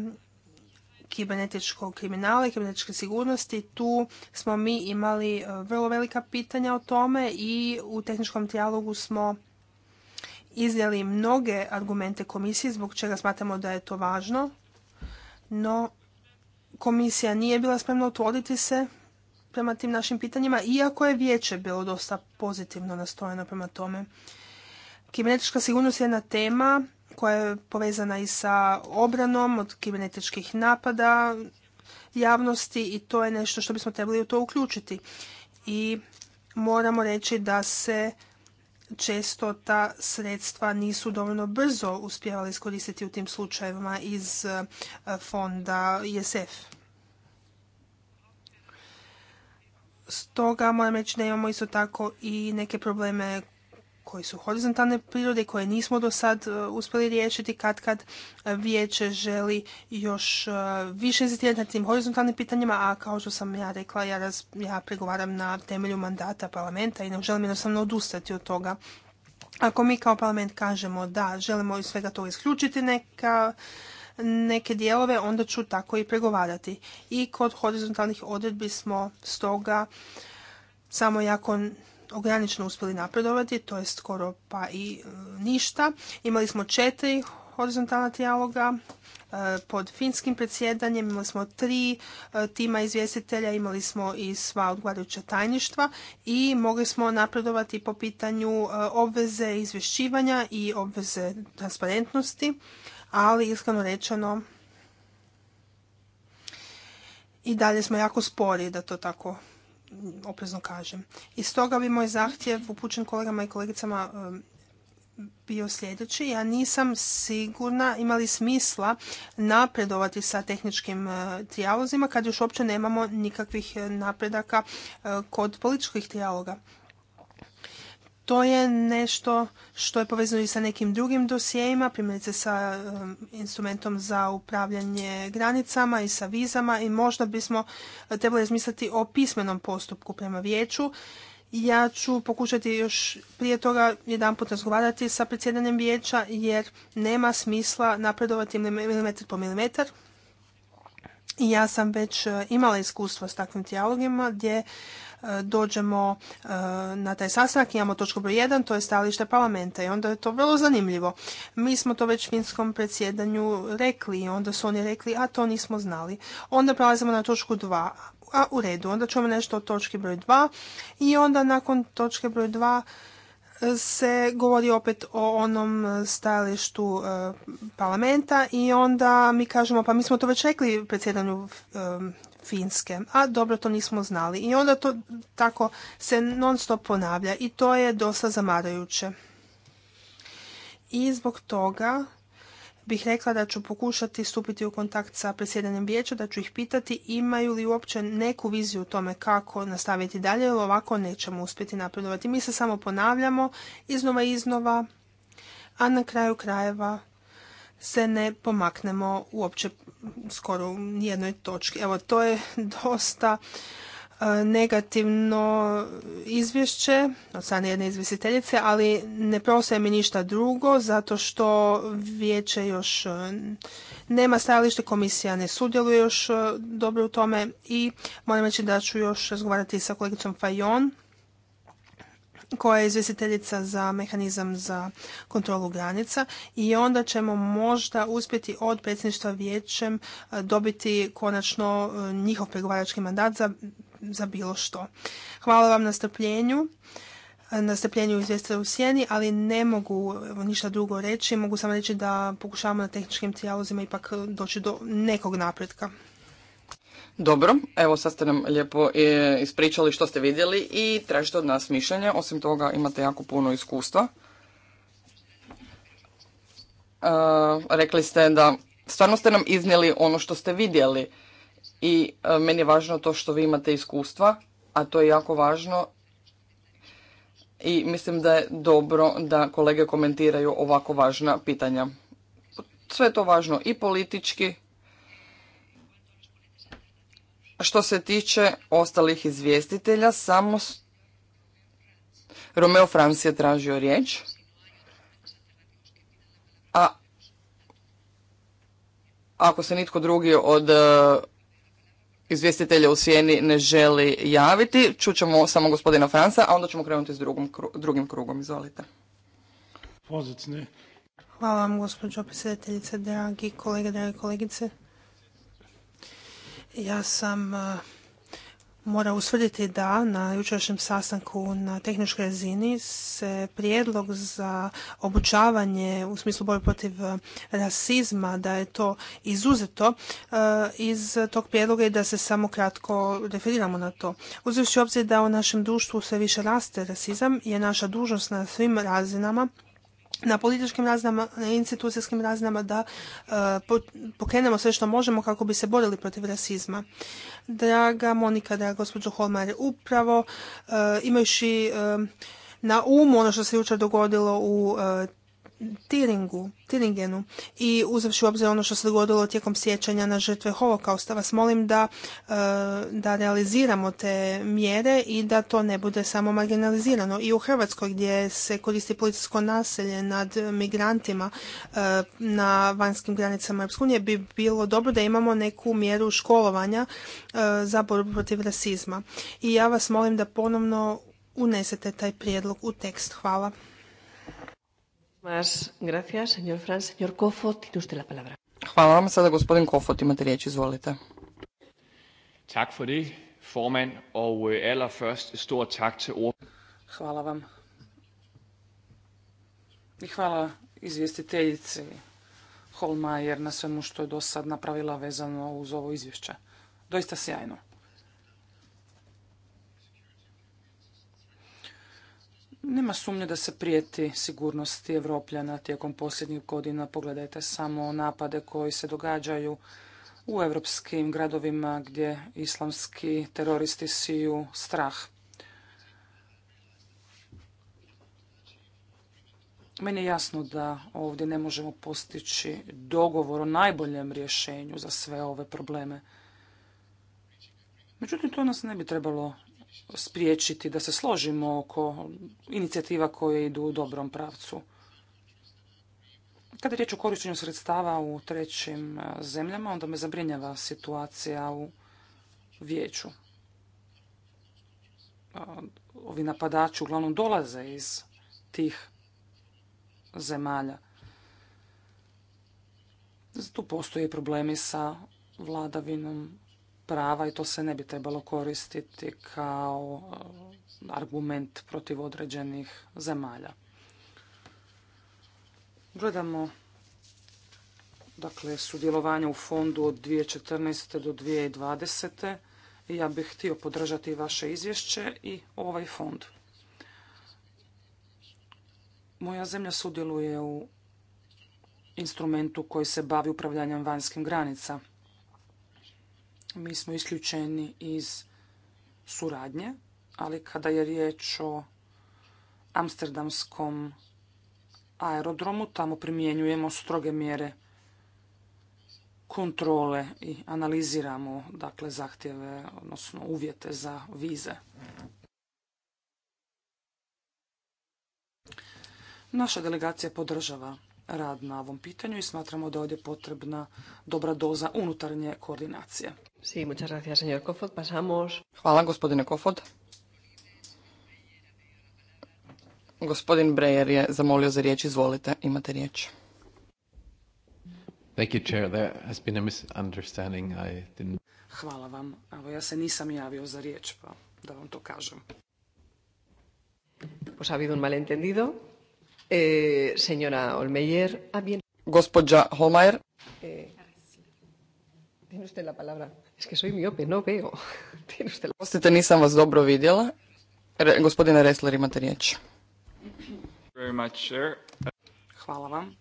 kibernetičkog kriminala i kibernetičke sigurnosti. Tu smo mi imali e, vrlo velika pitanja o tome i u tehničkom dijalogu smo izdjeli mnoge argumente komisije zbog čega smatramo da je to važno, no komisija nije bila spremna otvoriti se prema tim našim pitanjima, iako je vijeće bilo dosta pozitivno nastojeno prema tome. Kibernetička sigurnost je jedna tema koja je povezana i sa obranom od kibernetičkih napada javnosti i to je nešto što bismo trebali u to uključiti. I moramo reći da se često ta sredstva nisu dovoljno brzo uspjevali iskoristiti u tim slučajevima iz e, fonda ISF. Stoga moram reći da imamo isto tako i neke probleme koji su horizontalne prirode koje nismo do sad e, uspjeli riješiti kad kad e, vijeće želi još e, više inzistirati na tim horizontalnim pitanjima, a kao što sam ja rekla, ja, ja pregovaram na temelju mandata parlamenta i ne želim jednostavno odustati od toga. Ako mi kao parlament kažemo da želimo iz svega toga isključiti neka neke dijelove, onda ću tako i pregovarati. I kod horizontalnih odredbi smo stoga samo jako ograničeno uspjeli napredovati, to je skoro pa i e, ništa. Imali smo četiri horizontalna trijaloga e, pod finskim predsjedanjem, imali smo tri e, tima izvjestitelja, imali smo i sva odgovarajuća tajništva i mogli smo napredovati po pitanju obveze izvješćivanja i obveze transparentnosti, ali iskreno rečeno i dalje smo jako spori da to tako oprezno kažem. I stoga bi moj zahtjev upućen kolegama i kolegicama e, bio sljedeći. Ja nisam sigurna imali smisla napredovati sa tehničkim e, trijalozima kad još uopće nemamo nikakvih e, napredaka kod političkih trijaloga to je nešto što je povezano i sa nekim drugim dosjejima, primjerice sa um, instrumentom za upravljanje granicama i sa vizama i možda bismo eh, trebali razmisliti o pismenom postupku prema vijeću. Ja ću pokušati još prije toga jedan put razgovarati sa predsjedanjem vijeća jer nema smisla napredovati milimetar po milimetar. Ja sam već eh, imala iskustvo s takvim dijalogima gdje dođemo e, na taj sastanak, imamo točku broj 1, to je stajalište parlamenta i onda je to vrlo zanimljivo. Mi smo to već finskom predsjedanju rekli i onda su oni rekli, a to nismo znali. Onda prelazimo na točku 2, a u redu, onda čujemo nešto o točki broj 2 i onda nakon točke broj 2 e, se govori opet o onom stajalištu e, parlamenta i onda mi kažemo pa mi smo to već rekli predsjedanju Finske, a dobro to nismo znali. I onda to tako se non stop ponavlja i to je dosta zamarajuće. I zbog toga bih rekla da ću pokušati stupiti u kontakt sa predsjedanjem vijeća, da ću ih pitati imaju li uopće neku viziju u tome kako nastaviti dalje, jer ovako nećemo uspjeti napredovati. Mi se samo ponavljamo iznova i iznova, a na kraju krajeva se ne pomaknemo uopće skoro u nijednoj točki. Evo, to je dosta e, negativno izvješće od strane jedne izvjestiteljice, ali ne prosaje mi ništa drugo zato što vijeće još e, nema stajalište, komisija ne sudjeluje još e, dobro u tome i moram reći da ću još razgovarati sa kolegicom Fajon koja je izvjestiteljica za mehanizam za kontrolu granica i onda ćemo možda uspjeti od predsjedništva vijećem e, dobiti konačno e, njihov pregovarački mandat za, za bilo što. Hvala vam na strpljenju e, na strpljenju izvjestila u sjeni, ali ne mogu ništa drugo reći. Mogu samo reći da pokušavamo na tehničkim trijalozima ipak doći do nekog napretka. Dobro, evo sad ste nam lijepo e, ispričali što ste vidjeli i tražite od nas mišljenje. Osim toga imate jako puno iskustva. E, rekli ste da stvarno ste nam iznijeli ono što ste vidjeli i e, meni je važno to što vi imate iskustva, a to je jako važno i mislim da je dobro da kolege komentiraju ovako važna pitanja. Sve je to važno i politički što se tiče ostalih izvjestitelja, samo Romeo Franci je tražio riječ. A ako se nitko drugi od e, izvjestitelja u sjeni ne želi javiti, čućemo samo gospodina Franca, a onda ćemo krenuti s drugim krugom. Izvolite. Hvala vam, gospođo predsjedateljice, dragi kolege, dragi kolegice. Ja sam e, mora usvrditi da na jučerašnjem sastanku na tehničkoj razini se prijedlog za obučavanje u smislu borbe protiv e, rasizma da je to izuzeto e, iz tog prijedloga i da se samo kratko referiramo na to. Uzevši obzir da u našem društvu sve više raste rasizam je naša dužnost na svim razinama na političkim razinama, na institucijskim razinama da e, pokrenemo sve što možemo kako bi se borili protiv rasizma. Draga Monika, draga gospođo Holmar, upravo e, imajući e, na umu ono što se jučer dogodilo u Tiringu, Tiringenu i uzavši u obzir ono što se dogodilo tijekom sjećanja na žrtve holokausta, vas molim da, e, da realiziramo te mjere i da to ne bude samo marginalizirano. I u Hrvatskoj gdje se koristi policijsko naselje nad migrantima e, na vanjskim granicama EU bi bilo dobro da imamo neku mjeru školovanja e, za borbu protiv rasizma. I ja vas molim da ponovno unesete taj prijedlog u tekst. Hvala gracias, señor Señor kofot tiene usted la palabra. Hvala vam. Sada gospodin Kofot imate riječ, izvolite. Tak for det, formand, og øh, allerførst stor tak til ord. Hvala vam. I hvala izvjestiteljici Holmajer na svemu što je do sad napravila vezano uz ovo izvješće. Doista sjajno. Nema sumnje da se prijeti sigurnosti Evropljana tijekom posljednjih godina. Pogledajte samo napade koji se događaju u evropskim gradovima gdje islamski teroristi siju strah. Meni je jasno da ovdje ne možemo postići dogovor o najboljem rješenju za sve ove probleme. Međutim, to nas ne bi trebalo spriječiti da se složimo oko inicijativa koje idu u dobrom pravcu. Kada je riječ o korištenju sredstava u trećim e, zemljama, onda me zabrinjava situacija u vijeću. E, ovi napadači uglavnom dolaze iz tih zemalja. Tu postoje problemi sa vladavinom prava i to se ne bi trebalo koristiti kao eh, argument protiv određenih zemalja. Gledamo dakle, sudjelovanje u fondu od 2014. do 2020. I ja bih htio podržati vaše izvješće i ovaj fond. Moja zemlja sudjeluje u instrumentu koji se bavi upravljanjem vanjskim granica mi smo isključeni iz suradnje, ali kada je riječ o amsterdamskom aerodromu, tamo primjenjujemo stroge mjere kontrole i analiziramo dakle zahtjeve odnosno uvjete za vize. Naša delegacija podržava rad na ovom pitanju i smatramo da ovdje potrebna dobra doza unutarnje koordinacije. Sí, gracias, señor Pasamos. Hvala, gospodine Kofod. Gospodin Breyer je zamolio za riječ. Izvolite, imate riječ. Thank you, I Hvala vam. Evo, ja se nisam javio za riječ, pa da vam to kažem. Pues ha habido un malentendido. Eh, señora Olmeyer, bien. Gospođa Holmajer. Eh, usted la palabra. Es que nisam vas dobro vidjela. Re, gospodine Ressler, imate riječ. Hvala vam.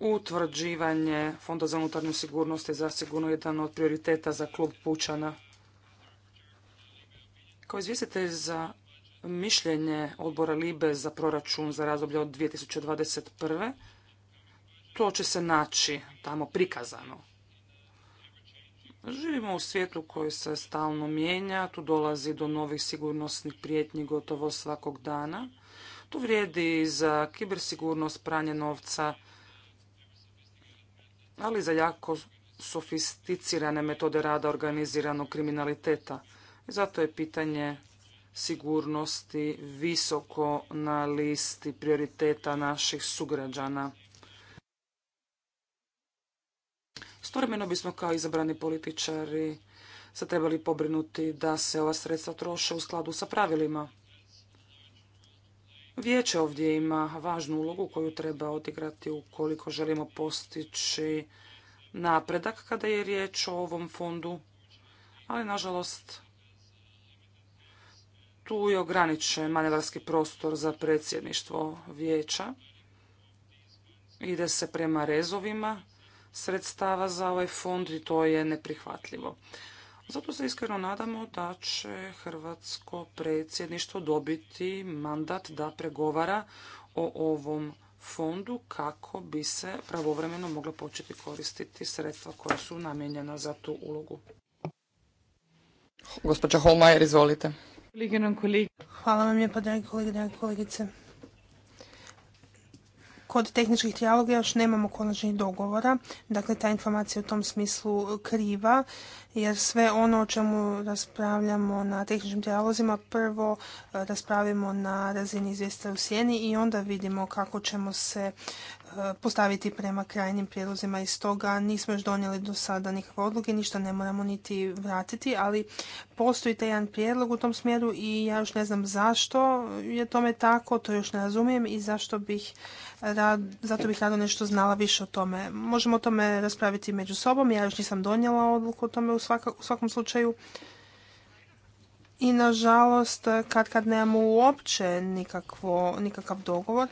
Utvrđivanje Fonda za unutarnju sigurnost je zasigurno jedan od prioriteta za klub Pučana. Kao izvjestitelj za mišljenje odbora Libe za proračun za razdoblje od 2021. To će se naći tamo prikazano. Živimo u svijetu koji se stalno mijenja, tu dolazi do novih sigurnosnih prijetnji gotovo svakog dana. To vrijedi i za kibersigurnost, pranje novca, ali i za jako sofisticirane metode rada organiziranog kriminaliteta. I zato je pitanje sigurnosti visoko na listi prioriteta naših sugrađana. Stvarno bismo kao izabrani političari se trebali pobrinuti da se ova sredstva troše u skladu sa pravilima. Vijeće ovdje ima važnu ulogu koju treba odigrati ukoliko želimo postići napredak kada je riječ o ovom fondu, ali nažalost tu je ograničen manevarski prostor za predsjedništvo vijeća. Ide se prema rezovima sredstava za ovaj fond i to je neprihvatljivo. Zato se iskreno nadamo da će Hrvatsko predsjedništvo dobiti mandat da pregovara o ovom fondu kako bi se pravovremeno moglo početi koristiti sredstva koja su namijenjena za tu ulogu. Gospođa Holmajer, izvolite. Hvala vam lijepa, dragi kolege, dragi kolegice. Kod tehničkih trijaloga još nemamo konačnih dogovora, dakle ta informacija u tom smislu kriva, jer sve ono o čemu raspravljamo na tehničkim trijalozima prvo e, raspravimo na razini izvijesta u sjeni i onda vidimo kako ćemo se E, postaviti prema krajnim prijedlozima i stoga nismo još donijeli do sada nikakve odluke, ništa ne moramo niti vratiti, ali postoji taj jedan prijedlog u tom smjeru i ja još ne znam zašto je tome tako, to još ne razumijem i zašto bih rad, zato bih rado nešto znala više o tome. Možemo o tome raspraviti među sobom, ja još nisam donijela odluku o tome u, svakom slučaju. I nažalost, kad kad nemamo uopće nikakvo, nikakav dogovor,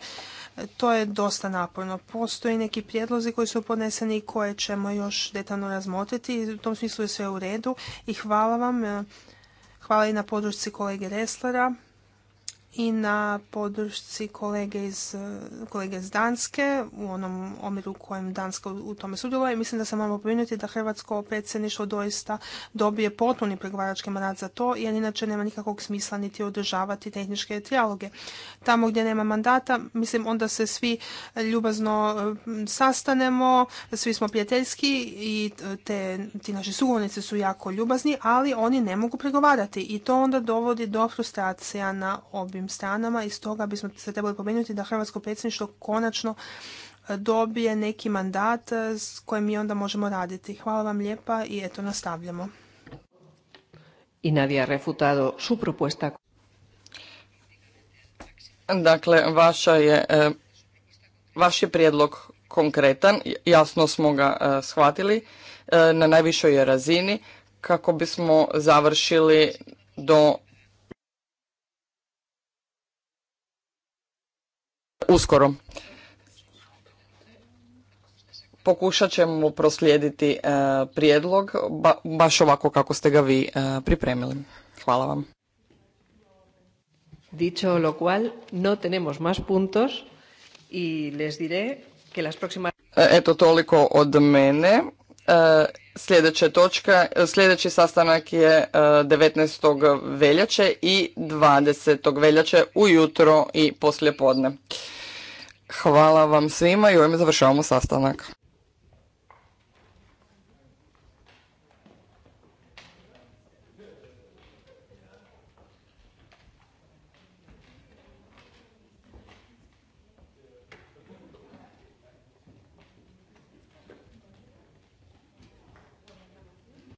to je dosta naporno. Postoji neki prijedlozi koji su podneseni i koje ćemo još detaljno razmotriti. U tom smislu je sve u redu i hvala vam. Eh, hvala i na podršci kolege Reslera i na podršci kolege iz, kolege iz Danske u onom omjeru u kojem Danska u tome sudjeluje. Mislim da se moramo povinuti da Hrvatsko predsjedništvo doista dobije potpuni pregovarački mandat za to, jer inače nema nikakvog smisla niti održavati tehničke trijaloge. Tamo gdje nema mandata, mislim onda se svi ljubazno sastanemo, svi smo prijateljski i te, ti naši sugovornici su jako ljubazni, ali oni ne mogu pregovarati i to onda dovodi do frustracija na obim stranama i stoga bismo se trebali pomenuti da Hrvatsko predsjedništvo konačno e, dobije neki mandat e, s kojim mi onda možemo raditi. Hvala vam lijepa i eto nastavljamo. I Dakle, vaša je, e, vaš je prijedlog konkretan, jasno smo ga shvatili na najvišoj razini kako bismo završili do uskoro. Pokušat ćemo proslijediti e, prijedlog baš ovako kako ste ga vi e, pripremili. Hvala vam. Dicho lo cual, no tenemos más puntos y les diré que las próximas... E, eto toliko od mene. Sljedeća točka, sljedeći sastanak je 19. veljače i 20. veljače ujutro i poslijepodne. podne. Hvala vam svima i ovime završavamo sastanak.